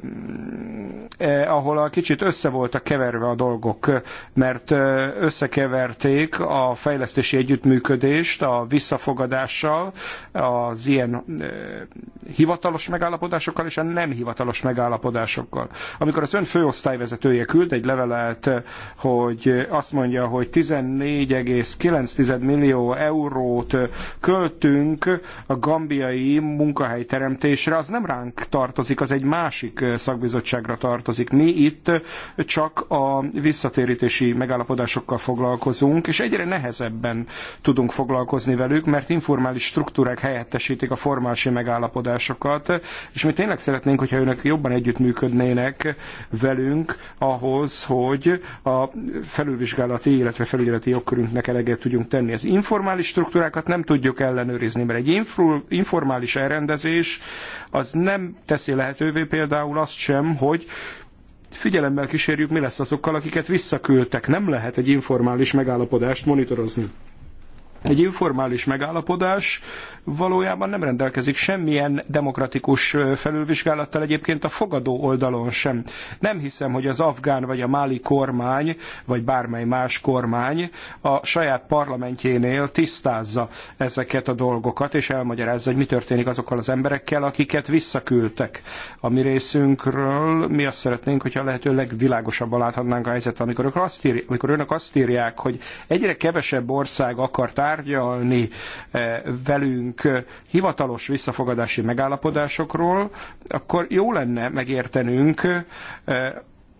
eh, ahol a kicsit össze voltak keverve a dolgok, mert eh, összekeverték a fejlesztési együttműködést a visszafogadással, az ilyen eh, hivatalos megállapodásokkal és a nem hivatalos megállapodásokkal. Amikor az ön főosztályvezetője küld egy levelet, hogy azt mondja, hogy 14,9 millió eurót költünk a gambiai munkahelyteremtésre, az nem ránk tartozik, az egy másik szakbizottságra tartozik. Mi itt csak a visszatérítési megállapodásokkal foglalkozunk, és egyre nehezebben tudunk foglalkozni velük, mert informális struktúrák helyettesítik a formális megállapodásokat, és mi tényleg szeretnénk, hogyha önök jobban együttműködnének velünk ahhoz, hogy a felülvizsgálat felülvizsgálati, illetve felügyeleti jogkörünknek eleget tudjunk tenni. Az informális struktúrákat nem tudjuk ellenőrizni, mert egy informális elrendezés az nem teszi lehetővé például azt sem, hogy figyelemmel kísérjük, mi lesz azokkal, akiket visszaküldtek. Nem lehet egy informális megállapodást monitorozni. Egy informális megállapodás valójában nem rendelkezik semmilyen demokratikus felülvizsgálattal egyébként a fogadó oldalon sem. Nem hiszem, hogy az afgán vagy a máli kormány, vagy bármely más kormány a saját parlamentjénél tisztázza ezeket a dolgokat, és elmagyarázza, hogy mi történik azokkal az emberekkel, akiket visszaküldtek. A mi részünkről mi azt szeretnénk, hogyha lehető legvilágosabban láthatnánk a helyzetet, amikor, amikor önök azt írják, hogy egyre kevesebb ország akart tárgyalni eh, velünk eh, hivatalos visszafogadási megállapodásokról, akkor jó lenne megértenünk eh,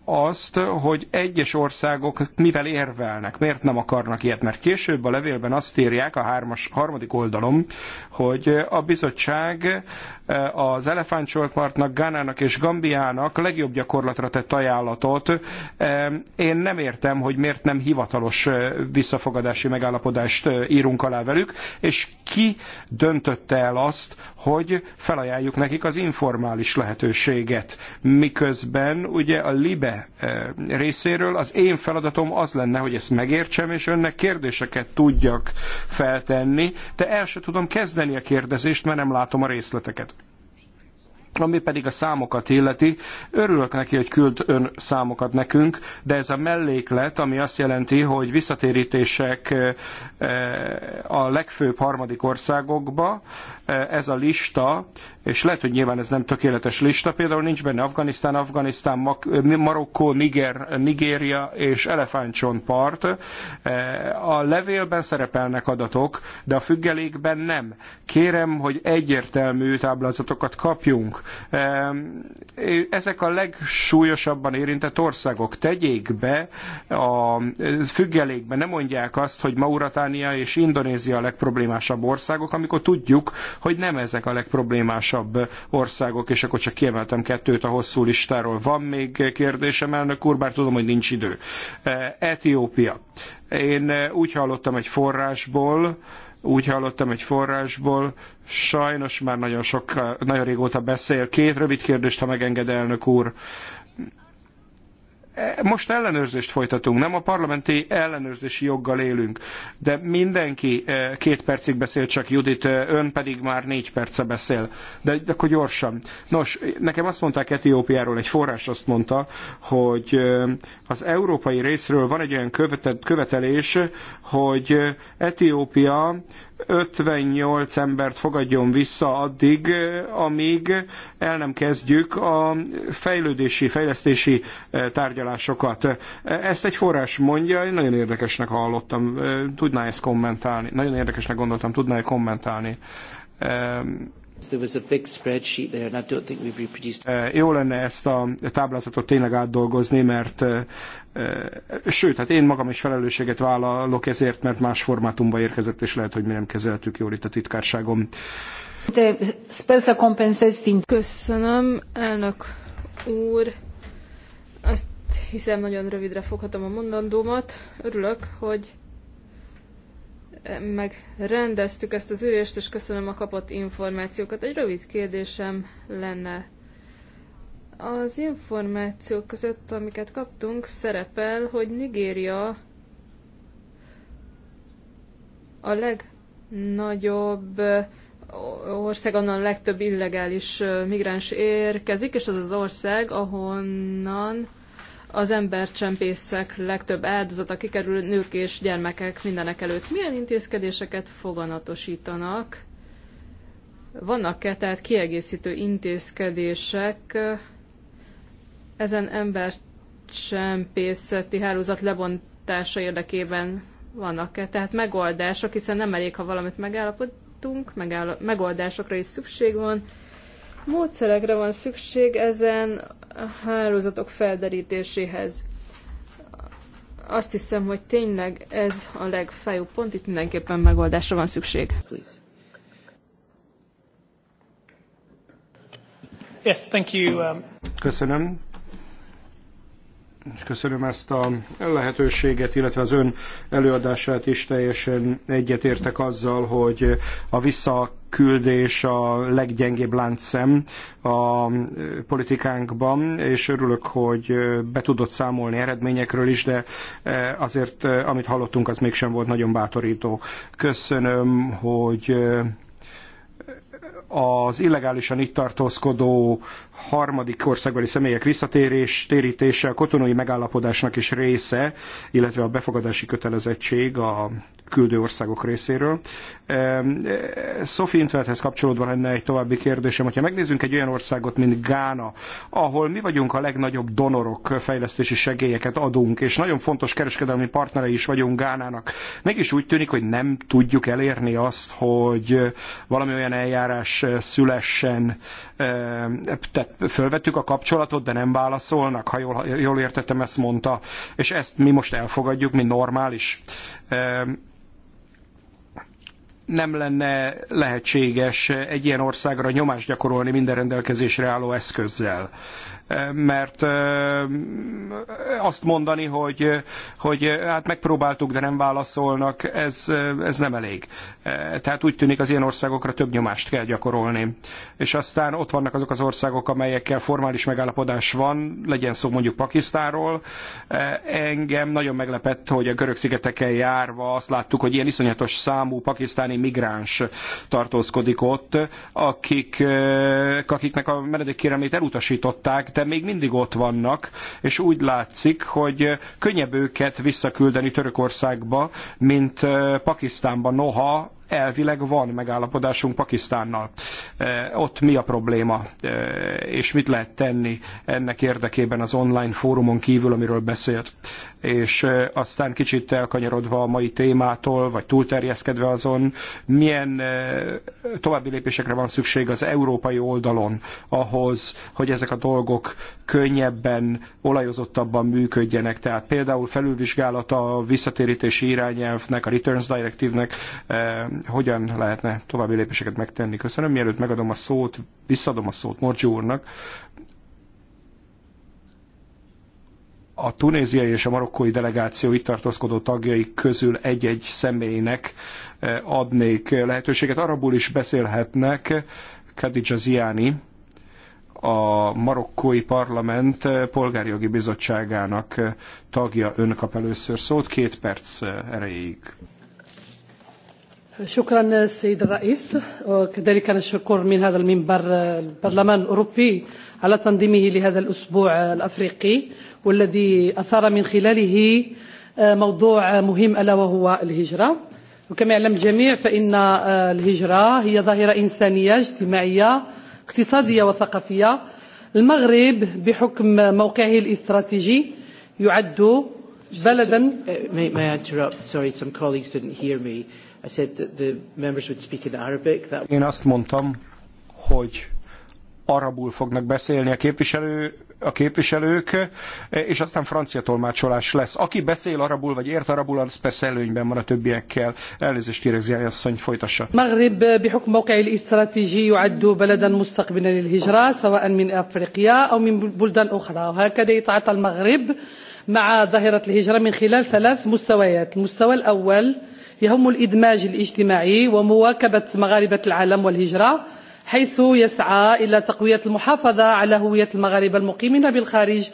azt, hogy egyes országok mivel érvelnek, miért nem akarnak ilyet, mert később a levélben azt írják a hármas, harmadik oldalom, hogy a bizottság eh, az elefántcsoltpartnak, Gánának és Gambiának legjobb gyakorlatra tett ajánlatot. Eh, én nem értem, hogy miért nem hivatalos eh, visszafogadási megállapodást írunk alá velük, és ki döntötte el azt, hogy felajánljuk nekik az informális lehetőséget, miközben ugye a Libe E, e, részéről. Az én feladatom az lenne, hogy ezt megértsem, és önnek kérdéseket tudjak feltenni, de el se tudom kezdeni a kérdezést, mert nem látom a részleteket. Ami pedig a számokat illeti, örülök neki, hogy küld ön számokat nekünk, de ez a melléklet, ami azt jelenti, hogy visszatérítések e, a legfőbb harmadik országokba, ez a lista, és lehet, hogy nyilván ez nem tökéletes lista, például nincs benne Afganisztán, Afganisztán, Marokkó, Niger, Nigéria és Elefántcsontpart. Eh, a levélben szerepelnek adatok, de a függelékben nem. Kérem, hogy egyértelmű táblázatokat kapjunk. Eh, ezek a legsúlyosabban érintett országok. Tegyék be a függelékben. nem mondják azt, hogy Mauratánia és Indonézia a legproblémásabb országok, amikor tudjuk, hogy nem ezek a legproblémásabb országok, és akkor csak kiemeltem kettőt a hosszú listáról. Van még kérdésem, elnök úr, bár tudom, hogy nincs idő. E, Etiópia. Én úgy hallottam egy forrásból, úgy hallottam egy forrásból, sajnos már nagyon, sok, nagyon régóta beszél. Két rövid kérdést, ha megenged elnök úr most ellenőrzést folytatunk, nem a parlamenti ellenőrzési joggal élünk, de mindenki eh, két percig beszél, csak Judit, eh, ön pedig már négy perce beszél. De akkor gyorsan. Nos, nekem azt mondták Etiópiáról, egy forrás azt mondta, hogy eh, az európai részről van egy olyan követelés, hogy Etiópia 58 embert fogadjon vissza addig, amíg el nem kezdjük a fejlődési, fejlesztési e, tárgyalásokat. E, ezt egy forrás mondja, én nagyon érdekesnek hallottam, e, tudná ezt kommentálni, nagyon érdekesnek gondoltam, tudná -e kommentálni. Eh, jó lenne ezt a táblázatot tényleg átdolgozni, mert eh, sőt, hát én magam is felelősséget vállalok ezért, mert más formátumba érkezett, és lehet, hogy mi nem kezeltük jól itt a titkárságom. De Köszönöm, elnök úr. Azt hiszem, nagyon rövidre foghatom a mondandómat. Örülök, hogy megrendeztük ezt az ülést, és köszönöm a kapott információkat. Egy rövid kérdésem lenne. Az információk között, amiket kaptunk, szerepel, hogy Nigéria a legnagyobb ország, onnan a legtöbb illegális migráns érkezik, és az az ország, ahonnan az embercsempészek legtöbb áldozata kikerül nők és gyermekek mindenek előtt. Milyen intézkedéseket foganatosítanak? Vannak-e tehát kiegészítő intézkedések ezen embercsempészeti hálózat lebontása érdekében vannak-e? Tehát megoldások, hiszen nem elég, ha valamit megállapodtunk, megáll- megoldásokra is szükség van, módszerekre van szükség ezen hálózatok felderítéséhez. Azt hiszem, hogy tényleg ez a legfájóbb pont, itt mindenképpen megoldásra van szükség. Yes, thank you. Um, köszönöm és köszönöm ezt a lehetőséget, illetve az ön előadását is teljesen egyetértek azzal, hogy a vissza küldés a leggyengébb láncszem a politikánkban, és örülök, hogy be tudott számolni eredményekről is, de azért amit hallottunk, az mégsem volt nagyon bátorító. Köszönöm, hogy az illegálisan itt tartózkodó harmadik országbeli személyek visszatérés, térítése a kotonói megállapodásnak is része, illetve a befogadási kötelezettség a küldő országok részéről. Eh, Sophie Intvelthez kapcsolódva lenne egy további kérdésem, hogyha megnézzünk egy olyan országot, mint Gána, ahol mi vagyunk a legnagyobb donorok, fejlesztési segélyeket adunk, és nagyon fontos kereskedelmi partnerei is vagyunk Gánának, mégis úgy tűnik, hogy nem tudjuk elérni azt, hogy valami olyan eljárás, eljárás eh, szülessen. Eh, Tehát fölvettük a kapcsolatot, de nem válaszolnak, ha jól, jól értettem, ezt mondta. És ezt mi most elfogadjuk, mint normális eh, nem lenne lehetséges egy ilyen országra nyomást gyakorolni minden rendelkezésre álló eszközzel mert azt mondani, hogy, hogy hát megpróbáltuk, de nem válaszolnak, ez, ez nem elég. Tehát úgy tűnik, az ilyen országokra több nyomást kell gyakorolni. És aztán ott vannak azok az országok, amelyekkel formális megállapodás van, legyen szó mondjuk Pakisztánról. Engem nagyon meglepett, hogy a görög szigeteken járva azt láttuk, hogy ilyen iszonyatos számú pakisztáni migráns tartózkodik ott, akik, akiknek a menedékkérelmét elutasították, szerte még mindig ott vannak, és úgy látszik, hogy könnyebb őket visszaküldeni Törökországba, mint Pakisztánba, noha elvileg van megállapodásunk Pakisztánnal. Ott mi a probléma, és mit lehet tenni ennek érdekében az online fórumon kívül, amiről beszélt és aztán kicsit elkanyarodva a mai témától, vagy túlterjeszkedve azon, milyen további lépésekre van szükség az európai oldalon ahhoz, hogy ezek a dolgok könnyebben, olajozottabban működjenek. Tehát például felülvizsgálata a visszatérítési irányelvnek, a Returns Directive-nek hogyan lehetne további lépéseket megtenni. Köszönöm, mielőtt megadom a szót, visszadom a szót Morgyi úrnak, a tunéziai és a marokkói delegáció itt tartózkodó tagjai közül egy-egy személynek eh, adnék lehetőséget. Arabul is beszélhetnek Khadija Ziani, a marokkói parlament eh, polgárjogi bizottságának eh, tagja. Ön kap először szót, két perc erejéig. شكرا سيد الرئيس وكذلك نشكر من هذا المنبر البرلمان الأوروبي على تنظيمه لهذا الأسبوع الأفريقي والذي أثار من خلاله موضوع مهم ألا وهو الهجرة وكما يعلم الجميع فإن الهجرة هي ظاهرة إنسانية اجتماعية اقتصادية وثقافية المغرب بحكم موقعه الاستراتيجي يعد بلدا may, may I interrupt? Én azt mondtam, hogy arabul fognak beszélni a képviselő a képviselők, és aztán francia tolmácsolás lesz. Aki beszél arabul, vagy ért arabul, az persze előnyben van a többiekkel. Elnézést kérek, Ziani asszony, folytassa. المغرب بحكم موقعه الاستراتيجي يعد بلدا مستقبلا للهجرة سواء من أفريقيا أو من بلدان أخرى وهكذا يتعاطى المغرب مع ظاهرة الهجرة من خلال ثلاث مستويات المستوى الأول يهم الإدماج الاجتماعي ومواكبة مغاربة العالم والهجرة حيث يسعى إلى تقوية المحافظة على هوية المغاربة المقيمين بالخارج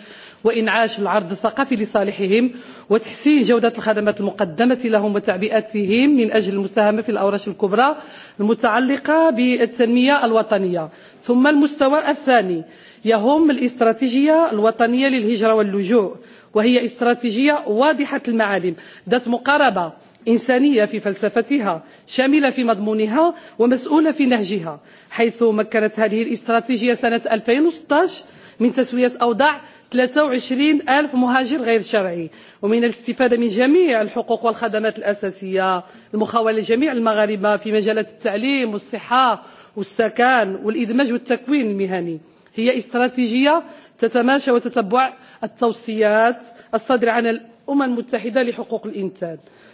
وإنعاش العرض الثقافي لصالحهم وتحسين جودة الخدمات المقدمة لهم وتعبئتهم من أجل المساهمة في الأوراش الكبرى المتعلقة بالتنمية الوطنية ثم المستوى الثاني يهم الاستراتيجية الوطنية للهجرة واللجوء وهي استراتيجية واضحة المعالم ذات مقاربة إنسانية في فلسفتها شاملة في مضمونها ومسؤولة في نهجها حيث مكنت هذه الاستراتيجية سنة 2016 من تسوية أوضاع 23 ألف مهاجر غير شرعي ومن الاستفادة من جميع الحقوق والخدمات الأساسية المخاولة لجميع المغاربة في مجالات التعليم والصحة والسكن والإدماج والتكوين المهني هي استراتيجية تتماشى وتتبع التوصيات الصادرة عن الأمم المتحدة لحقوق الإنسان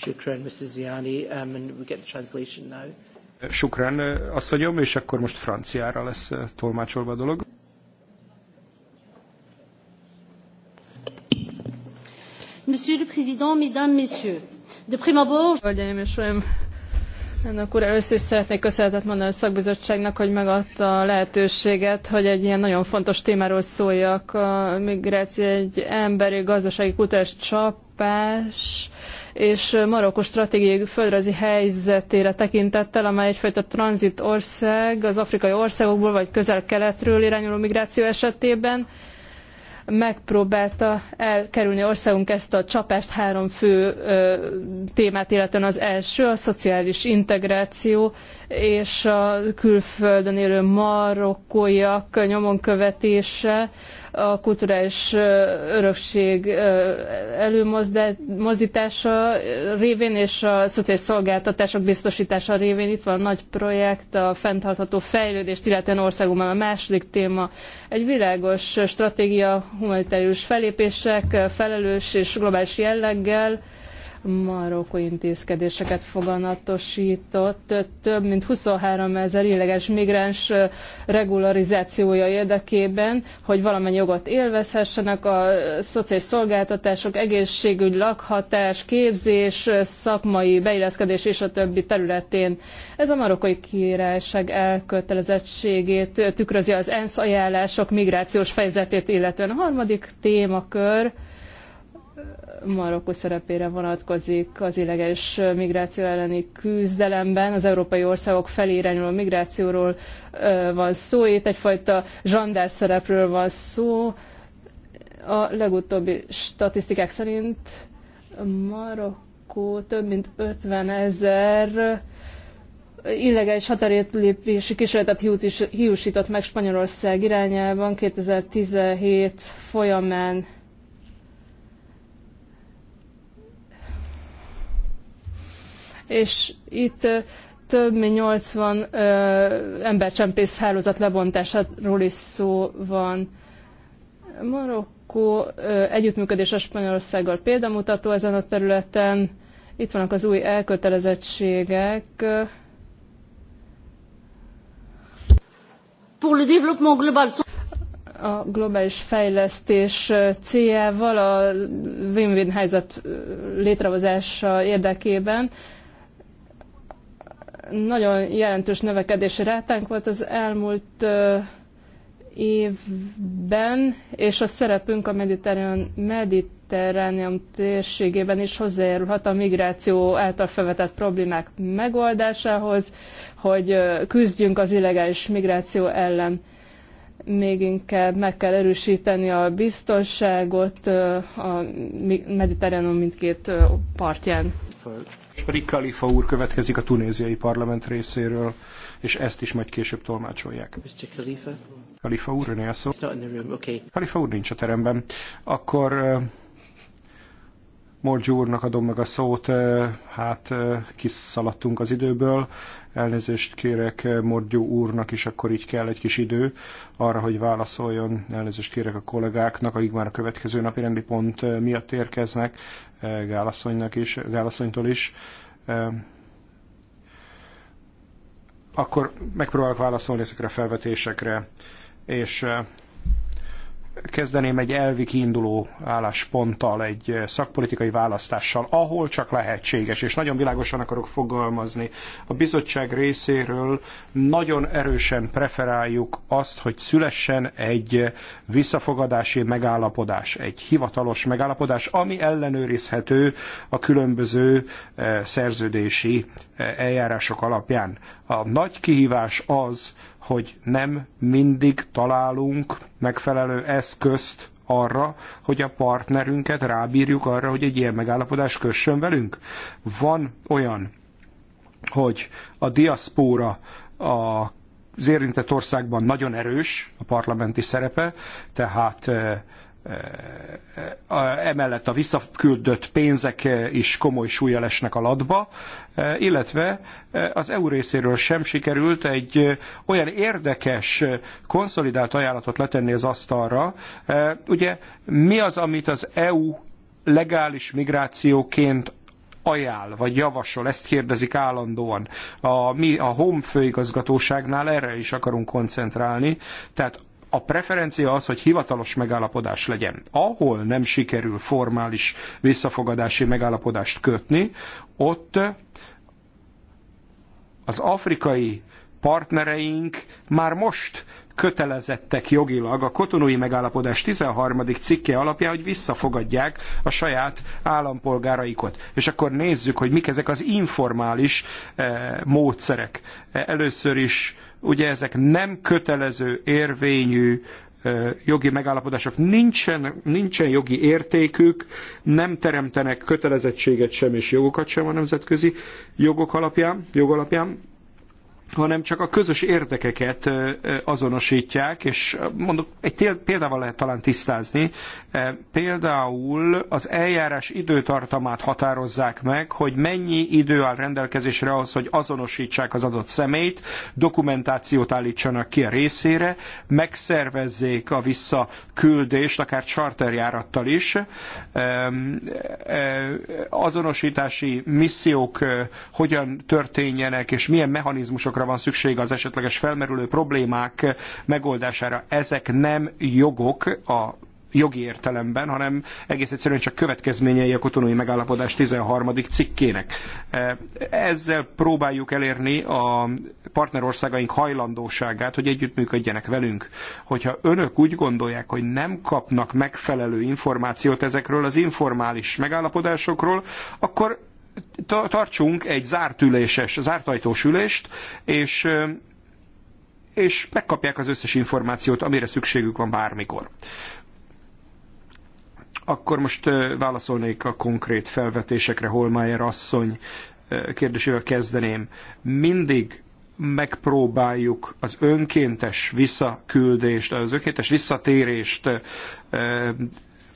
Shukran, Mrs. Ziani, um, and we get the translation now. Shukran, uh, asszonyom, és akkor most franciára lesz uh, tolmácsolva a dolog. Monsieur le Président, Mesdames, Messieurs, de prime abord... Hölgyeim és Uraim, ennek úr, először is szeretnék köszönetet mondani a szakbizottságnak, hogy megadta a lehetőséget, hogy egy ilyen nagyon fontos témáról szóljak. A migráció egy emberi gazdasági kutás csapás, és Marokkó stratégiai földrajzi helyzetére tekintettel, amely egyfajta tranzit ország az afrikai országokból vagy közel-keletről irányuló migráció esetében megpróbálta elkerülni országunk ezt a csapást három fő ö, témát, illetve az első a szociális integráció és a külföldön élő marokkóiak nyomon követése, a kulturális örökség előmozdítása révén és a szociális szolgáltatások biztosítása révén. Itt van a nagy projekt, a fenntartható fejlődést, illetve országunkban a második téma. Egy világos stratégia humanitárius felépések, felelős és globális jelleggel, marokkó intézkedéseket foganatosított. Több mint 23 ezer illeges migráns regularizációja érdekében, hogy valamennyi jogot élvezhessenek a szociális szolgáltatások, egészségügy, lakhatás, képzés, szakmai beilleszkedés és a többi területén. Ez a marokkai királyság elkötelezettségét tükrözi az ENSZ ajánlások migrációs fejezetét illetően. A harmadik témakör, Marokkó szerepére vonatkozik az illegális migráció elleni küzdelemben. Az európai országok felé irányuló migrációról van szó, itt egyfajta zsandár szerepről van szó. A legutóbbi statisztikák szerint Marokkó több mint 50 ezer illegális határétlépési kísérletet hiúsított meg Spanyolország irányában 2017 folyamán és itt több mint 80 ö, embercsempész hálózat lebontásáról is szó van. Marokkó ö, együttműködés a Spanyolországgal példamutató ezen a területen. Itt vannak az új elkötelezettségek. a globális fejlesztés céljával, a win-win helyzet létrehozása érdekében nagyon jelentős növekedési rátánk volt az elmúlt évben, és a szerepünk a mediterrán, mediterránium térségében is hozzájárulhat a migráció által felvetett problémák megoldásához, hogy küzdjünk az illegális migráció ellen. Még inkább meg kell erősíteni a biztonságot a Mediterránum mindkét partján. Rik Khalifa úr következik a tunéziai parlament részéről, és ezt is majd később tolmácsolják. Mr. Khalifa? Khalifa úr, önél szó. Okay. Khalifa úr nincs a teremben. Akkor uh, Morgyú úrnak adom meg a szót, uh, hát uh, kiszaladtunk az időből. Elnézést kérek Morgyú úrnak is, akkor így kell egy kis idő arra, hogy válaszoljon. Elnézést kérek a kollégáknak, akik már a következő napi rendi pont miatt érkeznek. Gálasszonynak is, Gálasszonytól is. Akkor megpróbálok válaszolni ezekre a felvetésekre, és kezdeném egy elvi kiinduló állásponttal, egy szakpolitikai választással, ahol csak lehetséges, és nagyon világosan akarok fogalmazni. A bizottság részéről nagyon erősen preferáljuk azt, hogy szülessen egy visszafogadási megállapodás, egy hivatalos megállapodás, ami ellenőrizhető a különböző eh, szerződési eh, eljárások alapján. A nagy kihívás az, hogy nem mindig találunk megfelelő eszközt arra, hogy a partnerünket rábírjuk arra, hogy egy ilyen megállapodás kössön velünk? Van olyan, hogy a diaszpóra a az érintett országban nagyon erős a parlamenti szerepe, tehát eh, eh, emellett a visszaküldött pénzek eh, is komoly súlya lesnek a latba, E, illetve e, az EU részéről sem sikerült egy e, olyan érdekes, konszolidált ajánlatot letenni az asztalra. Ugye mi az, amit az EU legális migrációként ajánl, vagy javasol, ezt kérdezik állandóan. A, mi a Home főigazgatóságnál erre is akarunk koncentrálni, tehát a preferencia az, hogy hivatalos megállapodás legyen. Ahol nem sikerül formális visszafogadási megállapodást kötni, ott az afrikai partnereink már most kötelezettek jogilag a kotonói megállapodás 13. cikke alapján, hogy visszafogadják a saját állampolgáraikat. És akkor nézzük, hogy mik ezek az informális eh, módszerek. Eh, először is ugye ezek nem kötelező érvényű eh, jogi megállapodások nincsen, nincsen jogi értékük, nem teremtenek kötelezettséget sem és jogokat sem a nemzetközi jogok alapján, jog alapján hanem csak a közös érdekeket azonosítják, és mondok, egy példával lehet talán tisztázni. Például az eljárás időtartamát határozzák meg, hogy mennyi idő áll rendelkezésre ahhoz, hogy azonosítsák az adott személyt, dokumentációt állítsanak ki a részére, megszervezzék a visszaküldést, akár charterjárattal is, azonosítási missziók hogyan történjenek, és milyen mechanizmusok válaszokra van szükség az esetleges felmerülő problémák megoldására. Ezek nem jogok a jogi értelemben, hanem egész egyszerűen csak következményei a kotonói megállapodás 13. cikkének. Ezzel próbáljuk elérni a partnerországaink hajlandóságát, hogy együttműködjenek velünk. Hogyha önök úgy gondolják, hogy nem kapnak megfelelő információt ezekről az informális megállapodásokról, akkor tartsunk egy zárt üléses, zárt ajtós ülést, és, és megkapják az összes információt, amire szükségük van bármikor. Akkor most válaszolnék a konkrét felvetésekre, Holmeier asszony kérdésével kezdeném. Mindig megpróbáljuk az önkéntes visszaküldést, az önkéntes visszatérést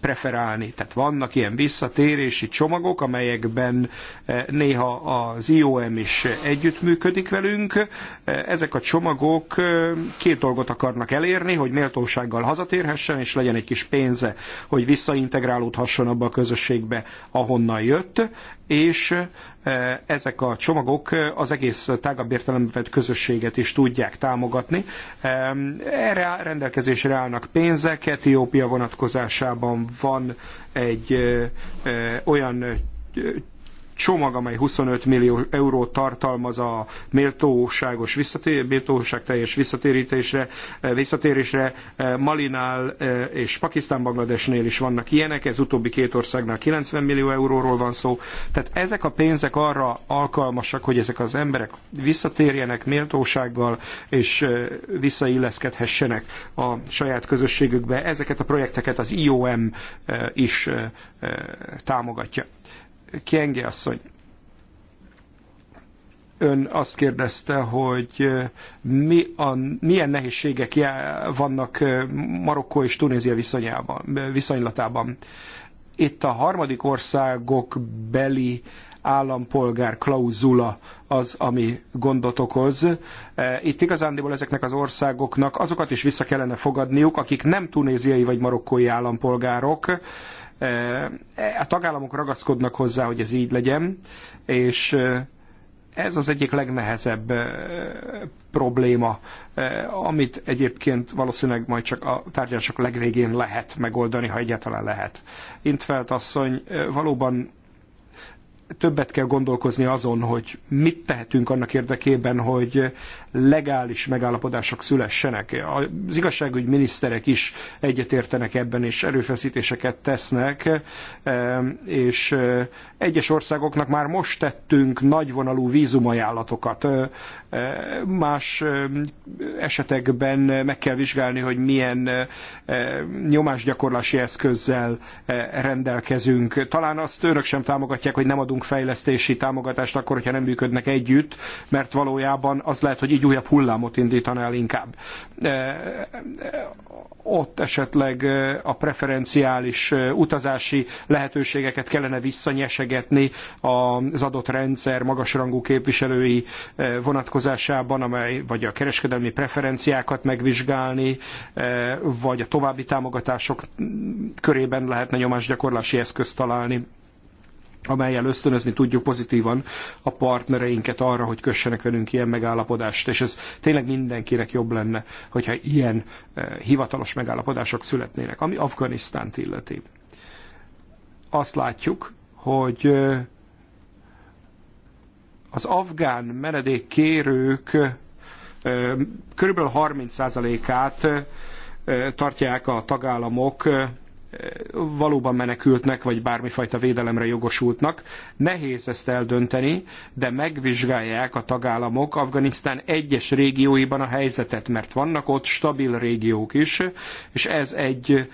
preferálni. Tehát vannak ilyen visszatérési csomagok, amelyekben eh, néha az IOM is együttműködik velünk. Eh, ezek a csomagok eh, két dolgot akarnak elérni, hogy méltósággal hazatérhessen, és legyen egy kis pénze, hogy visszaintegrálódhasson abba a közösségbe, ahonnan jött, és eh, ezek a csomagok eh, az egész tágabb értelemben vett közösséget is tudják támogatni. Erre rendelkezésre állnak pénzek, Etiópia vonatkozásában van egy eh, olyan csomag, amely 25 millió eurót tartalmaz a méltóságos visszatér, méltóság teljes visszatérítésre, eh, visszatérésre eh, Malinál eh, és Pakisztán Bangladesnél is vannak ilyenek, ez utóbbi két országnál 90 millió euróról van szó. Tehát ezek a pénzek arra alkalmasak, hogy ezek az emberek visszatérjenek méltósággal és visszailleszkedhessenek a saját közösségükbe. Ezeket a projekteket az IOM is támogatja. Kienge asszony, ön azt kérdezte, hogy mi a, milyen nehézségek vannak Marokkó és Tunézia viszonyában, viszonylatában. Itt a harmadik országok beli állampolgár klauzula az, ami gondot okoz. Itt igazándiból ezeknek az országoknak azokat is vissza kellene fogadniuk, akik nem tunéziai vagy marokkói állampolgárok, a tagállamok ragaszkodnak hozzá, hogy ez így legyen, és ez az egyik legnehezebb probléma, amit egyébként valószínűleg majd csak a tárgyalások legvégén lehet megoldani, ha egyáltalán lehet. Intfelt asszony valóban többet kell gondolkozni azon, hogy mit tehetünk annak érdekében, hogy legális megállapodások szülessenek. Az igazságügy miniszterek is egyetértenek ebben, és erőfeszítéseket tesznek, e, és e, egyes országoknak már most tettünk nagyvonalú vízumajánlatokat. E, más esetekben meg kell vizsgálni, hogy milyen nyomásgyakorlási eszközzel rendelkezünk. Talán azt önök sem támogatják, hogy nem adunk adunk fejlesztési támogatást akkor, hogyha nem működnek együtt, mert valójában az lehet, hogy így újabb hullámot indítanál inkább. E, e, ott esetleg e, a preferenciális utazási lehetőségeket kellene visszanyesegetni az adott rendszer magasrangú képviselői vonatkozásában, amely vagy a kereskedelmi preferenciákat megvizsgálni, vagy a további támogatások körében lehetne nyomásgyakorlási eszközt találni amelyel ösztönözni tudjuk pozitívan a partnereinket arra, hogy kössenek velünk ilyen megállapodást, és ez tényleg mindenkinek jobb lenne, hogyha ilyen eh, hivatalos megállapodások születnének, ami Afganisztánt illeti. Azt látjuk, hogy eh, az afgán menedékkérők eh, körülbelül 30%-át tartják a tagállamok valóban menekültnek, vagy bármifajta védelemre jogosultnak. Nehéz ezt eldönteni, de megvizsgálják a tagállamok Afganisztán egyes régióiban a helyzetet, mert vannak ott stabil régiók is, és ez egy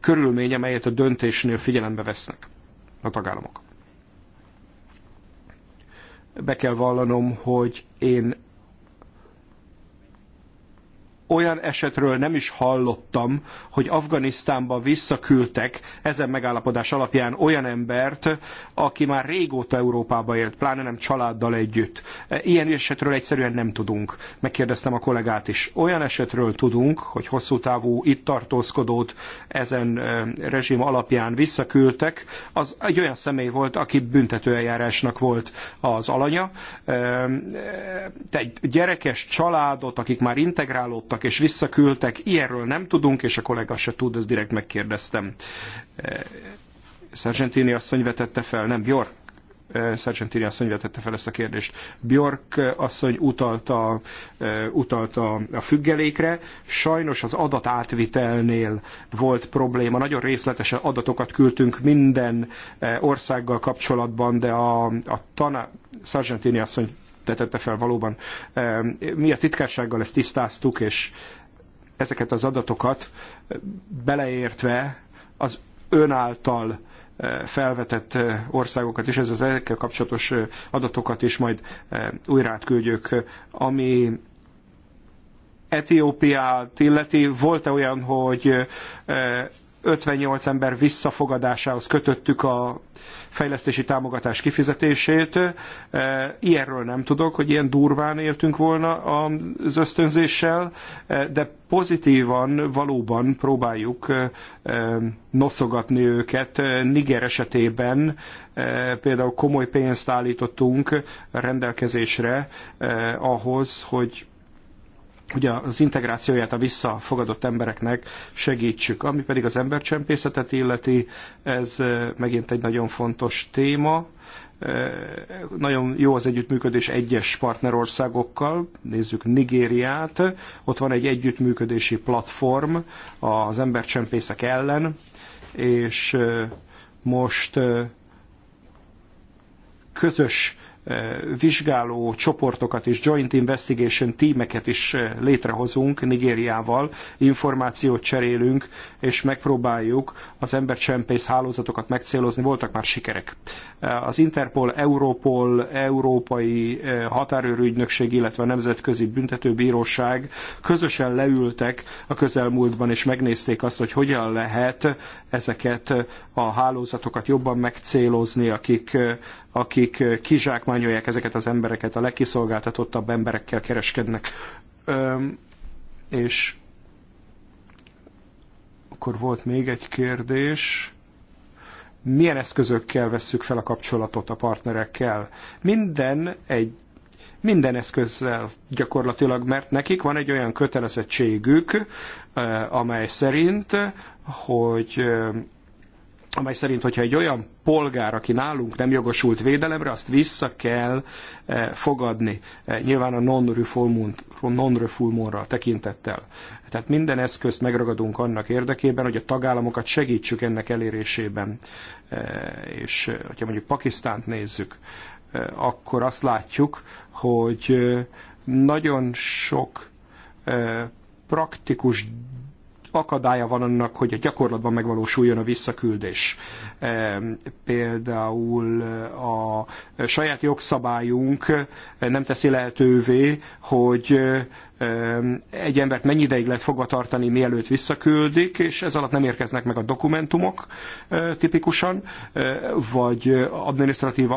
körülmény, amelyet a döntésnél figyelembe vesznek a tagállamok. Be kell vallanom, hogy én olyan esetről nem is hallottam, hogy Afganisztánba visszaküldtek ezen megállapodás alapján olyan embert, aki már régóta Európába élt, pláne nem családdal együtt. E, ilyen esetről egyszerűen nem tudunk. Megkérdeztem a kollégát is. Olyan esetről tudunk, hogy hosszú távú itt tartózkodót ezen e, rezsim alapján visszaküldtek. Az egy olyan személy volt, aki büntetőeljárásnak volt az alanya. E, egy gyerekes családot, akik már integrálódtak, voltak és visszaküldtek, ilyenről nem tudunk, és a kollega se tud, ezt direkt megkérdeztem. E, Sargentini asszony vetette fel, nem Bjork? E, Sargentini asszony vetette fel ezt a kérdést. Bjork asszony utalta, e, utalta a függelékre. Sajnos az adatátvitelnél volt probléma. Nagyon részletes adatokat küldtünk minden országgal kapcsolatban, de a, a tana... Sargentini asszony vetette fel valóban. Mi a titkársággal ezt tisztáztuk, és ezeket az adatokat eh, beleértve az ön által eh, felvetett eh, országokat, és ez az ezekkel kapcsolatos adatokat is majd újra átküldjük, ami Etiópiát illeti, volt-e olyan, hogy 58 ember visszafogadásához kötöttük a fejlesztési támogatás kifizetését. E, ilyenről nem tudok, hogy ilyen durván éltünk volna az ösztönzéssel, e, de pozitívan valóban próbáljuk e, noszogatni őket. Niger esetében például komoly pénzt állítottunk rendelkezésre ahhoz, hogy hogy az integrációját a visszafogadott embereknek segítsük. Ami pedig az embercsempészetet illeti, ez megint egy nagyon fontos téma. Nagyon jó az együttműködés egyes partnerországokkal. Nézzük Nigériát. Ott van egy együttműködési platform az embercsempészek ellen, és most közös vizsgáló csoportokat és joint investigation tímeket is létrehozunk Nigériával, információt cserélünk, és megpróbáljuk az embercsempész hálózatokat megcélozni, voltak már sikerek. Az Interpol, Europol, Európai Határőrügynökség, illetve a Nemzetközi Büntetőbíróság közösen leültek a közelmúltban, és megnézték azt, hogy hogyan lehet ezeket a hálózatokat jobban megcélozni, akik akik kizsákmányolják ezeket az embereket, a legkiszolgáltatottabb emberekkel kereskednek. és akkor volt még egy kérdés milyen eszközökkel vesszük fel a kapcsolatot a partnerekkel. Minden egy minden eszközzel gyakorlatilag, mert nekik van egy olyan kötelezettségük, amely szerint, hogy amely szerint, hogyha egy olyan polgár, aki nálunk nem jogosult védelemre, azt vissza kell eh, fogadni. Eh, nyilván a non-refoulementra tekintettel. Tehát minden eszközt megragadunk annak érdekében, hogy a tagállamokat segítsük ennek elérésében. Eh, és hogyha mondjuk Pakisztánt nézzük, akkor azt látjuk, hogy nagyon sok praktikus akadálya van annak, hogy a gyakorlatban megvalósuljon a visszaküldés. Például eh, a saját jogszabályunk eh, nem teszi lehetővé, hogy egy embert mennyi ideig lehet fogvatartani, mielőtt visszaküldik, és ez alatt nem érkeznek meg a dokumentumok eh, tipikusan, vagy administratív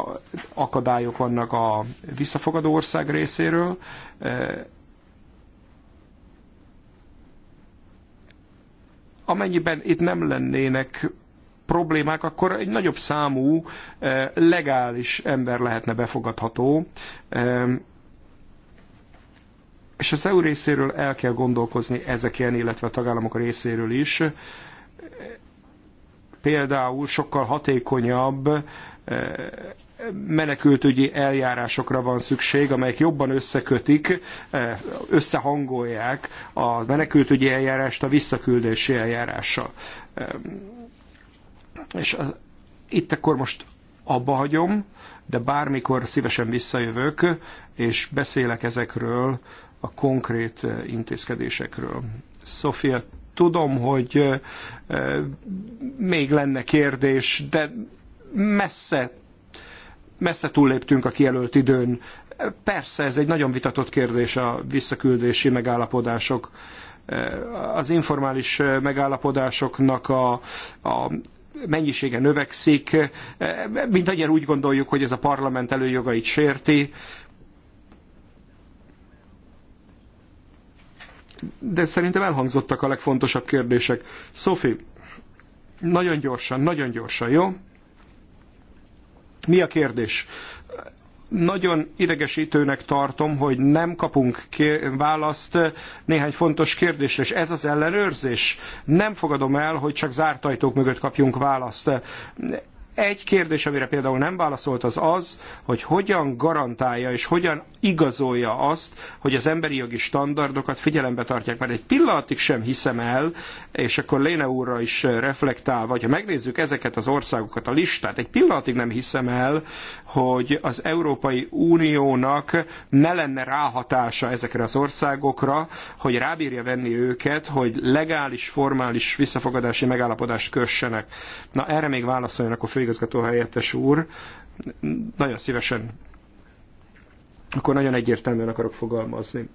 akadályok vannak a visszafogadó ország részéről, Amennyiben itt nem lennének problémák, akkor egy nagyobb számú eh, legális ember lehetne befogadható. És az EU részéről el kell gondolkozni ezeken, illetve a tagállamok részéről is. Például sokkal hatékonyabb eh, menekültügyi eljárásokra van szükség, amelyek jobban összekötik, eh, összehangolják a menekültügyi eljárást a visszaküldési eljárással. Eh, és itt akkor most abba hagyom, de bármikor szívesen visszajövök, és beszélek ezekről a konkrét eh, intézkedésekről. Sofia, tudom, hogy még lenne kérdés, de messze messze túlléptünk a kijelölt időn. Persze, ez egy nagyon vitatott kérdés a visszaküldési megállapodások. Az informális megállapodásoknak a, a mennyisége növekszik. Mindannyian úgy gondoljuk, hogy ez a parlament előjogait sérti. De szerintem elhangzottak a legfontosabb kérdések. Sophie, nagyon gyorsan, nagyon gyorsan, jó? Mi a kérdés? Nagyon idegesítőnek tartom, hogy nem kapunk választ néhány fontos kérdésre, és ez az ellenőrzés. Nem fogadom el, hogy csak zárt ajtók mögött kapjunk választ egy kérdés, amire például nem válaszolt, az az, hogy hogyan garantálja és hogyan igazolja azt, hogy az emberi jogi standardokat figyelembe tartják. Mert egy pillanatig sem hiszem el, és akkor Léne úrra is reflektál, vagy ha megnézzük ezeket az országokat, a listát, egy pillanatig nem hiszem el, hogy az Európai Uniónak ne lenne ráhatása ezekre az országokra, hogy rábírja venni őket, hogy legális, formális visszafogadási megállapodást kössenek. Na erre még válaszoljon akkor igazgató helyettes úr. Nagyon szívesen. Akkor nagyon egyértelműen akarok fogalmazni.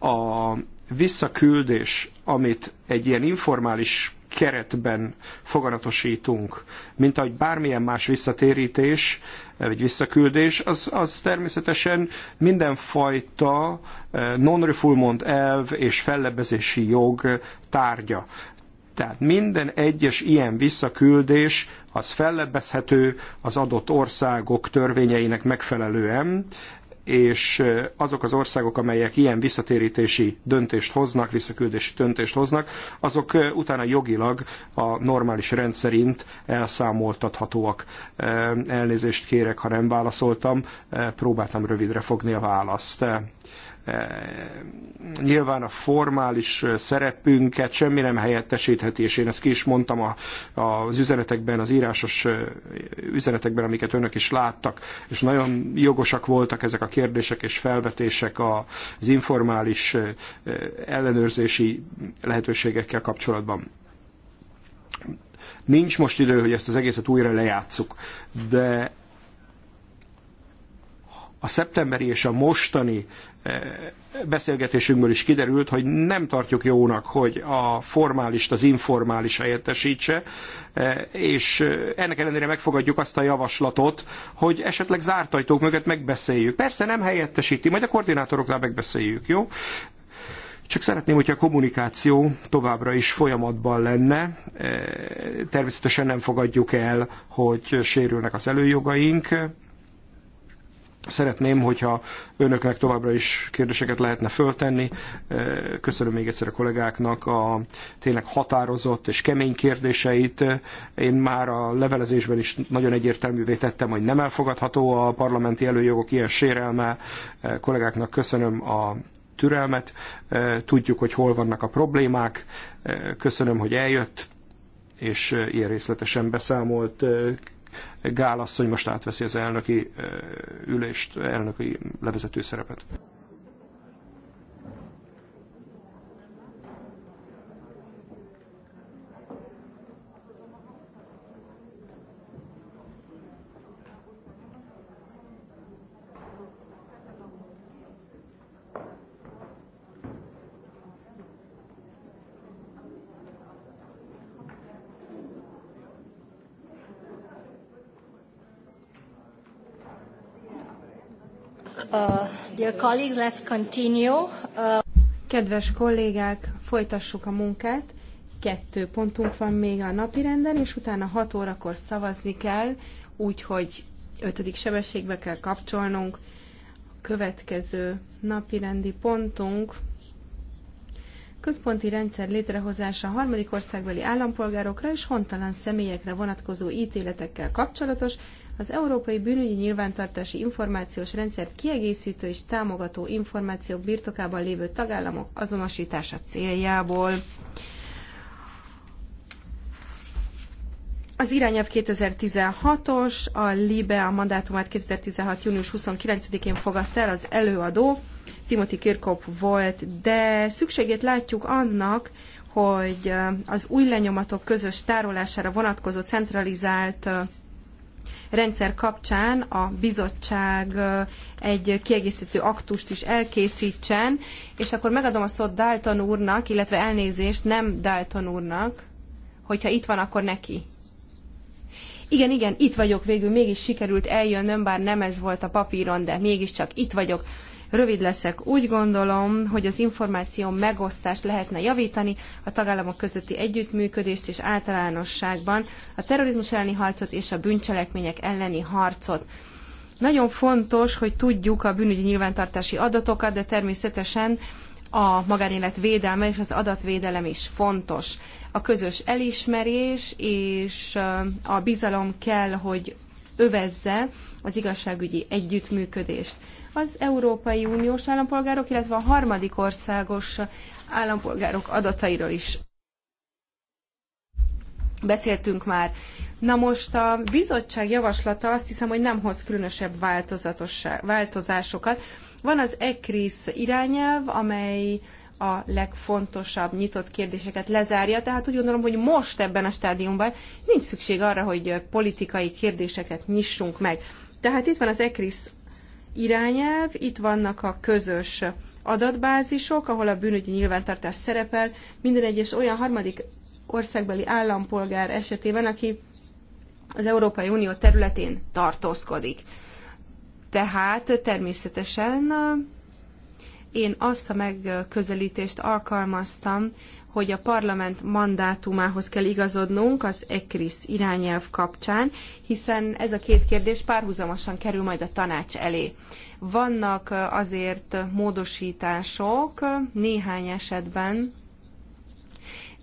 A visszaküldés, amit egy ilyen informális keretben foganatosítunk, mint ahogy bármilyen más visszatérítés, vagy visszaküldés, az, az természetesen mindenfajta eh, non-refoulement elv és fellebbezési jog tárgya. Tehát minden egyes ilyen visszaküldés az fellebbezhető az adott országok törvényeinek megfelelően, és azok az országok, amelyek ilyen visszatérítési döntést hoznak, visszaküldési döntést hoznak, azok utána jogilag a normális rend szerint elszámoltathatóak. Elnézést kérek, ha nem válaszoltam, próbáltam rövidre fogni a választ. Eh, nyilván a formális eh, szerepünket semmi nem helyettesítheti, és én ezt ki is mondtam a, az üzenetekben, az írásos eh, üzenetekben, amiket önök is láttak, és nagyon jogosak voltak ezek a kérdések és felvetések az informális ellenőrzési lehetőségekkel kapcsolatban. Nincs most idő, hogy ezt az egészet újra lejátszuk, de a szeptemberi és a mostani beszélgetésünkből is kiderült, hogy nem tartjuk jónak, hogy a formálist az informális helyettesítse, e, és ennek ellenére megfogadjuk azt a javaslatot, hogy esetleg zárt ajtók mögött megbeszéljük. Persze nem helyettesíti, majd a koordinátoroknál megbeszéljük, jó? Csak szeretném, hogyha a kommunikáció továbbra is folyamatban lenne. E, természetesen nem fogadjuk el, hogy sérülnek az előjogaink, Szeretném, hogyha önöknek továbbra is kérdéseket lehetne föltenni. Köszönöm még egyszer a kollégáknak a tényleg határozott és kemény kérdéseit. Én már a levelezésben is nagyon egyértelművé tettem, hogy nem elfogadható a parlamenti előjogok ilyen sérelme. Kollégáknak köszönöm a türelmet, tudjuk, hogy hol vannak a problémák. Köszönöm, hogy eljött, és ilyen részletesen beszámolt Gál asszony most átveszi az elnöki ülést, elnöki levezető szerepet. Uh, uh, Kedves kollégák, folytassuk a munkát. Kettő pontunk van még a napirenden, és utána 6 órakor szavazni kell, úgyhogy ötödik sebességbe kell kapcsolnunk. A következő napirendi pontunk központi rendszer létrehozása a harmadik országbeli állampolgárokra és hontalan személyekre vonatkozó ítéletekkel kapcsolatos, az Európai Bűnügyi Nyilvántartási Információs Rendszer kiegészítő és támogató információk birtokában lévő tagállamok azonosítása céljából. Az irányelv 2016-os, a LIBE a mandátumát 2016. június 29-én fogadta el az előadó, Timothy Kirkop volt, de szükségét látjuk annak, hogy az új lenyomatok közös tárolására vonatkozó centralizált rendszer kapcsán a bizottság egy kiegészítő aktust is elkészítsen, és akkor megadom a szót Dalton úrnak, illetve elnézést nem Dalton úrnak, hogyha itt van, akkor neki. Igen, igen, itt vagyok végül, mégis sikerült eljönnöm, bár nem ez volt a papíron, de mégiscsak itt vagyok. Rövid leszek. Úgy gondolom, hogy az információ megosztást lehetne javítani, a tagállamok közötti együttműködést és általánosságban a terrorizmus elleni harcot és a bűncselekmények elleni harcot. Nagyon fontos, hogy tudjuk a bűnügyi nyilvántartási adatokat, de természetesen a magánélet védelme és az adatvédelem is fontos. A közös elismerés és a bizalom kell, hogy övezze az igazságügyi együttműködést az Európai Uniós állampolgárok, illetve a harmadik országos állampolgárok adatairól is beszéltünk már. Na most a bizottság javaslata azt hiszem, hogy nem hoz különösebb változásokat. Van az ECRIS irányelv, amely a legfontosabb nyitott kérdéseket lezárja, tehát úgy gondolom, hogy most ebben a stádiumban nincs szükség arra, hogy politikai kérdéseket nyissunk meg. Tehát itt van az ECRIS irányelv, itt vannak a közös adatbázisok, ahol a bűnügyi nyilvántartás szerepel minden egyes olyan harmadik országbeli állampolgár esetében, aki az Európai Unió területén tartózkodik. Tehát természetesen én azt a megközelítést alkalmaztam, hogy a parlament mandátumához kell igazodnunk az ECRIS irányelv kapcsán, hiszen ez a két kérdés párhuzamosan kerül majd a tanács elé. Vannak azért módosítások néhány esetben,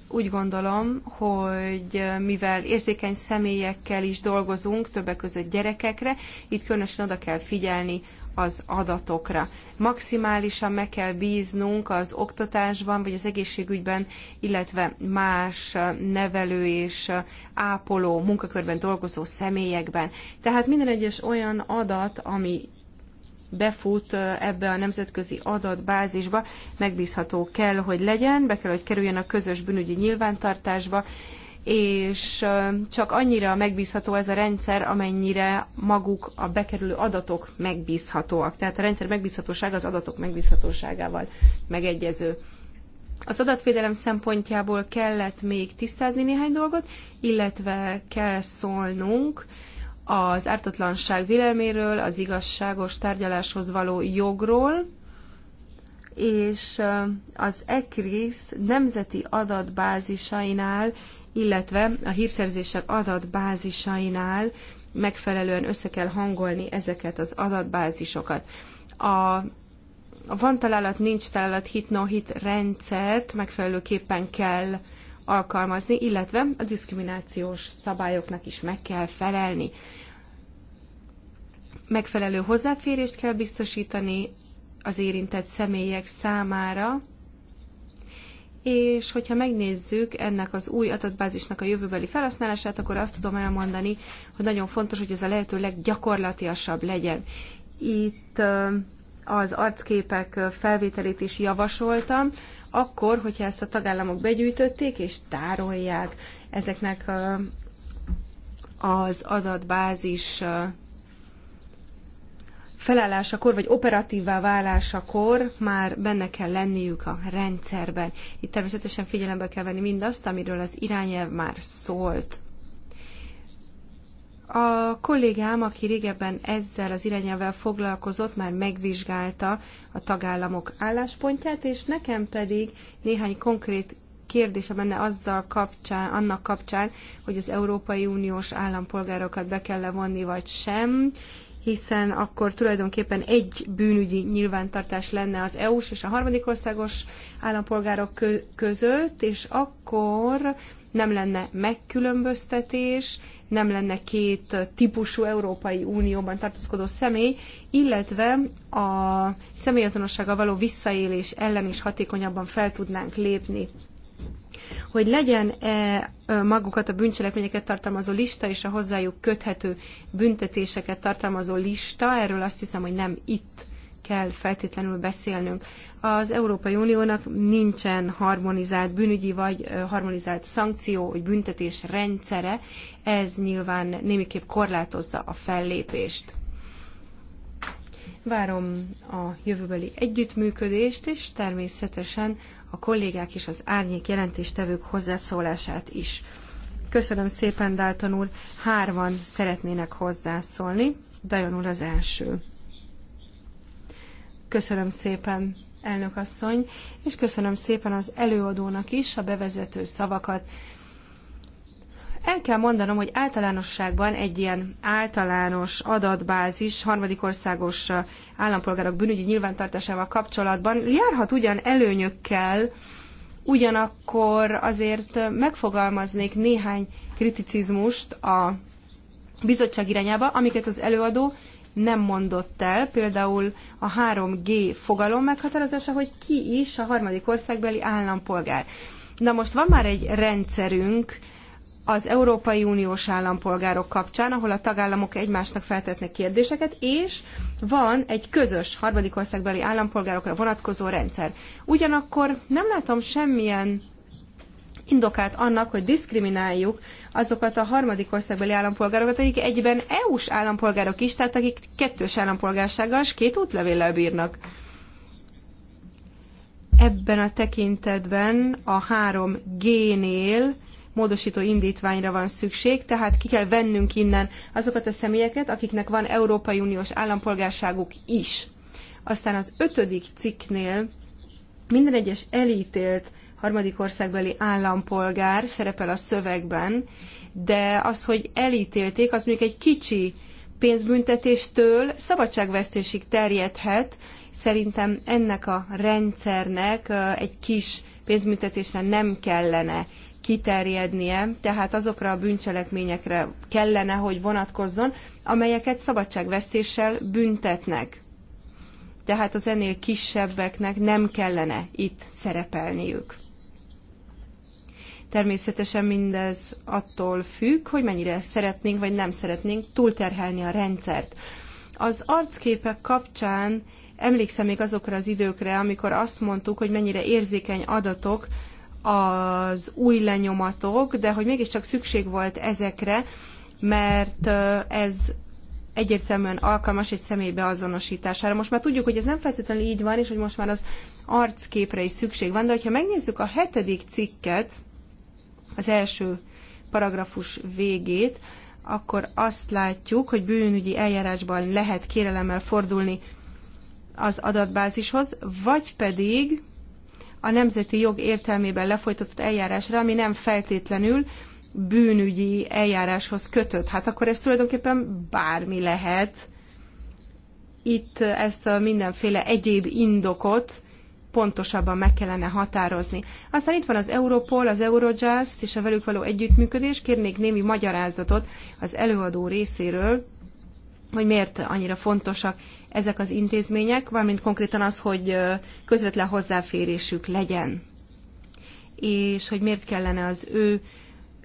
úgy gondolom, hogy mivel érzékeny személyekkel is dolgozunk, többek között gyerekekre, itt különösen oda kell figyelni az adatokra. Maximálisan meg kell bíznunk az oktatásban, vagy az egészségügyben, illetve más nevelő és ápoló munkakörben dolgozó személyekben. Tehát minden egyes olyan adat, ami befut ebbe a nemzetközi adatbázisba, megbízható kell, hogy legyen, be kell, hogy kerüljön a közös bűnügyi nyilvántartásba, és csak annyira megbízható ez a rendszer, amennyire maguk a bekerülő adatok megbízhatóak. Tehát a rendszer megbízhatósága az adatok megbízhatóságával megegyező. Az adatvédelem szempontjából kellett még tisztázni néhány dolgot, illetve kell szólnunk az ártatlanság véleméről, az igazságos tárgyaláshoz való jogról, és az ECRIS nemzeti adatbázisainál illetve a hírszerzések adatbázisainál megfelelően össze kell hangolni ezeket az adatbázisokat. A a van találat, nincs találat, hit, no hit rendszert megfelelőképpen kell alkalmazni, illetve a diszkriminációs szabályoknak is meg kell felelni. Megfelelő hozzáférést kell biztosítani az érintett személyek számára, és hogyha megnézzük ennek az új adatbázisnak a jövőbeli felhasználását, akkor azt tudom elmondani, hogy nagyon fontos, hogy ez a lehető leggyakorlatiasabb legyen. Itt az arcképek felvételét is javasoltam, akkor, hogyha ezt a tagállamok begyűjtötték és tárolják ezeknek az adatbázis felállásakor, vagy operatívvá válásakor már benne kell lenniük a rendszerben. Itt természetesen figyelembe kell venni mindazt, amiről az irányelv már szólt. A kollégám, aki régebben ezzel az irányelvel foglalkozott, már megvizsgálta a tagállamok álláspontját, és nekem pedig néhány konkrét kérdése menne azzal kapcsán, annak kapcsán, hogy az Európai Uniós állampolgárokat be kell levonni, vagy sem, hiszen akkor tulajdonképpen egy bűnügyi nyilvántartás lenne az EU-s és a harmadik országos állampolgárok között, és akkor nem lenne megkülönböztetés, nem lenne két típusú Európai Unióban tartózkodó személy, illetve a személyazonossággal való visszaélés ellen is hatékonyabban fel tudnánk lépni hogy legyen-e magukat a bűncselekményeket tartalmazó lista és a hozzájuk köthető büntetéseket tartalmazó lista, erről azt hiszem, hogy nem itt kell feltétlenül beszélnünk. Az Európai Uniónak nincsen harmonizált bűnügyi vagy harmonizált szankció vagy büntetés rendszere, ez nyilván némiképp korlátozza a fellépést. Várom a jövőbeli együttműködést, és természetesen a kollégák és az árnyék jelentéstevők hozzászólását is. Köszönöm szépen, Dalton úr. Hárman szeretnének hozzászólni. Dajon úr az első. Köszönöm szépen, elnök asszony, és köszönöm szépen az előadónak is a bevezető szavakat. El kell mondanom, hogy általánosságban egy ilyen általános adatbázis harmadik országos állampolgárok bűnügyi nyilvántartásával kapcsolatban járhat ugyan előnyökkel, ugyanakkor azért megfogalmaznék néhány kriticizmust a bizottság irányába, amiket az előadó nem mondott el, például a 3G fogalom meghatározása, hogy ki is a harmadik országbeli állampolgár. Na most van már egy rendszerünk, az Európai Uniós állampolgárok kapcsán, ahol a tagállamok egymásnak feltetnek kérdéseket, és van egy közös harmadik országbeli állampolgárokra vonatkozó rendszer. Ugyanakkor nem látom semmilyen indokát annak, hogy diszkrimináljuk azokat a harmadik országbeli állampolgárokat, akik egyben EU-s állampolgárok is, tehát akik kettős állampolgársággal és két útlevéllel bírnak. Ebben a tekintetben a 3G-nél módosító indítványra van szükség, tehát ki kell vennünk innen azokat a személyeket, akiknek van Európai Uniós állampolgárságuk is. Aztán az ötödik cikknél minden egyes elítélt harmadik országbeli állampolgár szerepel a szövegben, de az, hogy elítélték, az mondjuk egy kicsi pénzbüntetéstől szabadságvesztésig terjedhet. Szerintem ennek a rendszernek egy kis pénzbüntetésre nem kellene kiterjednie, tehát azokra a bűncselekményekre kellene, hogy vonatkozzon, amelyeket szabadságvesztéssel büntetnek. Tehát az ennél kisebbeknek nem kellene itt szerepelniük. Természetesen mindez attól függ, hogy mennyire szeretnénk vagy nem szeretnénk túlterhelni a rendszert. Az arcképek kapcsán emlékszem még azokra az időkre, amikor azt mondtuk, hogy mennyire érzékeny adatok az új lenyomatok, de hogy mégiscsak szükség volt ezekre, mert ez egyértelműen alkalmas egy személy beazonosítására. Most már tudjuk, hogy ez nem feltétlenül így van, és hogy most már az arcképre is szükség van, de ha megnézzük a hetedik cikket, az első paragrafus végét, akkor azt látjuk, hogy bűnügyi eljárásban lehet kérelemmel fordulni az adatbázishoz, vagy pedig a nemzeti jog értelmében lefolytatott eljárásra, ami nem feltétlenül bűnügyi eljáráshoz kötött. Hát akkor ez tulajdonképpen bármi lehet. Itt ezt a mindenféle egyéb indokot pontosabban meg kellene határozni. Aztán itt van az Europol, az Eurojust és a velük való együttműködés. Kérnék némi magyarázatot az előadó részéről, hogy miért annyira fontosak ezek az intézmények, valamint konkrétan az, hogy közvetlen hozzáférésük legyen, és hogy miért kellene az ő,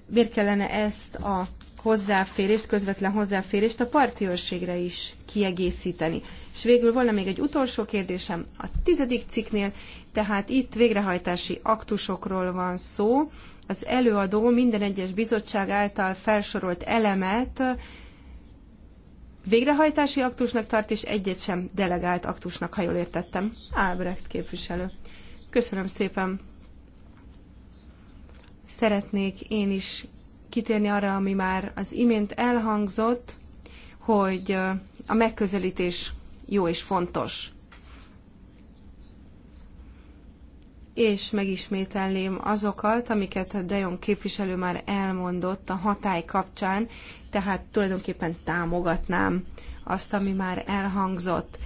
miért kellene ezt a hozzáférést, közvetlen hozzáférést a parti őrségre is kiegészíteni. És végül volna még egy utolsó kérdésem a tizedik cikknél, tehát itt végrehajtási aktusokról van szó. Az előadó minden egyes bizottság által felsorolt elemet végrehajtási aktusnak tart, és egyet sem delegált aktusnak, ha jól értettem. Albrecht képviselő. Köszönöm szépen. Szeretnék én is kitérni arra, ami már az imént elhangzott, hogy a megközelítés jó és fontos. és megismételném azokat, amiket a Dejon képviselő már elmondott a hatály kapcsán, tehát tulajdonképpen támogatnám azt, ami már elhangzott.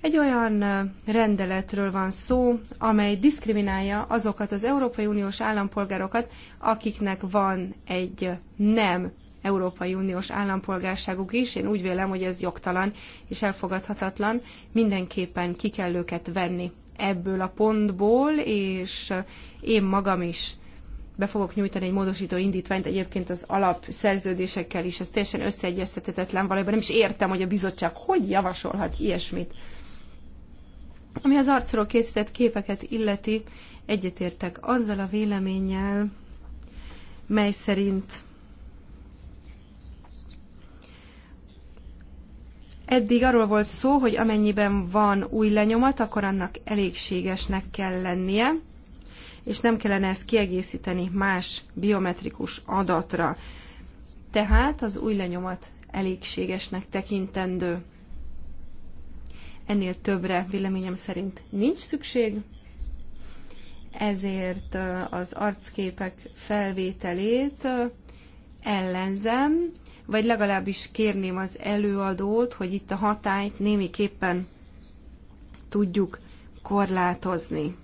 Egy olyan rendeletről van szó, amely diszkriminálja azokat az Európai Uniós állampolgárokat, akiknek van egy nem Európai Uniós állampolgárságuk is. Én úgy vélem, hogy ez jogtalan és elfogadhatatlan. Mindenképpen ki kell őket venni ebből a pontból, és én magam is be fogok nyújtani egy módosító indítványt, egyébként az alapszerződésekkel is, ez teljesen összeegyeztetetlen, valójában, nem is értem, hogy a bizottság hogy javasolhat ilyesmit. Ami az arcról készített képeket illeti, egyetértek azzal a véleménnyel, mely szerint Eddig arról volt szó, hogy amennyiben van új lenyomat, akkor annak elégségesnek kell lennie, és nem kellene ezt kiegészíteni más biometrikus adatra. Tehát az új lenyomat elégségesnek tekintendő. Ennél többre véleményem szerint nincs szükség, ezért az arcképek felvételét ellenzem, vagy legalábbis kérném az előadót, hogy itt a hatályt némiképpen tudjuk korlátozni.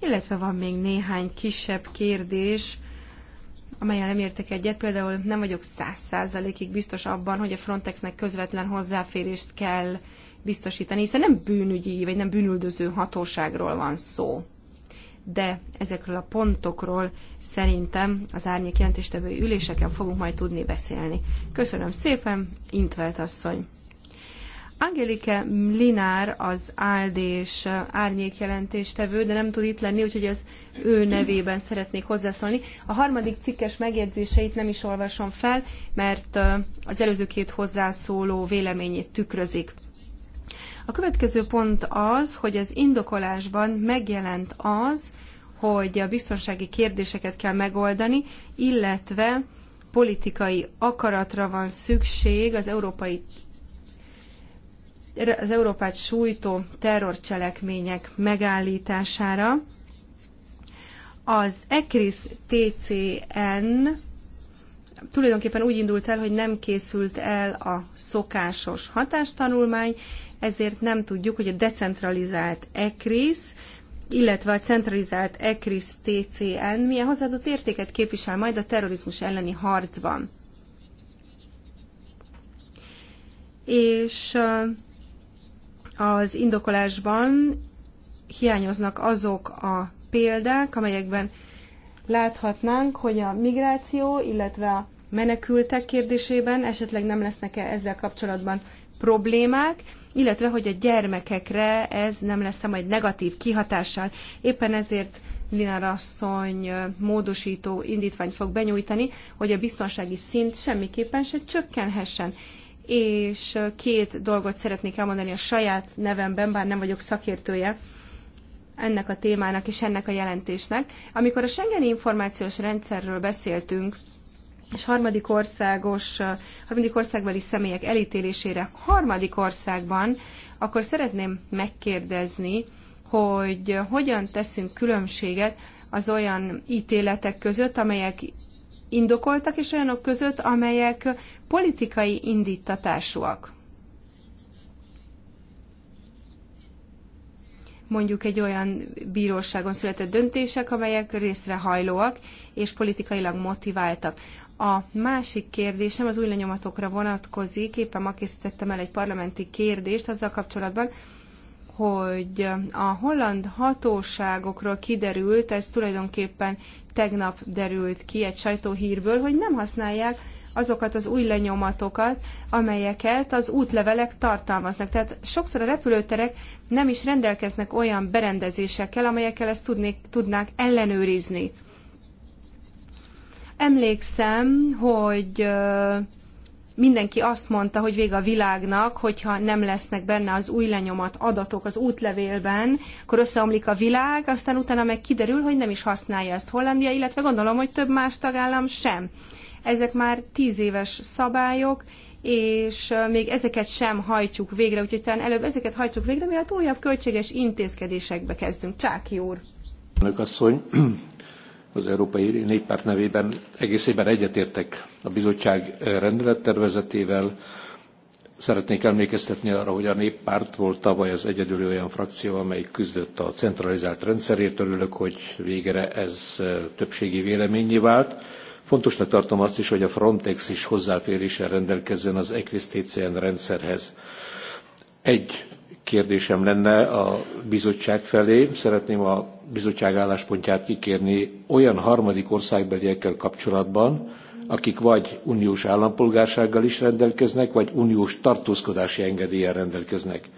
Illetve van még néhány kisebb kérdés, amelyen nem értek egyet. Például nem vagyok száz százalékig biztos abban, hogy a Frontexnek közvetlen hozzáférést kell biztosítani, hiszen nem bűnügyi vagy nem bűnüldöző hatóságról van szó de ezekről a pontokról szerintem az árnyék jelentéstevői üléseken fogunk majd tudni beszélni. Köszönöm szépen, Intvelt asszony! Angelike Linár az áldés árnyék jelentéstevő, de nem tud itt lenni, úgyhogy az ő nevében szeretnék hozzászólni. A harmadik cikkes megjegyzéseit nem is olvasom fel, mert az előző két hozzászóló véleményét tükrözik. A következő pont az, hogy az indokolásban megjelent az, hogy a biztonsági kérdéseket kell megoldani, illetve politikai akaratra van szükség az európai az Európát sújtó terrorcselekmények megállítására. Az ECRIS TCN tulajdonképpen úgy indult el, hogy nem készült el a szokásos hatástanulmány, ezért nem tudjuk, hogy a decentralizált ECRIS illetve a centralizált ECRIS TCN milyen hozzáadott értéket képvisel majd a terrorizmus elleni harcban. És az indokolásban hiányoznak azok a példák, amelyekben láthatnánk, hogy a migráció, illetve a menekültek kérdésében esetleg nem lesznek-e ezzel kapcsolatban problémák, illetve hogy a gyermekekre ez nem lesz majd negatív kihatással. Éppen ezért Linár asszony módosító indítványt fog benyújtani, hogy a biztonsági szint semmiképpen se csökkenhessen és két dolgot szeretnék elmondani a saját nevemben, bár nem vagyok szakértője ennek a témának és ennek a jelentésnek. Amikor a Schengeni információs rendszerről beszéltünk, és harmadik országos, harmadik országbeli személyek elítélésére harmadik országban, akkor szeretném megkérdezni, hogy hogyan teszünk különbséget az olyan ítéletek között, amelyek indokoltak, és olyanok között, amelyek politikai indítatásúak. mondjuk egy olyan bíróságon született döntések, amelyek részrehajlóak és politikailag motiváltak. A másik kérdésem az új lenyomatokra vonatkozik. Éppen ma készítettem el egy parlamenti kérdést azzal kapcsolatban, hogy a holland hatóságokról kiderült, ez tulajdonképpen tegnap derült ki egy sajtóhírből, hogy nem használják azokat az új lenyomatokat, amelyeket az útlevelek tartalmaznak. Tehát sokszor a repülőterek nem is rendelkeznek olyan berendezésekkel, amelyekkel ezt tudnék, tudnák ellenőrizni. Emlékszem, hogy mindenki azt mondta, hogy vége a világnak, hogyha nem lesznek benne az új lenyomat adatok az útlevélben, akkor összeomlik a világ, aztán utána meg kiderül, hogy nem is használja ezt Hollandia, illetve gondolom, hogy több más tagállam sem. Ezek már tíz éves szabályok, és még ezeket sem hajtjuk végre, úgyhogy talán előbb ezeket hajtjuk végre, mielőtt újabb költséges intézkedésekbe kezdünk. Csáki úr! Önök asszony, az Európai Néppárt nevében egészében egyetértek a bizottság eh, rendelettervezetével. Szeretnék emlékeztetni arra, hogy a néppárt volt tavaly az egyedül olyan frakció, amely küzdött a centralizált rendszerért. Örülök, hogy végre ez eh, többségi véleményé vált. Fontosnak tartom azt is, hogy a Frontex is hozzáféréssel rendelkezzen az ECRIS TCN rendszerhez. Egy kérdésem lenne a bizottság felé. Szeretném a bizottság álláspontját kikérni olyan harmadik országbeliekkel kapcsolatban, akik vagy uniós állampolgársággal is rendelkeznek, vagy uniós tartózkodási engedéllyel rendelkeznek.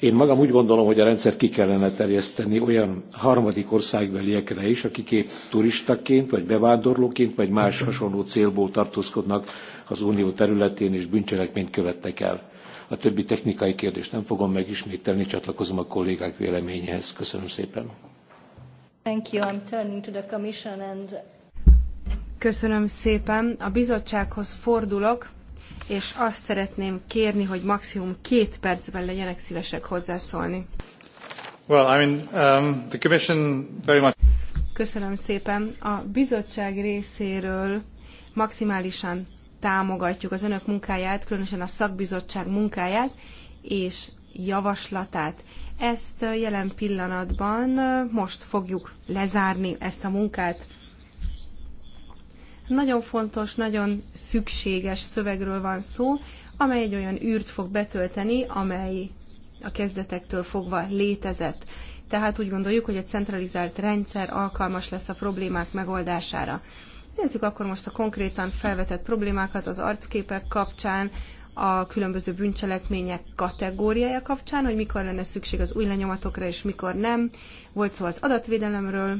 Én magam úgy gondolom, hogy a rendszer ki kellene terjeszteni olyan harmadik országbeliekre is, akik épp turistaként, vagy bevándorlóként, vagy más hasonló célból tartózkodnak az unió területén és bűncselekményt követtek el. A többi technikai kérdést nem fogom megismételni, csatlakozom a kollégák véleményéhez. Köszönöm szépen. Thank you. I'm turning to the commission and... Köszönöm szépen. A bizottsághoz fordulok, és azt szeretném kérni, hogy maximum két percben legyenek szívesek hozzászólni. Well, I mean, um, the commission very much... Köszönöm szépen. A bizottság részéről maximálisan támogatjuk az önök munkáját, különösen a szakbizottság munkáját és javaslatát. Ezt jelen pillanatban most fogjuk lezárni ezt a munkát. Nagyon fontos, nagyon szükséges szövegről van szó, amely egy olyan űrt fog betölteni, amely a kezdetektől fogva létezett. Tehát úgy gondoljuk, hogy a centralizált rendszer alkalmas lesz a problémák megoldására. Nézzük akkor most a konkrétan felvetett problémákat az arcképek kapcsán, a különböző bűncselekmények kategóriája kapcsán, hogy mikor lenne szükség az új lenyomatokra, és mikor nem. Volt szó az adatvédelemről,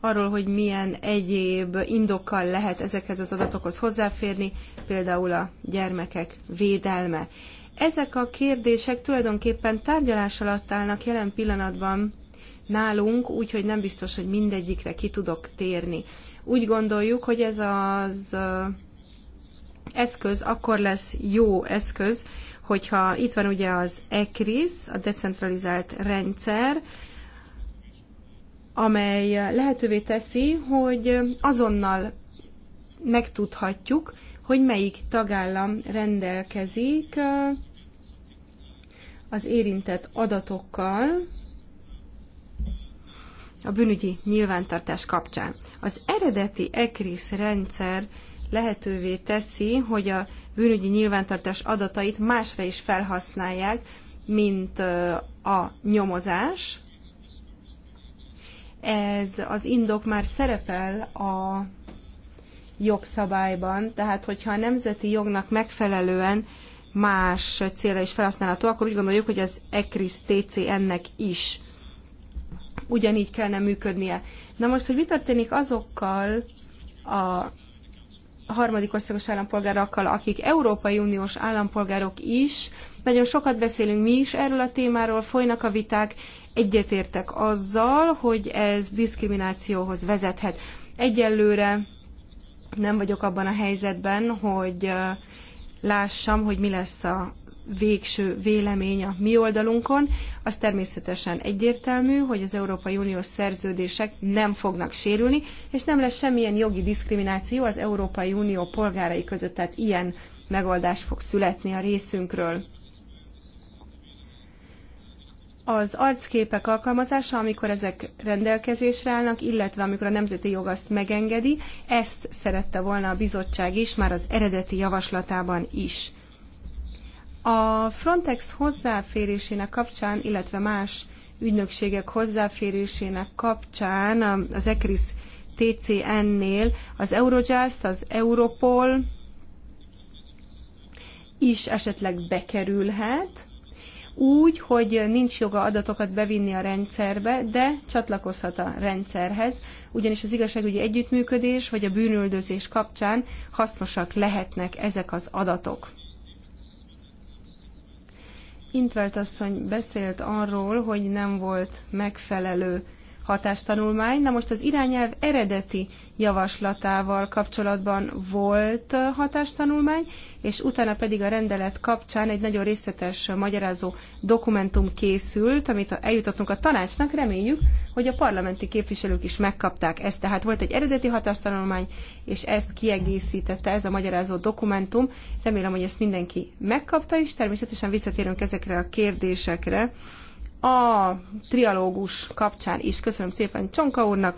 arról, hogy milyen egyéb indokkal lehet ezekhez az adatokhoz hozzáférni, például a gyermekek védelme. Ezek a kérdések tulajdonképpen tárgyalás alatt állnak jelen pillanatban nálunk, úgyhogy nem biztos, hogy mindegyikre ki tudok térni. Úgy gondoljuk, hogy ez az eszköz akkor lesz jó eszköz, hogyha itt van ugye az ECRIS, a decentralizált rendszer, amely lehetővé teszi, hogy azonnal megtudhatjuk, hogy melyik tagállam rendelkezik az érintett adatokkal, a bűnügyi nyilvántartás kapcsán. Az eredeti ECRIS rendszer lehetővé teszi, hogy a bűnügyi nyilvántartás adatait másra is felhasználják, mint a nyomozás. Ez az indok már szerepel a jogszabályban, tehát hogyha a nemzeti jognak megfelelően más célra is felhasználható, akkor úgy gondoljuk, hogy az ECRIS TCN-nek is ugyanígy kellene működnie. Na most, hogy mi történik azokkal a harmadik országos állampolgárokkal, akik Európai Uniós állampolgárok is. Nagyon sokat beszélünk mi is erről a témáról, folynak a viták, egyetértek azzal, hogy ez diszkriminációhoz vezethet. Egyelőre nem vagyok abban a helyzetben, hogy lássam, hogy mi lesz a végső vélemény a mi oldalunkon, az természetesen egyértelmű, hogy az Európai Uniós szerződések nem fognak sérülni, és nem lesz semmilyen jogi diszkrimináció az Európai Unió polgárai között, tehát ilyen megoldás fog születni a részünkről. Az arcképek alkalmazása, amikor ezek rendelkezésre állnak, illetve amikor a nemzeti jog azt megengedi, ezt szerette volna a bizottság is, már az eredeti javaslatában is. A Frontex hozzáférésének kapcsán, illetve más ügynökségek hozzáférésének kapcsán az ECRIS TCN-nél az Eurojust, az Europol is esetleg bekerülhet, úgy, hogy nincs joga adatokat bevinni a rendszerbe, de csatlakozhat a rendszerhez, ugyanis az igazságügyi együttműködés vagy a bűnüldözés kapcsán hasznosak lehetnek ezek az adatok. Intvelt asszony beszélt arról, hogy nem volt megfelelő hatástanulmány. Na most az irányelv eredeti javaslatával kapcsolatban volt hatástanulmány, és utána pedig a rendelet kapcsán egy nagyon részletes magyarázó dokumentum készült, amit eljutottunk a tanácsnak, reméljük, hogy a parlamenti képviselők is megkapták ezt. Tehát volt egy eredeti hatástanulmány, és ezt kiegészítette ez a magyarázó dokumentum. Remélem, hogy ezt mindenki megkapta, is, természetesen visszatérünk ezekre a kérdésekre a trialógus kapcsán is. Köszönöm szépen Csonka úrnak,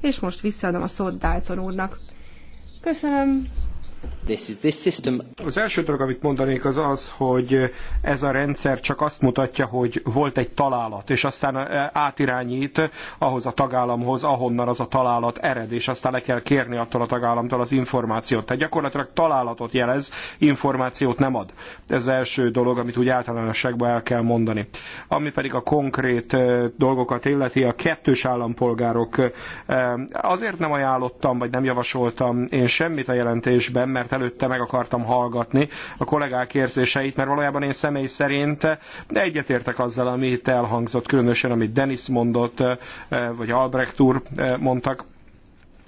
és most visszaadom a szót Dalton úrnak. Köszönöm, This is this system. Az első dolog, amit mondanék, az az, hogy ez a rendszer csak azt mutatja, hogy volt egy találat, és aztán átirányít ahhoz a tagállamhoz, ahonnan az a találat ered, és aztán le kell kérni attól a tagállamtól az információt. Tehát gyakorlatilag találatot jelez, információt nem ad. Ez az első dolog, amit úgy általánosságban el kell mondani. Ami pedig a konkrét dolgokat illeti, a kettős állampolgárok azért nem ajánlottam, vagy nem javasoltam én semmit a jelentésben, részben, mert előtte meg akartam hallgatni a kollégák érzéseit, mert valójában én személy szerint egyetértek azzal, amit elhangzott, különösen amit Denis mondott, eh, vagy Albrecht úr eh, mondtak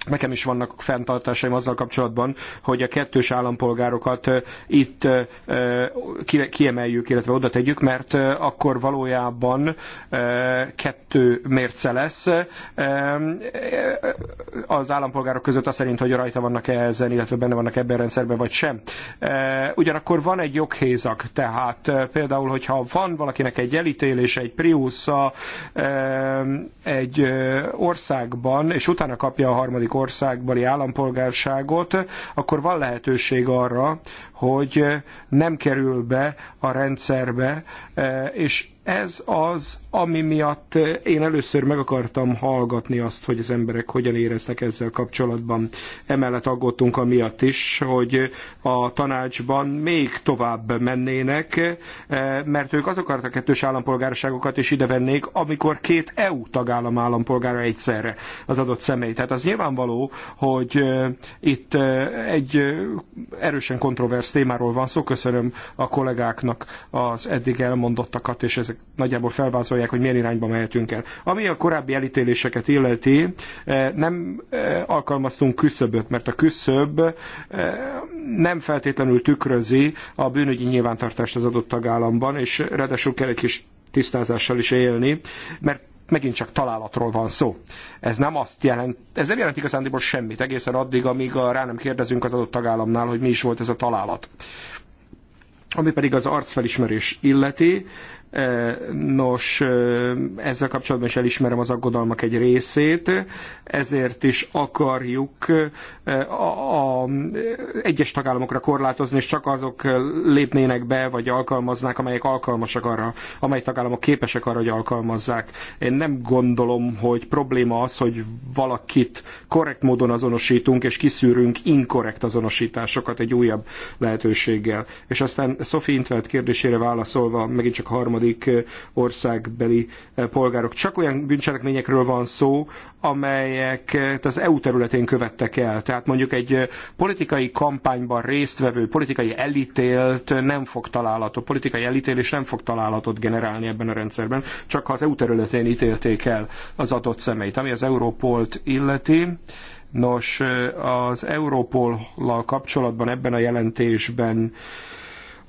Nekem is vannak fenntartásaim azzal kapcsolatban, hogy a kettős állampolgárokat itt kiemeljük, illetve oda tegyük, mert akkor valójában kettő mérce lesz. Az állampolgárok között az szerint, hogy rajta vannak -e ezen, illetve benne vannak ebben a rendszerben, vagy sem. Ugyanakkor van egy joghézak, tehát például, hogyha van valakinek egy elítélése, egy priusza egy országban, és utána kapja a harmadik harmadik országbeli állampolgárságot, akkor van lehetőség arra, hogy nem kerül be a rendszerbe, eh, és ez az, ami miatt eh, én először meg akartam hallgatni azt, hogy az emberek hogyan éreznek ezzel kapcsolatban. Emellett aggódtunk amiatt is, hogy a tanácsban még tovább mennének, eh, mert ők azok a kettős állampolgárságokat is ide vennék, amikor két EU tagállam állampolgára egyszerre az adott személy. Tehát az nyilvánvaló, hogy eh, itt egy erősen kontroversz témáról van szó. Köszönöm a kollégáknak az eddig elmondottakat és ezeket ezek nagyjából felvázolják, hogy milyen irányba mehetünk el. Ami a korábbi elítéléseket illeti, eh, nem eh, alkalmaztunk küszöböt, mert a küszöb eh, nem feltétlenül tükrözi a bűnügyi nyilvántartást az adott tagállamban, és ráadásul kell egy kis tisztázással is élni, mert megint csak találatról van szó. Ez nem azt jelent, ez nem jelent igazándiból semmit, egészen addig, amíg a, rá nem kérdezünk az adott tagállamnál, hogy mi is volt ez a találat. Ami pedig az arcfelismerés illeti, Nos, ezzel kapcsolatban is elismerem az aggodalmak egy részét, ezért is akarjuk a, egyes tagállamokra korlátozni, és csak azok lépnének be, vagy alkalmaznák, amelyek alkalmasak arra, amely tagállamok képesek arra, hogy alkalmazzák. Én nem gondolom, hogy probléma az, hogy valakit korrekt módon azonosítunk, és kiszűrünk inkorrekt azonosításokat egy újabb lehetőséggel. És aztán Sophie Intvelt kérdésére válaszolva, megint csak a harmadik harmadik eh, országbeli eh, polgárok. Csak olyan bűncselekményekről van szó, amelyeket eh, az EU területén követtek el. Tehát mondjuk egy politikai kampányban résztvevő, politikai elítélt nem fog találatot, politikai elítélés nem fog találatot generálni ebben a rendszerben, csak ha az EU területén ítélték el az adott személyt. Ami az Európolt illeti, Nos, az Európollal kapcsolatban ebben a jelentésben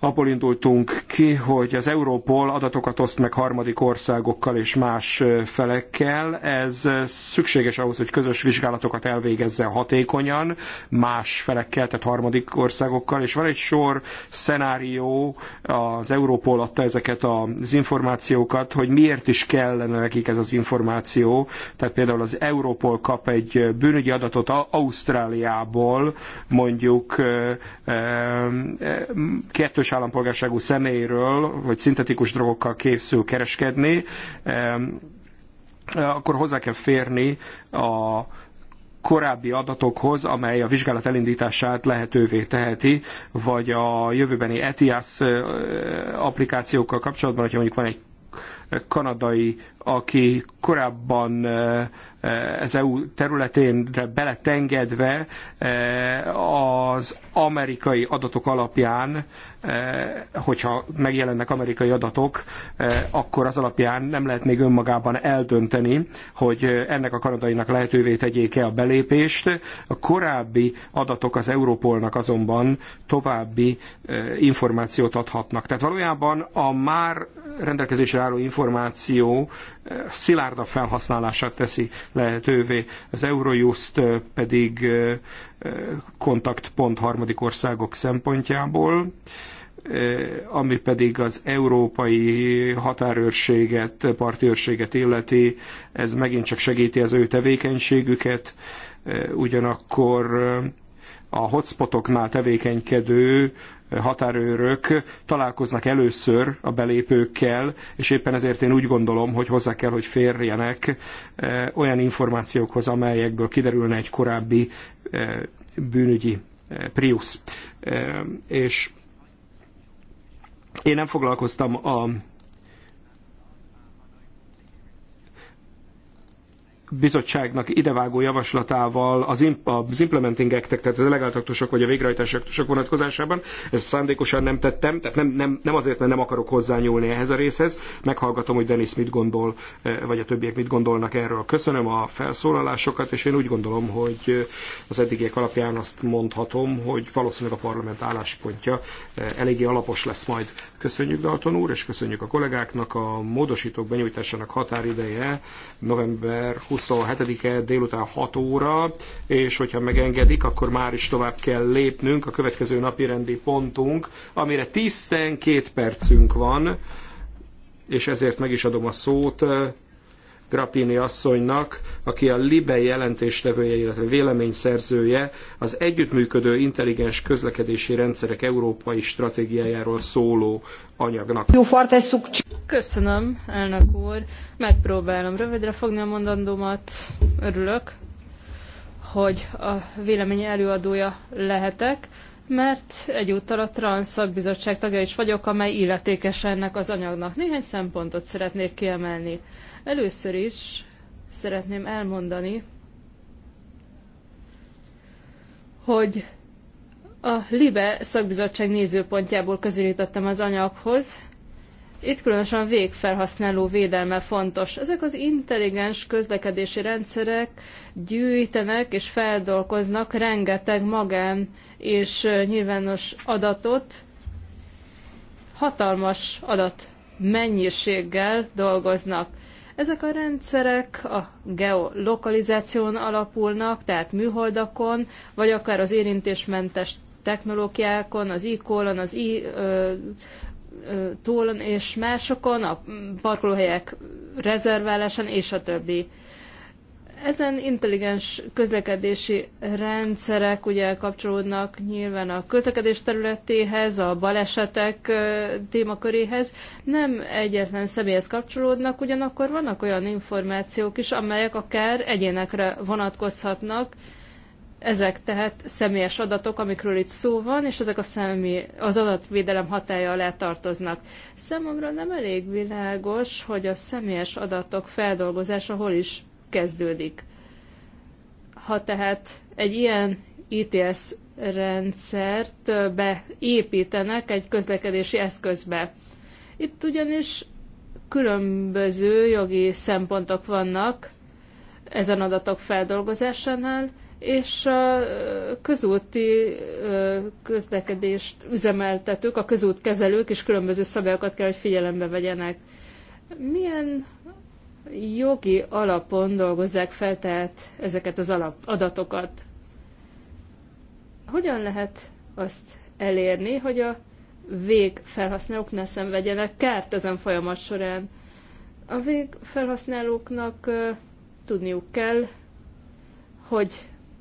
abból indultunk ki, hogy az Europol adatokat oszt meg harmadik országokkal és más felekkel. Ez szükséges ahhoz, hogy közös vizsgálatokat elvégezzen hatékonyan más felekkel, tehát harmadik országokkal, és van egy sor szenárió, az Europol adta ezeket az információkat, hogy miért is kellene nekik ez az információ. Tehát például az Europol kap egy bűnügyi adatot Ausztráliából, mondjuk kettős állampolgárságú személyről, hogy szintetikus drogokkal készül kereskedni, akkor hozzá kell férni a korábbi adatokhoz, amely a vizsgálat elindítását lehetővé teheti, vagy a jövőbeni ETIAS applikációkkal kapcsolatban, hogyha mondjuk van egy kanadai, aki korábban e, e, az EU területén beletengedve e, az amerikai adatok alapján, hogyha megjelennek amerikai adatok, akkor az alapján nem lehet még önmagában eldönteni, hogy ennek a kanadainak lehetővé tegyék-e a belépést. A korábbi adatok az Európolnak azonban további információt adhatnak. Tehát valójában a már rendelkezésre álló információ eh, szilárdabb felhasználását teszi lehetővé. Az Eurojust eh, pedig eh, kontaktpont harmadik országok szempontjából ami pedig az európai határőrséget, partiőrséget illeti, ez megint csak segíti az ő tevékenységüket, ugyanakkor a hotspotoknál tevékenykedő határőrök találkoznak először a belépőkkel, és éppen ezért én úgy gondolom, hogy hozzá kell, hogy férjenek eh, olyan információkhoz, amelyekből kiderülne egy korábbi eh, bűnügyi eh, prius. És én nem foglalkoztam a bizottságnak idevágó javaslatával az, az implementing actek, tehát a delegált aktusok vagy a végrehajtási aktusok vonatkozásában. Ezt szándékosan nem tettem, tehát nem, nem, nem azért, mert nem akarok hozzányúlni ehhez a részhez. Meghallgatom, hogy Denis mit gondol, e, vagy a többiek mit gondolnak erről. Köszönöm a felszólalásokat, és én úgy gondolom, hogy az eddigiek alapján azt mondhatom, hogy valószínűleg a parlament álláspontja e, eléggé alapos lesz majd Köszönjük Dalton úr, és köszönjük a kollégáknak. A módosítók benyújtásának határideje november 27-e délután 6 óra, és hogyha megengedik, akkor már is tovább kell lépnünk a következő napi rendi pontunk, amire 12 percünk van, és ezért meg is adom a szót Grapini asszonynak, aki a LIBE jelentéstevője, illetve véleményszerzője az együttműködő intelligens közlekedési rendszerek európai stratégiájáról szóló anyagnak. Köszönöm, elnök úr. Megpróbálom rövidre fogni a mondandómat. Örülök, hogy a vélemény előadója lehetek mert egyúttal a Trans szakbizottság tagja is vagyok, amely illetékes ennek az anyagnak. Néhány szempontot szeretnék kiemelni. Először is szeretném elmondani, hogy a LIBE szakbizottság nézőpontjából közelítettem az anyaghoz, itt különösen a végfelhasználó védelme fontos. Ezek az intelligens közlekedési rendszerek gyűjtenek és feldolgoznak rengeteg magán és nyilvános adatot, hatalmas adat mennyiséggel dolgoznak. Ezek a rendszerek a geolokalizáción alapulnak, tehát műholdakon, vagy akár az érintésmentes technológiákon, az e-callon, az e túl és másokon, a parkolóhelyek rezerválásán és a többi. Ezen intelligens közlekedési rendszerek ugye kapcsolódnak nyilván a közlekedés területéhez, a balesetek témaköréhez. Nem egyetlen személyhez kapcsolódnak, ugyanakkor vannak olyan információk is, amelyek akár egyénekre vonatkozhatnak, ezek tehát személyes adatok, amikről itt szó van, és ezek a személy, az adatvédelem hatája alá tartoznak. Számomra nem elég világos, hogy a személyes adatok feldolgozása hol is kezdődik. Ha tehát egy ilyen ITS rendszert beépítenek egy közlekedési eszközbe. Itt ugyanis különböző jogi szempontok vannak ezen adatok feldolgozásánál, és a közúti közlekedést üzemeltetők, a közútkezelők is különböző szabályokat kell, hogy figyelembe vegyenek. Milyen jogi alapon dolgozzák fel tehát ezeket az alap, adatokat? Hogyan lehet azt elérni, hogy a végfelhasználók ne szenvedjenek kárt ezen folyamat során? A végfelhasználóknak tudniuk kell, hogy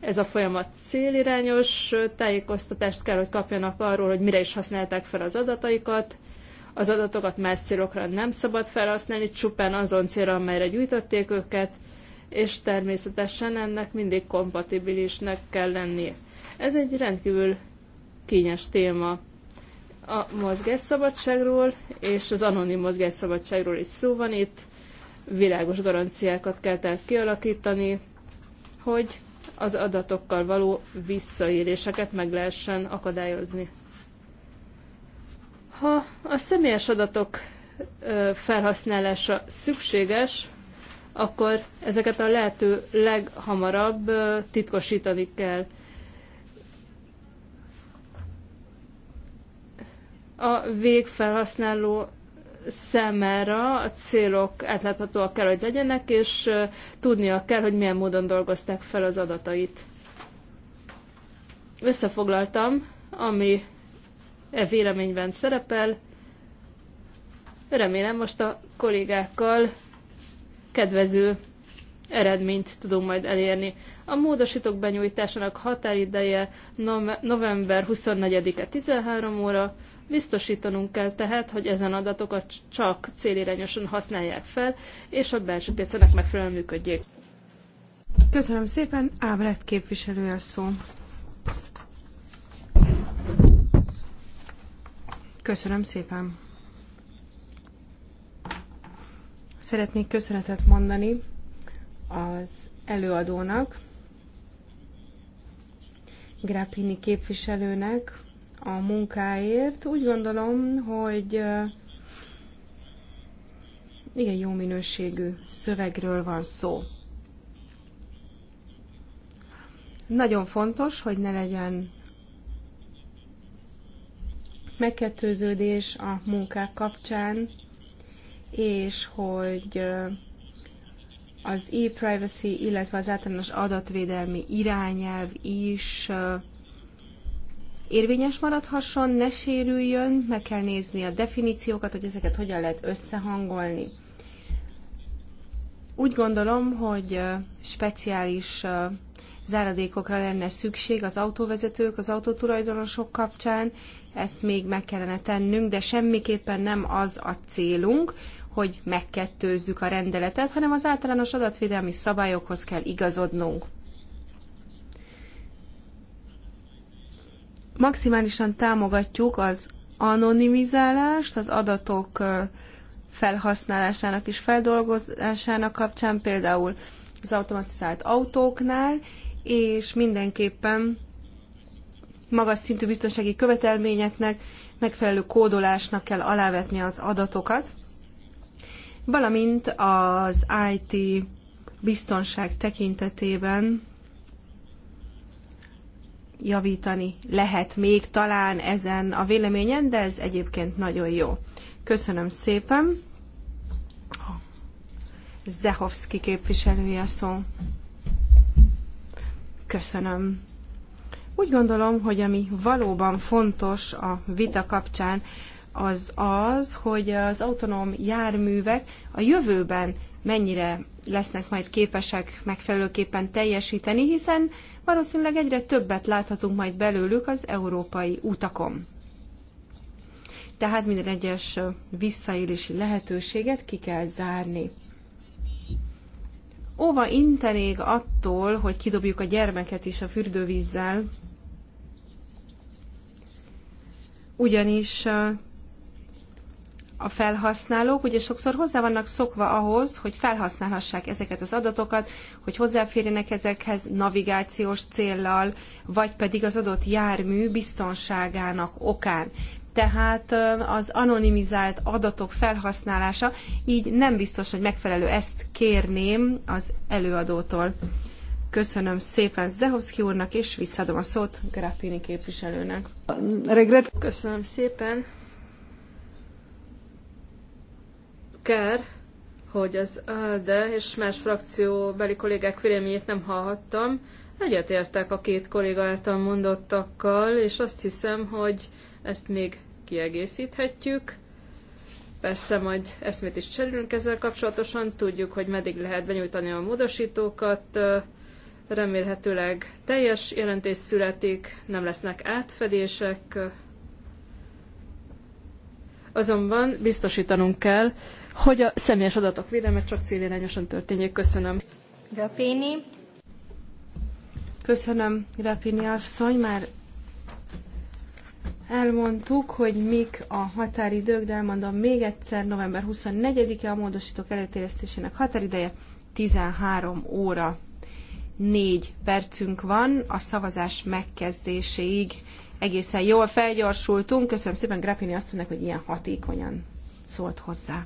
ez a folyamat célirányos, tájékoztatást kell, hogy kapjanak arról, hogy mire is használták fel az adataikat, az adatokat más célokra nem szabad felhasználni, csupán azon célra, amelyre gyűjtötték őket, és természetesen ennek mindig kompatibilisnek kell lennie. Ez egy rendkívül kényes téma. A mozgásszabadságról és az anonim mozgásszabadságról is szó van itt. Világos garanciákat kell tehát kialakítani, hogy az adatokkal való visszaéléseket meg lehessen akadályozni. Ha a személyes adatok felhasználása szükséges, akkor ezeket a lehető leghamarabb titkosítani kell. A végfelhasználó számára a célok átláthatóak kell, hogy legyenek, és tudnia kell, hogy milyen módon dolgozták fel az adatait. Összefoglaltam, ami e véleményben szerepel. Remélem most a kollégákkal kedvező eredményt tudunk majd elérni. A módosítók benyújtásának határideje november 24-e 13 óra, Biztosítanunk kell tehát, hogy ezen adatokat csak célirányosan használják fel, és a belső piacának megfelelően működjék. Köszönöm szépen, Ábrett képviselő a szó. Köszönöm szépen. Szeretnék köszönetet mondani az előadónak, Grappini képviselőnek, a munkáért. Úgy gondolom, hogy igen jó minőségű szövegről van szó. Nagyon fontos, hogy ne legyen megkettőződés a munkák kapcsán, és hogy az e-privacy, illetve az általános adatvédelmi irányelv is érvényes maradhasson, ne sérüljön, meg kell nézni a definíciókat, hogy ezeket hogyan lehet összehangolni. Úgy gondolom, hogy speciális záradékokra lenne szükség az autóvezetők, az autótulajdonosok kapcsán, ezt még meg kellene tennünk, de semmiképpen nem az a célunk, hogy megkettőzzük a rendeletet, hanem az általános adatvédelmi szabályokhoz kell igazodnunk. maximálisan támogatjuk az anonimizálást, az adatok felhasználásának és feldolgozásának kapcsán, például az automatizált autóknál, és mindenképpen magas szintű biztonsági követelményeknek, megfelelő kódolásnak kell alávetni az adatokat, valamint az IT biztonság tekintetében javítani lehet még talán ezen a véleményen, de ez egyébként nagyon jó. Köszönöm szépen. Zdehovszki képviselője a szó. Köszönöm. Úgy gondolom, hogy ami valóban fontos a vita kapcsán, az az, hogy az autonóm járművek a jövőben mennyire lesznek majd képesek megfelelőképpen teljesíteni, hiszen valószínűleg egyre többet láthatunk majd belőlük az európai utakon. Tehát minden egyes visszaélési lehetőséget ki kell zárni. Óva intenék attól, hogy kidobjuk a gyermeket is a fürdővízzel, ugyanis a felhasználók ugye sokszor hozzá vannak szokva ahhoz, hogy felhasználhassák ezeket az adatokat, hogy hozzáférjenek ezekhez navigációs céllal, vagy pedig az adott jármű biztonságának okán. Tehát az anonimizált adatok felhasználása így nem biztos, hogy megfelelő. Ezt kérném az előadótól. Köszönöm szépen Zdehovszki úrnak, és visszadom a szót Grappini képviselőnek. Regret. Köszönöm szépen. Kerr, hogy az ALDE és más frakcióbeli kollégák véleményét nem hallhattam. Egyetértek a két kolléga által mondottakkal, és azt hiszem, hogy ezt még kiegészíthetjük. Persze majd eszmét is cserélünk ezzel kapcsolatosan, tudjuk, hogy meddig lehet benyújtani a módosítókat, remélhetőleg teljes jelentés születik, nem lesznek átfedések, azonban biztosítanunk kell, hogy a személyes adatok védelme csak célirányosan történjék. Köszönöm. Rapini. Köszönöm, Rapini asszony. Már elmondtuk, hogy mik a határidők, de elmondom még egyszer, november 24-e a módosítók előterjesztésének határideje 13 óra 4 percünk van a szavazás megkezdéséig. Egészen jól felgyorsultunk. Köszönöm szépen Grappini asszonynak, hogy ilyen hatékonyan szólt hozzá.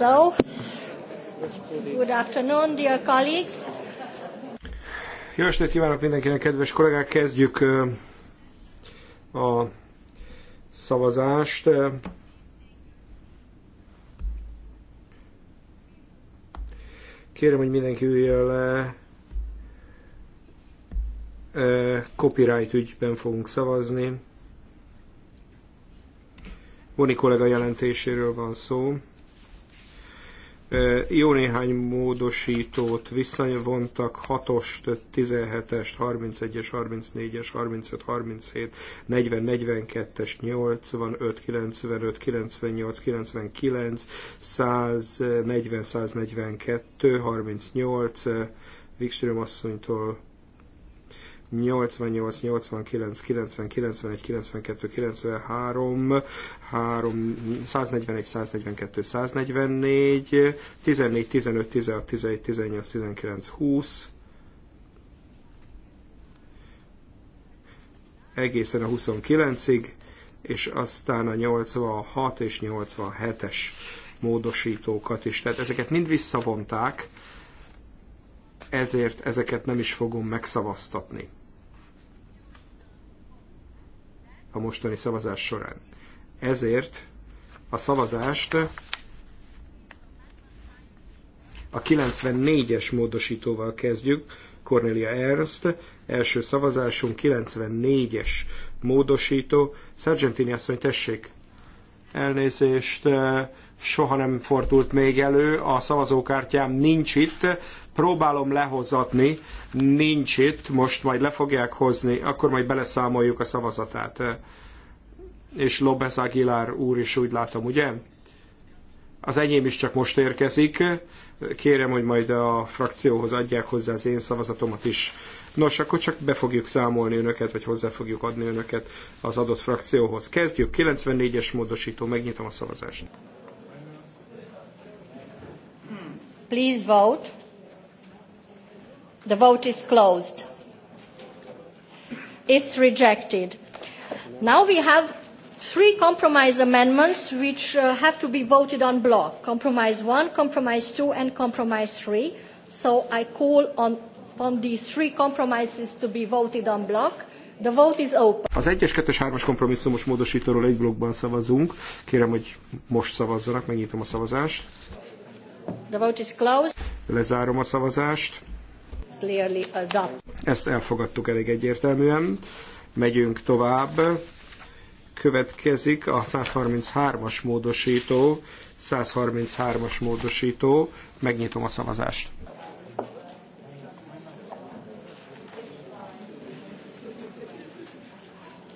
So, good afternoon, dear colleagues. Jó estét kívánok mindenkinek, kedves kollégák! Kezdjük a szavazást. Kérem, hogy mindenki üljön le. Copyright ügyben fogunk szavazni. Boni kollega jelentéséről van szó. Jó néhány módosítót visszavontak, 6 os 17-est, 31-es, 34-es, 35, 37, 40, 42-es, 85, 95, 98, 99, 140, 142, 38, Wikström asszonytól 88, 89, 90, 91, 92, 93, 3, 141, 142, 144, 14, 15, 16, 17, 18, 19, 20, egészen a 29-ig, és aztán a 86 és 87-es módosítókat is. Tehát ezeket mind visszavonták, ezért ezeket nem is fogom megszavaztatni. a mostani szavazás során. Ezért a szavazást a 94-es módosítóval kezdjük, Cornelia Ernst, első szavazásunk 94-es módosító. Sargentini asszony, tessék! Elnézést, soha nem fordult még elő, a szavazókártyám nincs itt, próbálom lehozatni, nincs itt, most majd le fogják hozni, akkor majd beleszámoljuk a szavazatát. És Lobes Aguilar úr is úgy látom, ugye? Az enyém is csak most érkezik. Kérem, hogy majd a frakcióhoz adják hozzá az én szavazatomat is. Nos, akkor csak be fogjuk számolni önöket, vagy hozzá fogjuk adni önöket az adott frakcióhoz. Kezdjük. 94-es módosító. Megnyitom a szavazást. Please vote. The vote is closed. It's rejected. Now we have three compromise amendments which uh, have to be voted on block. Compromise 1, Compromise 2 and Compromise 3. So I call on, on these three compromises to be voted on block. The vote is open. Az 1-es, 2-es, 3-as kompromisszumos módosítóról egy blokkban szavazunk. Kérem, hogy most szavazzanak, megnyitom a szavazást. The vote is closed. Lezárom a szavazást clearly Ezt elfogadtuk elég egyértelműen. Megyünk tovább. Következik a 133-as módosító. 133-as módosító. Megnyitom a szavazást.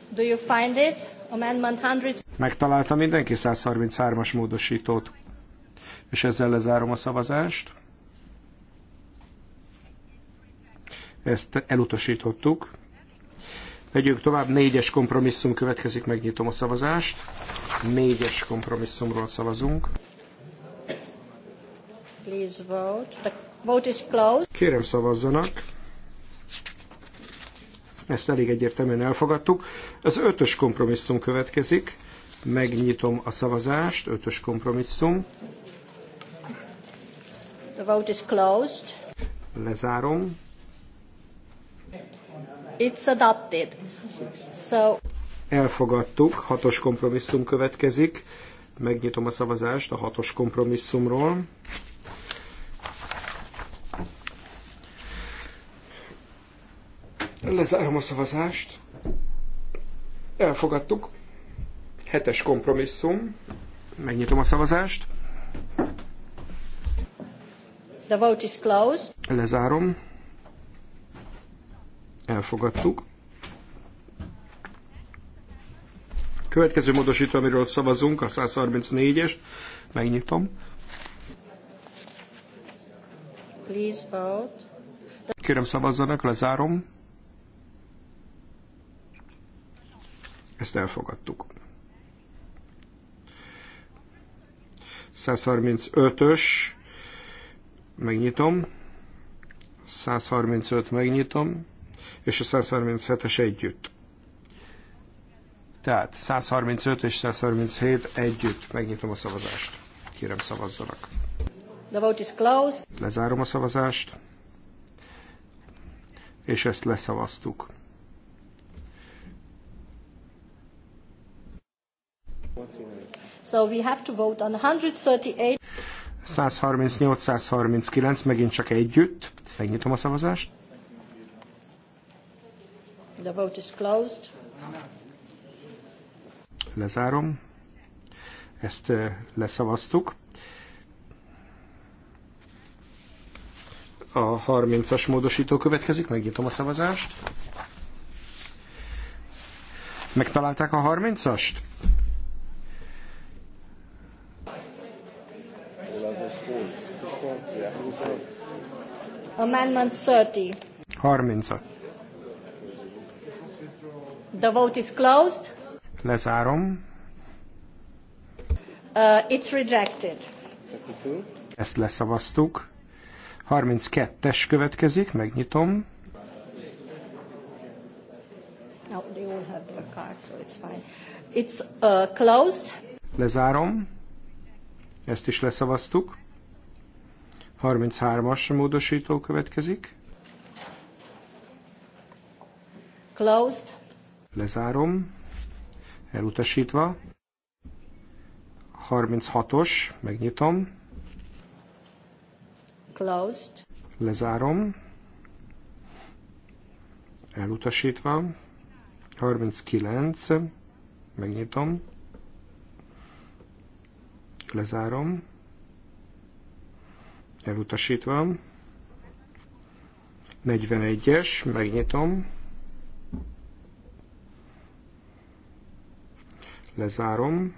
Do you find it? Amendment 100. Megtalálta mindenki 133-as módosítót. És ezzel lezárom a szavazást. ezt elutasítottuk. Megyünk tovább, négyes kompromisszum következik, megnyitom a szavazást. Négyes kompromisszumról szavazunk. Please vote. The vote is closed. Kérem szavazzanak. Ezt elég egyértelműen elfogadtuk. Az ötös kompromisszum következik. Megnyitom a szavazást, ötös kompromisszum. The vote is closed. Lezárom. It's adopted. So... Elfogadtuk, hatos kompromisszum következik. Megnyitom a szavazást a hatos kompromisszumról. Lezárom a szavazást. Elfogadtuk. Hetes kompromisszum. Megnyitom a szavazást. The vote is closed. Lezárom. Elfogadtuk. Következő módosító, amiről szavazunk, a 134 es Megnyitom. Kérem szavazzanak, lezárom. Ezt elfogadtuk. 135-ös, megnyitom. 135 megnyitom és a 137-es együtt. Tehát 135 és 137 együtt. Megnyitom a szavazást. Kérem szavazzanak. The vote is closed. Lezárom a szavazást. És ezt leszavaztuk. So we have to vote on 138. 138-139, megint csak együtt. Megnyitom a szavazást. The vote is closed. Lezárom. Ezt leszavaztuk. A 30-as módosító következik, megnyitom a szavazást. Megtalálták a 30-ast? Amendment 30. 30 at The vote is closed. Lezárom. Uh, it's rejected. Ezt leszavaztuk. 32-es következik, megnyitom. No, they all have their cards, so it's fine. It's uh, closed. Lezárom. Ezt is leszavaztuk. 33-as módosító következik. Closed. Lezárom. Elutasítva. 36-os, megnyitom. Closed. Lezárom. Elutasítva. 39, megnyitom. Lezárom. Elutasítva. 41-es, megnyitom. Lezárom.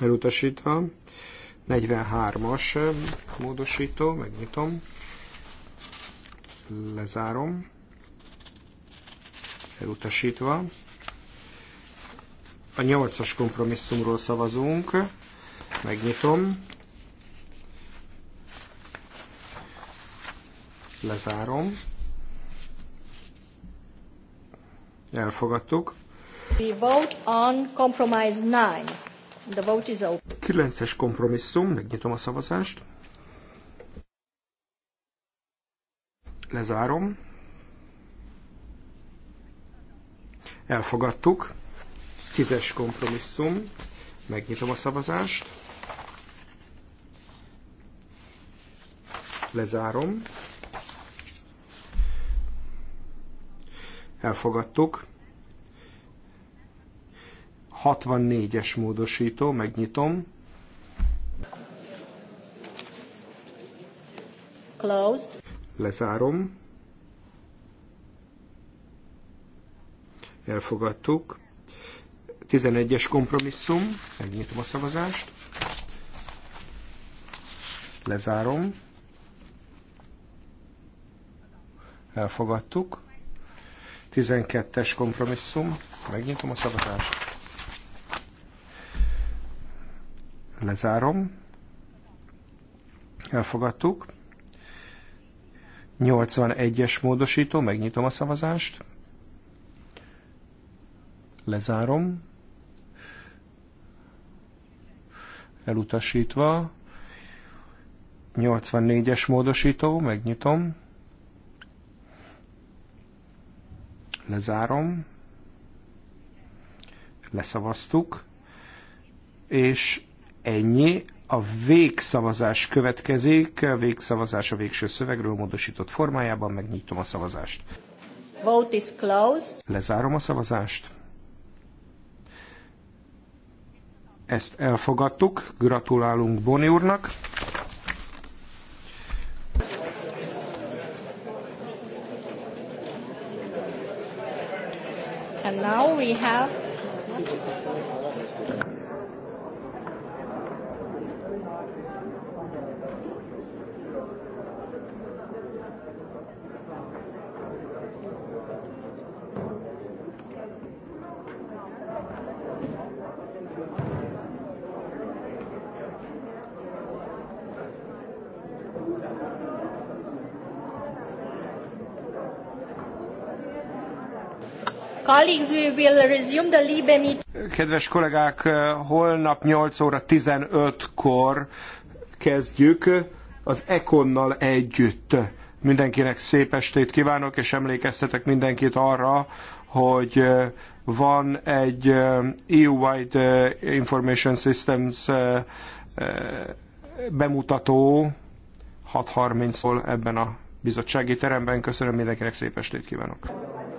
Elutasítva. 43-as eh, módosító, megnyitom. Lezárom. Elutasítva. A 8-as kompromisszumról szavazunk. Megnyitom. Lezárom. Elfogadtuk. We vote on compromise 9. The vote is open. 9-es kompromisszum, megnyitom a szavazást. Lezárom. Elfogadtuk. 10-es kompromisszum, megnyitom a szavazást. Lezárom. Elfogadtuk. 64-es módosító, megnyitom. Closed. Lezárom. Elfogadtuk. 11-es kompromisszum, megnyitom a szavazást. Lezárom. Elfogadtuk. 12-es kompromisszum, megnyitom a szavazást Lezárom. Elfogadtuk. 81-es módosító, megnyitom a szavazást. Lezárom. Elutasítva. 84-es módosító, megnyitom. Lezárom. Leszavaztuk. És ennyi. A végszavazás következik, a végszavazás a végső szövegről módosított formájában, megnyitom a szavazást. Vote is closed. Lezárom a szavazást. Ezt elfogadtuk, gratulálunk Boni úrnak. And now we have Colleagues, we will resume the Libe Kedves kollégák, holnap 8 óra 15-kor kezdjük az Ekonnal együtt. Mindenkinek szép estét kívánok, és emlékeztetek mindenkit arra, hogy van egy EU-wide eh, e eh, Information Systems eh, bemutató 6.30-tól ebben a bizottsági teremben. Köszönöm mindenkinek, szép estét kívánok!